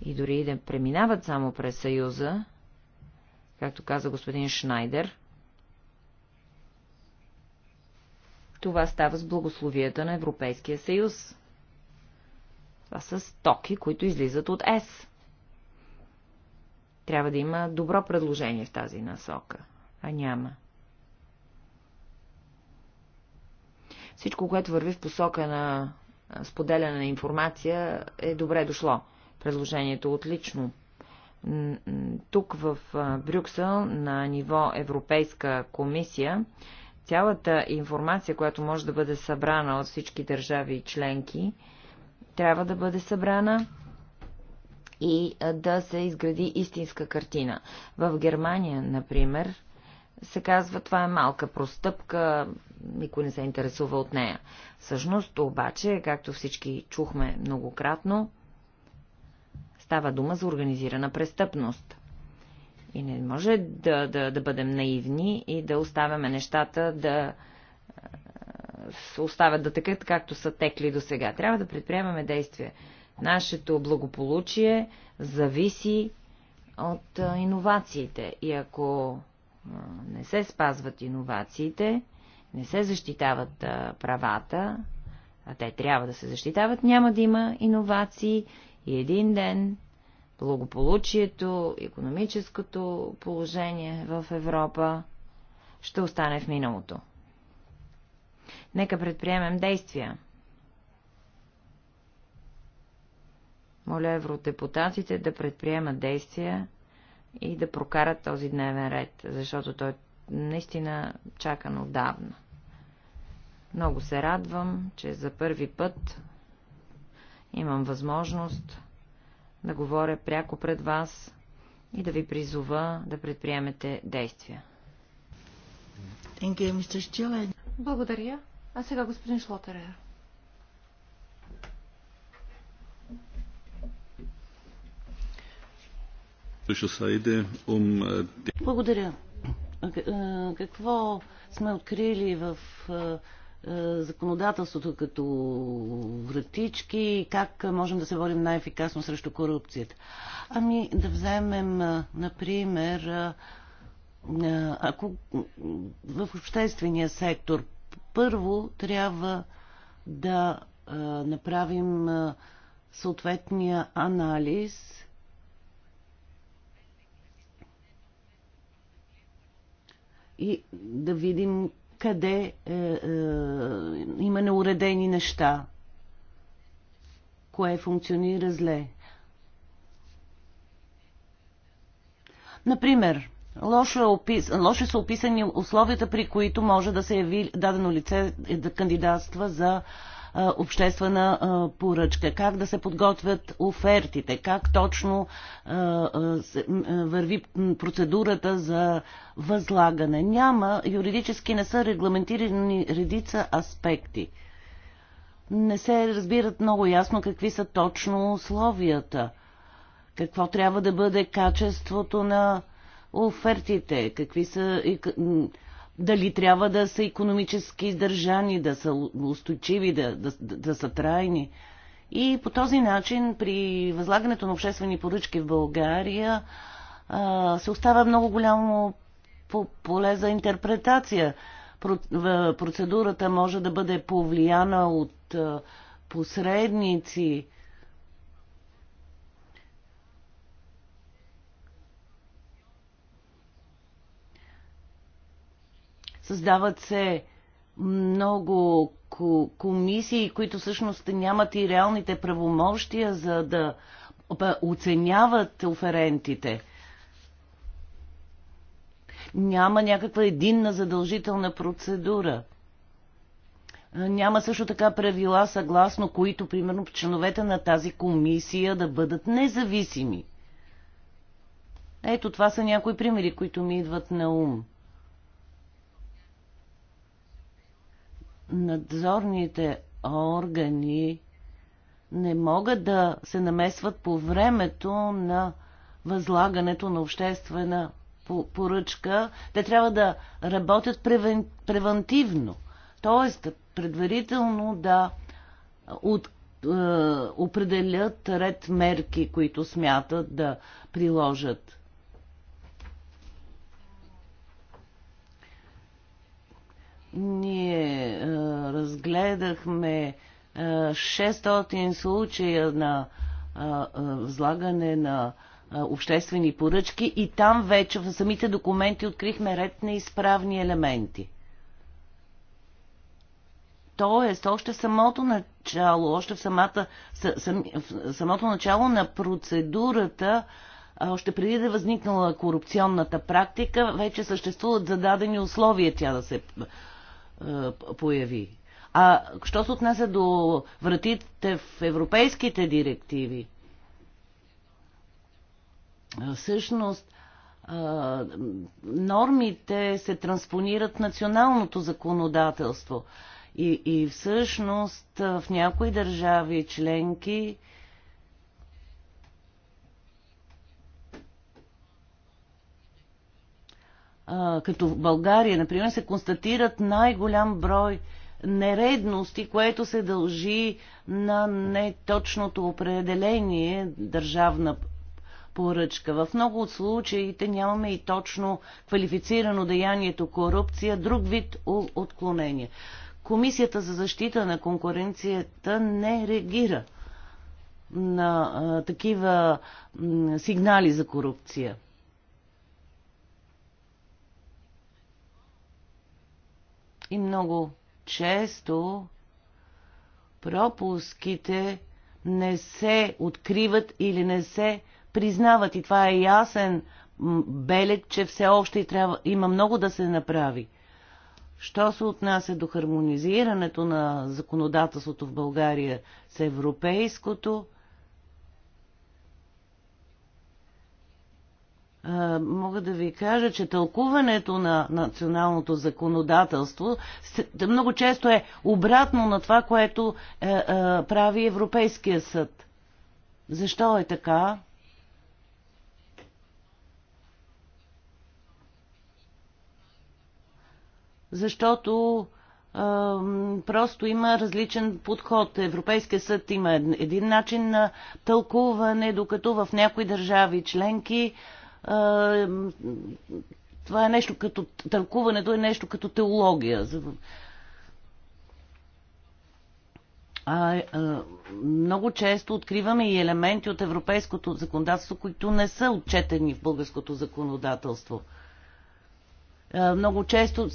И дори да преминават само през съюза, както каза господин Шнайдер, това става с благословията на Европейския съюз. Това са стоки, които излизат от ЕС. Трябва да има добро предложение в тази насока, а няма. Всичко, което върви в посока на споделяне на информация, е добре дошло. Предложението е отлично. Тук в Брюксел на ниво Европейска комисия цялата информация, която може да бъде събрана от всички държави и членки, трябва да бъде събрана и да се изгради истинска картина. В Германия, например, се казва, това е малка простъпка, никой не се интересува от нея. Всъщност, обаче, както всички чухме многократно, става дума за организирана престъпност. И не може да, да, да бъдем наивни и да оставяме нещата да се оставят да текат, както са текли до сега. Трябва да предприемаме действия. Нашето благополучие зависи от иновациите. И ако не се спазват иновациите, не се защитават правата, а те трябва да се защитават, няма да има иновации и един ден благополучието, економическото положение в Европа ще остане в миналото. Нека предприемем действия. Моля евродепутатите да предприемат действия и да прокарат този дневен ред, защото той наистина чакан отдавна. Много се радвам, че за първи път имам възможност да говоря пряко пред вас и да ви призова да предприемете действия. Благодаря. А сега господин Шлотерер. Um, Благодаря. Какво сме открили в законодателството като вратички и как можем да се борим най-ефикасно срещу корупцията? Ами да вземем, например, ако в обществения сектор първо трябва да направим съответния анализ и да видим къде е, е, има неуредени неща, кое функционира зле. Например, лошо, е опис... лошо са описани условията, при които може да се яви дадено лице е, да кандидатства за е, обществена поръчка, как да се подготвят офертите, как точно върви процедурата за възлагане. Няма, юридически не са регламентирани редица аспекти. Не се разбират много ясно какви са точно условията, какво трябва да бъде качеството на офертите, какви са дали трябва да са економически издържани, да са устойчиви, да, да, да са трайни. И по този начин при възлагането на обществени поръчки в България се остава много голямо поле за интерпретация. Процедурата може да бъде повлияна от посредници, Създават се много комисии, които всъщност нямат и реалните правомощия за да оценяват оферентите. Няма някаква единна задължителна процедура. Няма също така правила, съгласно които, примерно, членовете на тази комисия да бъдат независими. Ето това са някои примери, които ми идват на ум. надзорните органи не могат да се намесват по времето на възлагането на обществена поръчка. Те трябва да работят превен... превентивно, т.е. предварително да от, определят ред мерки, които смятат да приложат. Ние е, разгледахме 600 е, случая на е, взлагане на обществени поръчки и там вече в самите документи открихме ред на изправни елементи. Тоест, още в самото начало, още в, самата, сам, в самото начало на процедурата, още преди да е възникнала корупционната практика, вече съществуват зададени условия тя да се е, появи. А що се отнася до вратите в европейските директиви? Е, всъщност, е, нормите се транспонират националното законодателство. И, и всъщност в някои държави членки като в България, например, се констатират най-голям брой нередности, което се дължи на неточното определение държавна поръчка. В много от случаите нямаме и точно квалифицирано деянието корупция, друг вид отклонение. Комисията за защита на конкуренцията не реагира на а, такива м, сигнали за корупция. И много често пропуските не се откриват или не се признават. И това е ясен белег, че все още трябва, има много да се направи. Що се отнася до хармонизирането на законодателството в България с европейското, мога да ви кажа, че тълкуването на националното законодателство много често е обратно на това, което е, е, прави Европейския съд. Защо е така? Защото просто има различен подход. Европейския съд има един начин на тълкуване, докато в някои държави членки това е нещо като тълкуването е нещо като теология. А, а, много често откриваме и елементи от европейското законодателство, които не са отчетени в българското законодателство. А, много често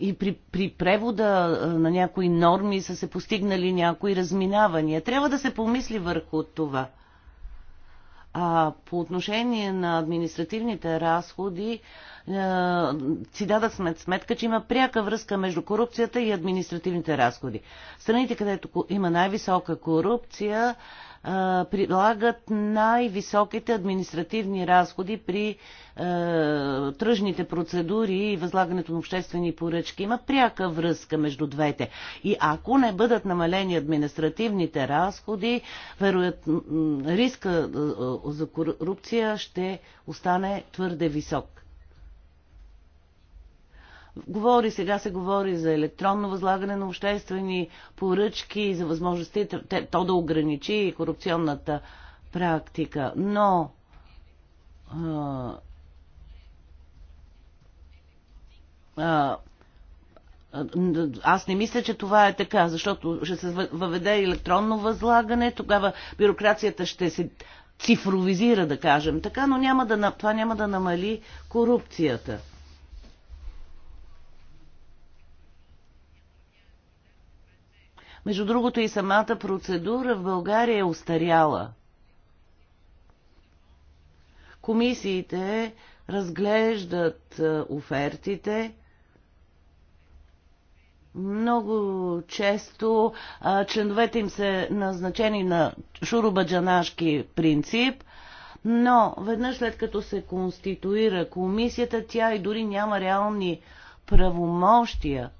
и при, при превода на някои норми са се постигнали някои разминавания. Трябва да се помисли върху това. А по отношение на административните разходи, е, си дадат сметка, че има пряка връзка между корупцията и административните разходи. Страните, където има най-висока корупция, прилагат най-високите административни разходи при а, тръжните процедури и възлагането на обществени поръчки. Има пряка връзка между двете. И ако не бъдат намалени административните разходи, вероятно риска за корупция ще остане твърде висок. Говори, сега се говори за електронно възлагане на обществени поръчки, и за възможности то да ограничи корупционната практика. Но а, а, аз не мисля, че това е така, защото ще се въведе електронно възлагане, тогава бюрокрацията ще се цифровизира, да кажем така, но няма да, това няма да намали корупцията. Между другото и самата процедура в България е устаряла. Комисиите разглеждат е, офертите, много често а, е, членовете им са назначени на шурубаджанашки принцип, но веднъж след като се конституира комисията, тя и дори няма реални правомощия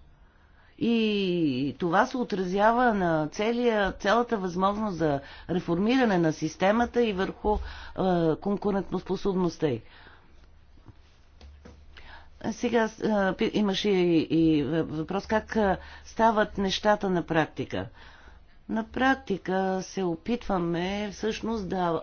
и това се отразява на целия, цялата възможност за реформиране на системата и върху е, конкурентоспособността й. Сега е, имаше и, и въпрос как е, стават нещата на практика. На практика се опитваме всъщност да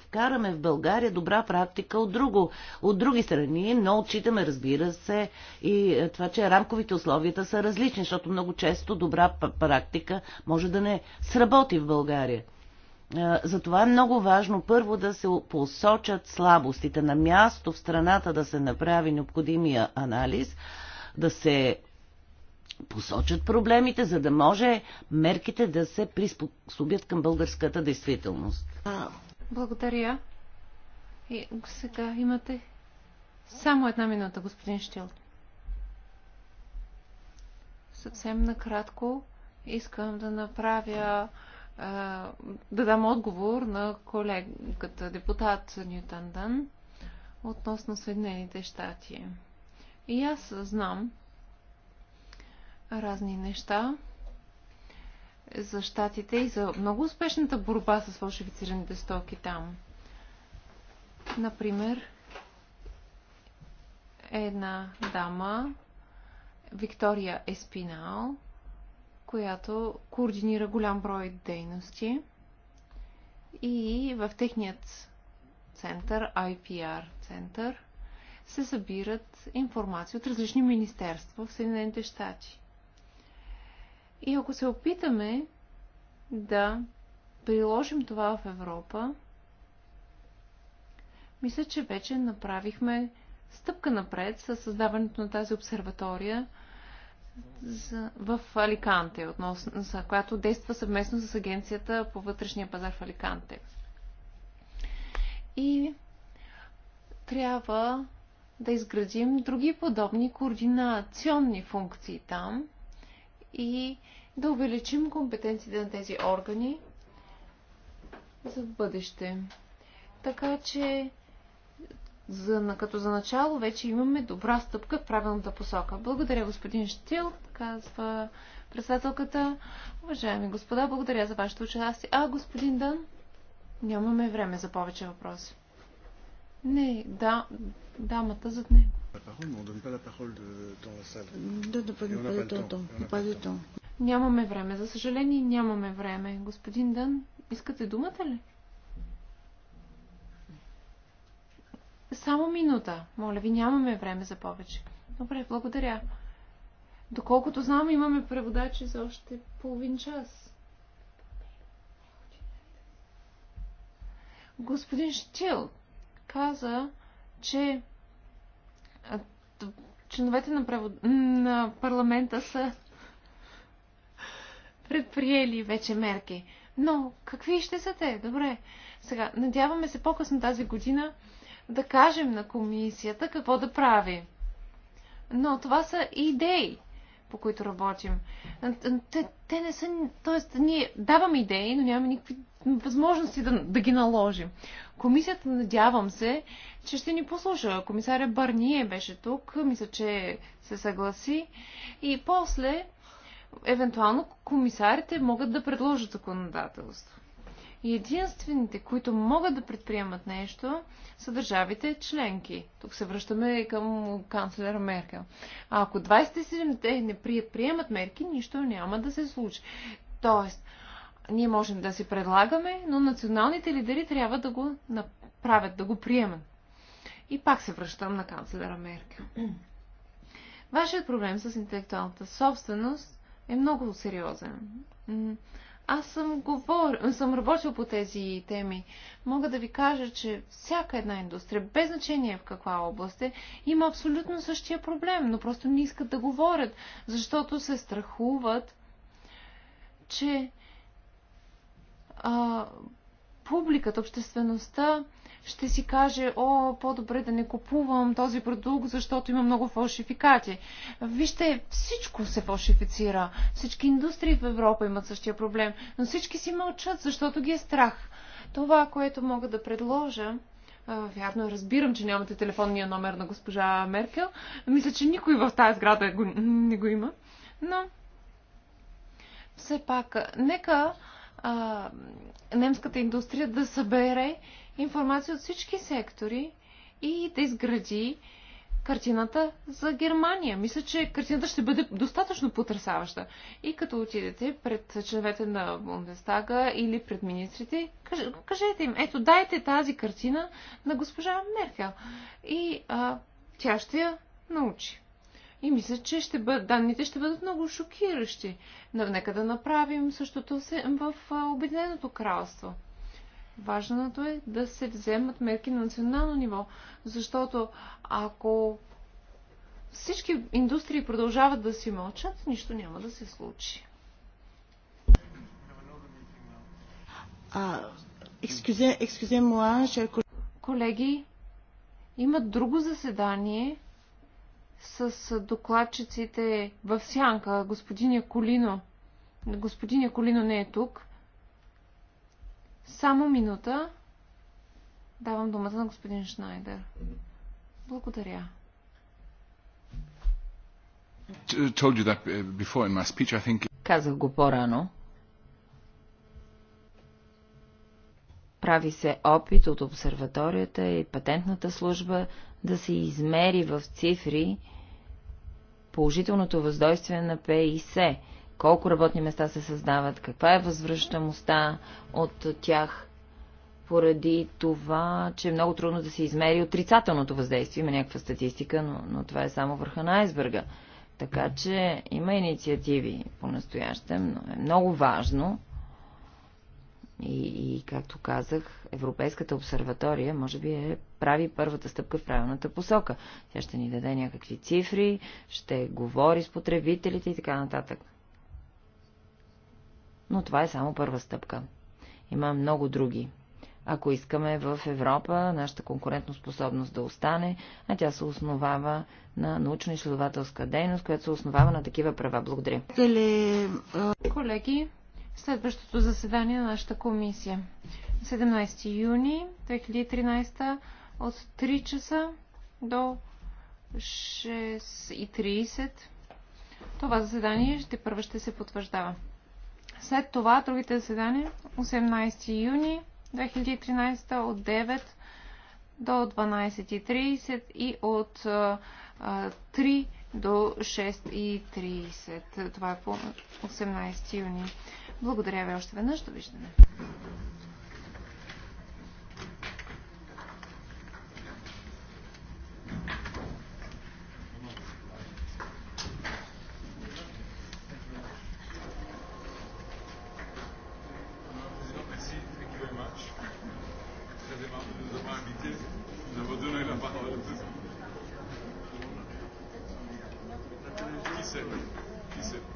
вкараме в България добра практика от, друго, от други страни, но отчитаме, разбира се, и е, това, че рамковите условията са различни, защото много често добра практика може да не сработи в България. Е, затова е много важно първо да се посочат слабостите на място в страната, да се направи необходимия анализ, да се посочат проблемите, за да може мерките да се приспособят към българската действителност. Благодаря. И сега имате само една минута, господин Штил. Съвсем накратко искам да направя да дам отговор на колегата депутат Нютан Дън относно Съединените щати. И аз знам, разни неща за щатите и за много успешната борба с фалшифицираните стоки там. Например, една дама, Виктория Еспинал, която координира голям брой дейности и в техният център, IPR център, се събират информации от различни министерства в Съединените щати. И ако се опитаме да приложим това в Европа, мисля, че вече направихме стъпка напред с създаването на тази обсерватория за, в Аликанте, относно, за която действа съвместно с Агенцията по вътрешния пазар в Аликанте. И трябва да изградим други подобни координационни функции там – и да увеличим компетенциите на тези органи за бъдеще. Така че, за, като за начало, вече имаме добра стъпка в правилната посока. Благодаря, господин Штил, казва председателката. Уважаеми господа, благодаря за вашето участие. А, господин Дън, нямаме време за повече въпроси. Не, да, дамата зад него. Да, да, Нямаме време. За съжаление, нямаме време. Господин Дън, искате думата ли? Само минута. Моля ви, нямаме време за повече. Добре, благодаря. Доколкото знам, имаме преводачи за още половин час. Господин Штил каза, че членовете на, превод... на парламента са предприели вече мерки. Но какви ще са те? Добре. Сега, надяваме се по-късно тази година да кажем на комисията какво да прави. Но това са идеи по които работим. Те, те не са... Тоест, ние даваме идеи, но нямаме никакви възможности да, да ги наложим. Комисията, надявам се, че ще ни послуша. Комисаря Барние беше тук, мисля, че се съгласи. И после, евентуално, комисарите могат да предложат законодателство. И единствените, които могат да предприемат нещо, са държавите членки. Тук се връщаме към канцлера Меркел. А ако 27-те не приемат мерки, нищо няма да се случи. Тоест, ние можем да си предлагаме, но националните лидери трябва да го направят, да го приемат. И пак се връщам на канцлера Меркел. Вашият проблем с интелектуалната собственост е много сериозен. Аз съм, говор... съм работил по тези теми. Мога да ви кажа, че всяка една индустрия, без значение в каква област е, има абсолютно същия проблем, но просто не искат да говорят, защото се страхуват, че а, публиката, обществеността ще си каже, о, по-добре да не купувам този продукт, защото има много фалшификати. Вижте, всичко се фалшифицира. Всички индустрии в Европа имат същия проблем, но всички си мълчат, защото ги е страх. Това, което мога да предложа, Вярно, разбирам, че нямате телефонния номер на госпожа Меркел. Мисля, че никой в тази сграда го, не го има. Но, все пак, нека а, немската индустрия да събере информация от всички сектори и да изгради картината за Германия. Мисля, че картината ще бъде достатъчно потрясаваща. И като отидете пред членовете на Бундестага или пред министрите, кажете им, ето дайте тази картина на госпожа Меркел. И а, тя ще я научи. И мисля, че ще бъд, данните ще бъдат много шокиращи. Но нека да направим същото в Обединеното кралство. Важното е да се вземат мерки на национално ниво, защото ако всички индустрии продължават да си мълчат, нищо няма да се случи. Колеги, има друго заседание с докладчиците в сянка. господиня Колино, Господин Колино не е тук. Само минута. Давам думата на господин Шнайдер. Благодаря. Казах го по-рано. Прави се опит от обсерваторията и патентната служба да се измери в цифри положителното въздействие на ПИС колко работни места се създават, каква е възвръщамостта от тях, поради това, че е много трудно да се измери отрицателното въздействие. Има някаква статистика, но, но това е само върха на айсберга. Така че има инициативи по-настоящем, но е много важно. И, и, както казах, Европейската обсерватория може би е прави първата стъпка в правилната посока. Тя ще ни даде някакви цифри, ще говори с потребителите и така нататък но това е само първа стъпка. Има много други. Ако искаме в Европа нашата конкурентоспособност да остане, а тя се основава на научно-изследователска дейност, която се основава на такива права. Благодаря. Колеги, следващото заседание на нашата комисия. 17 юни 2013 от 3 часа до 6.30. Това заседание ще първо ще се потвърждава. След това другите заседания 18 юни 2013 от 9 до 12.30 и от 3 до 6.30. Това е по 18 юни. Благодаря ви още веднъж. До виждане.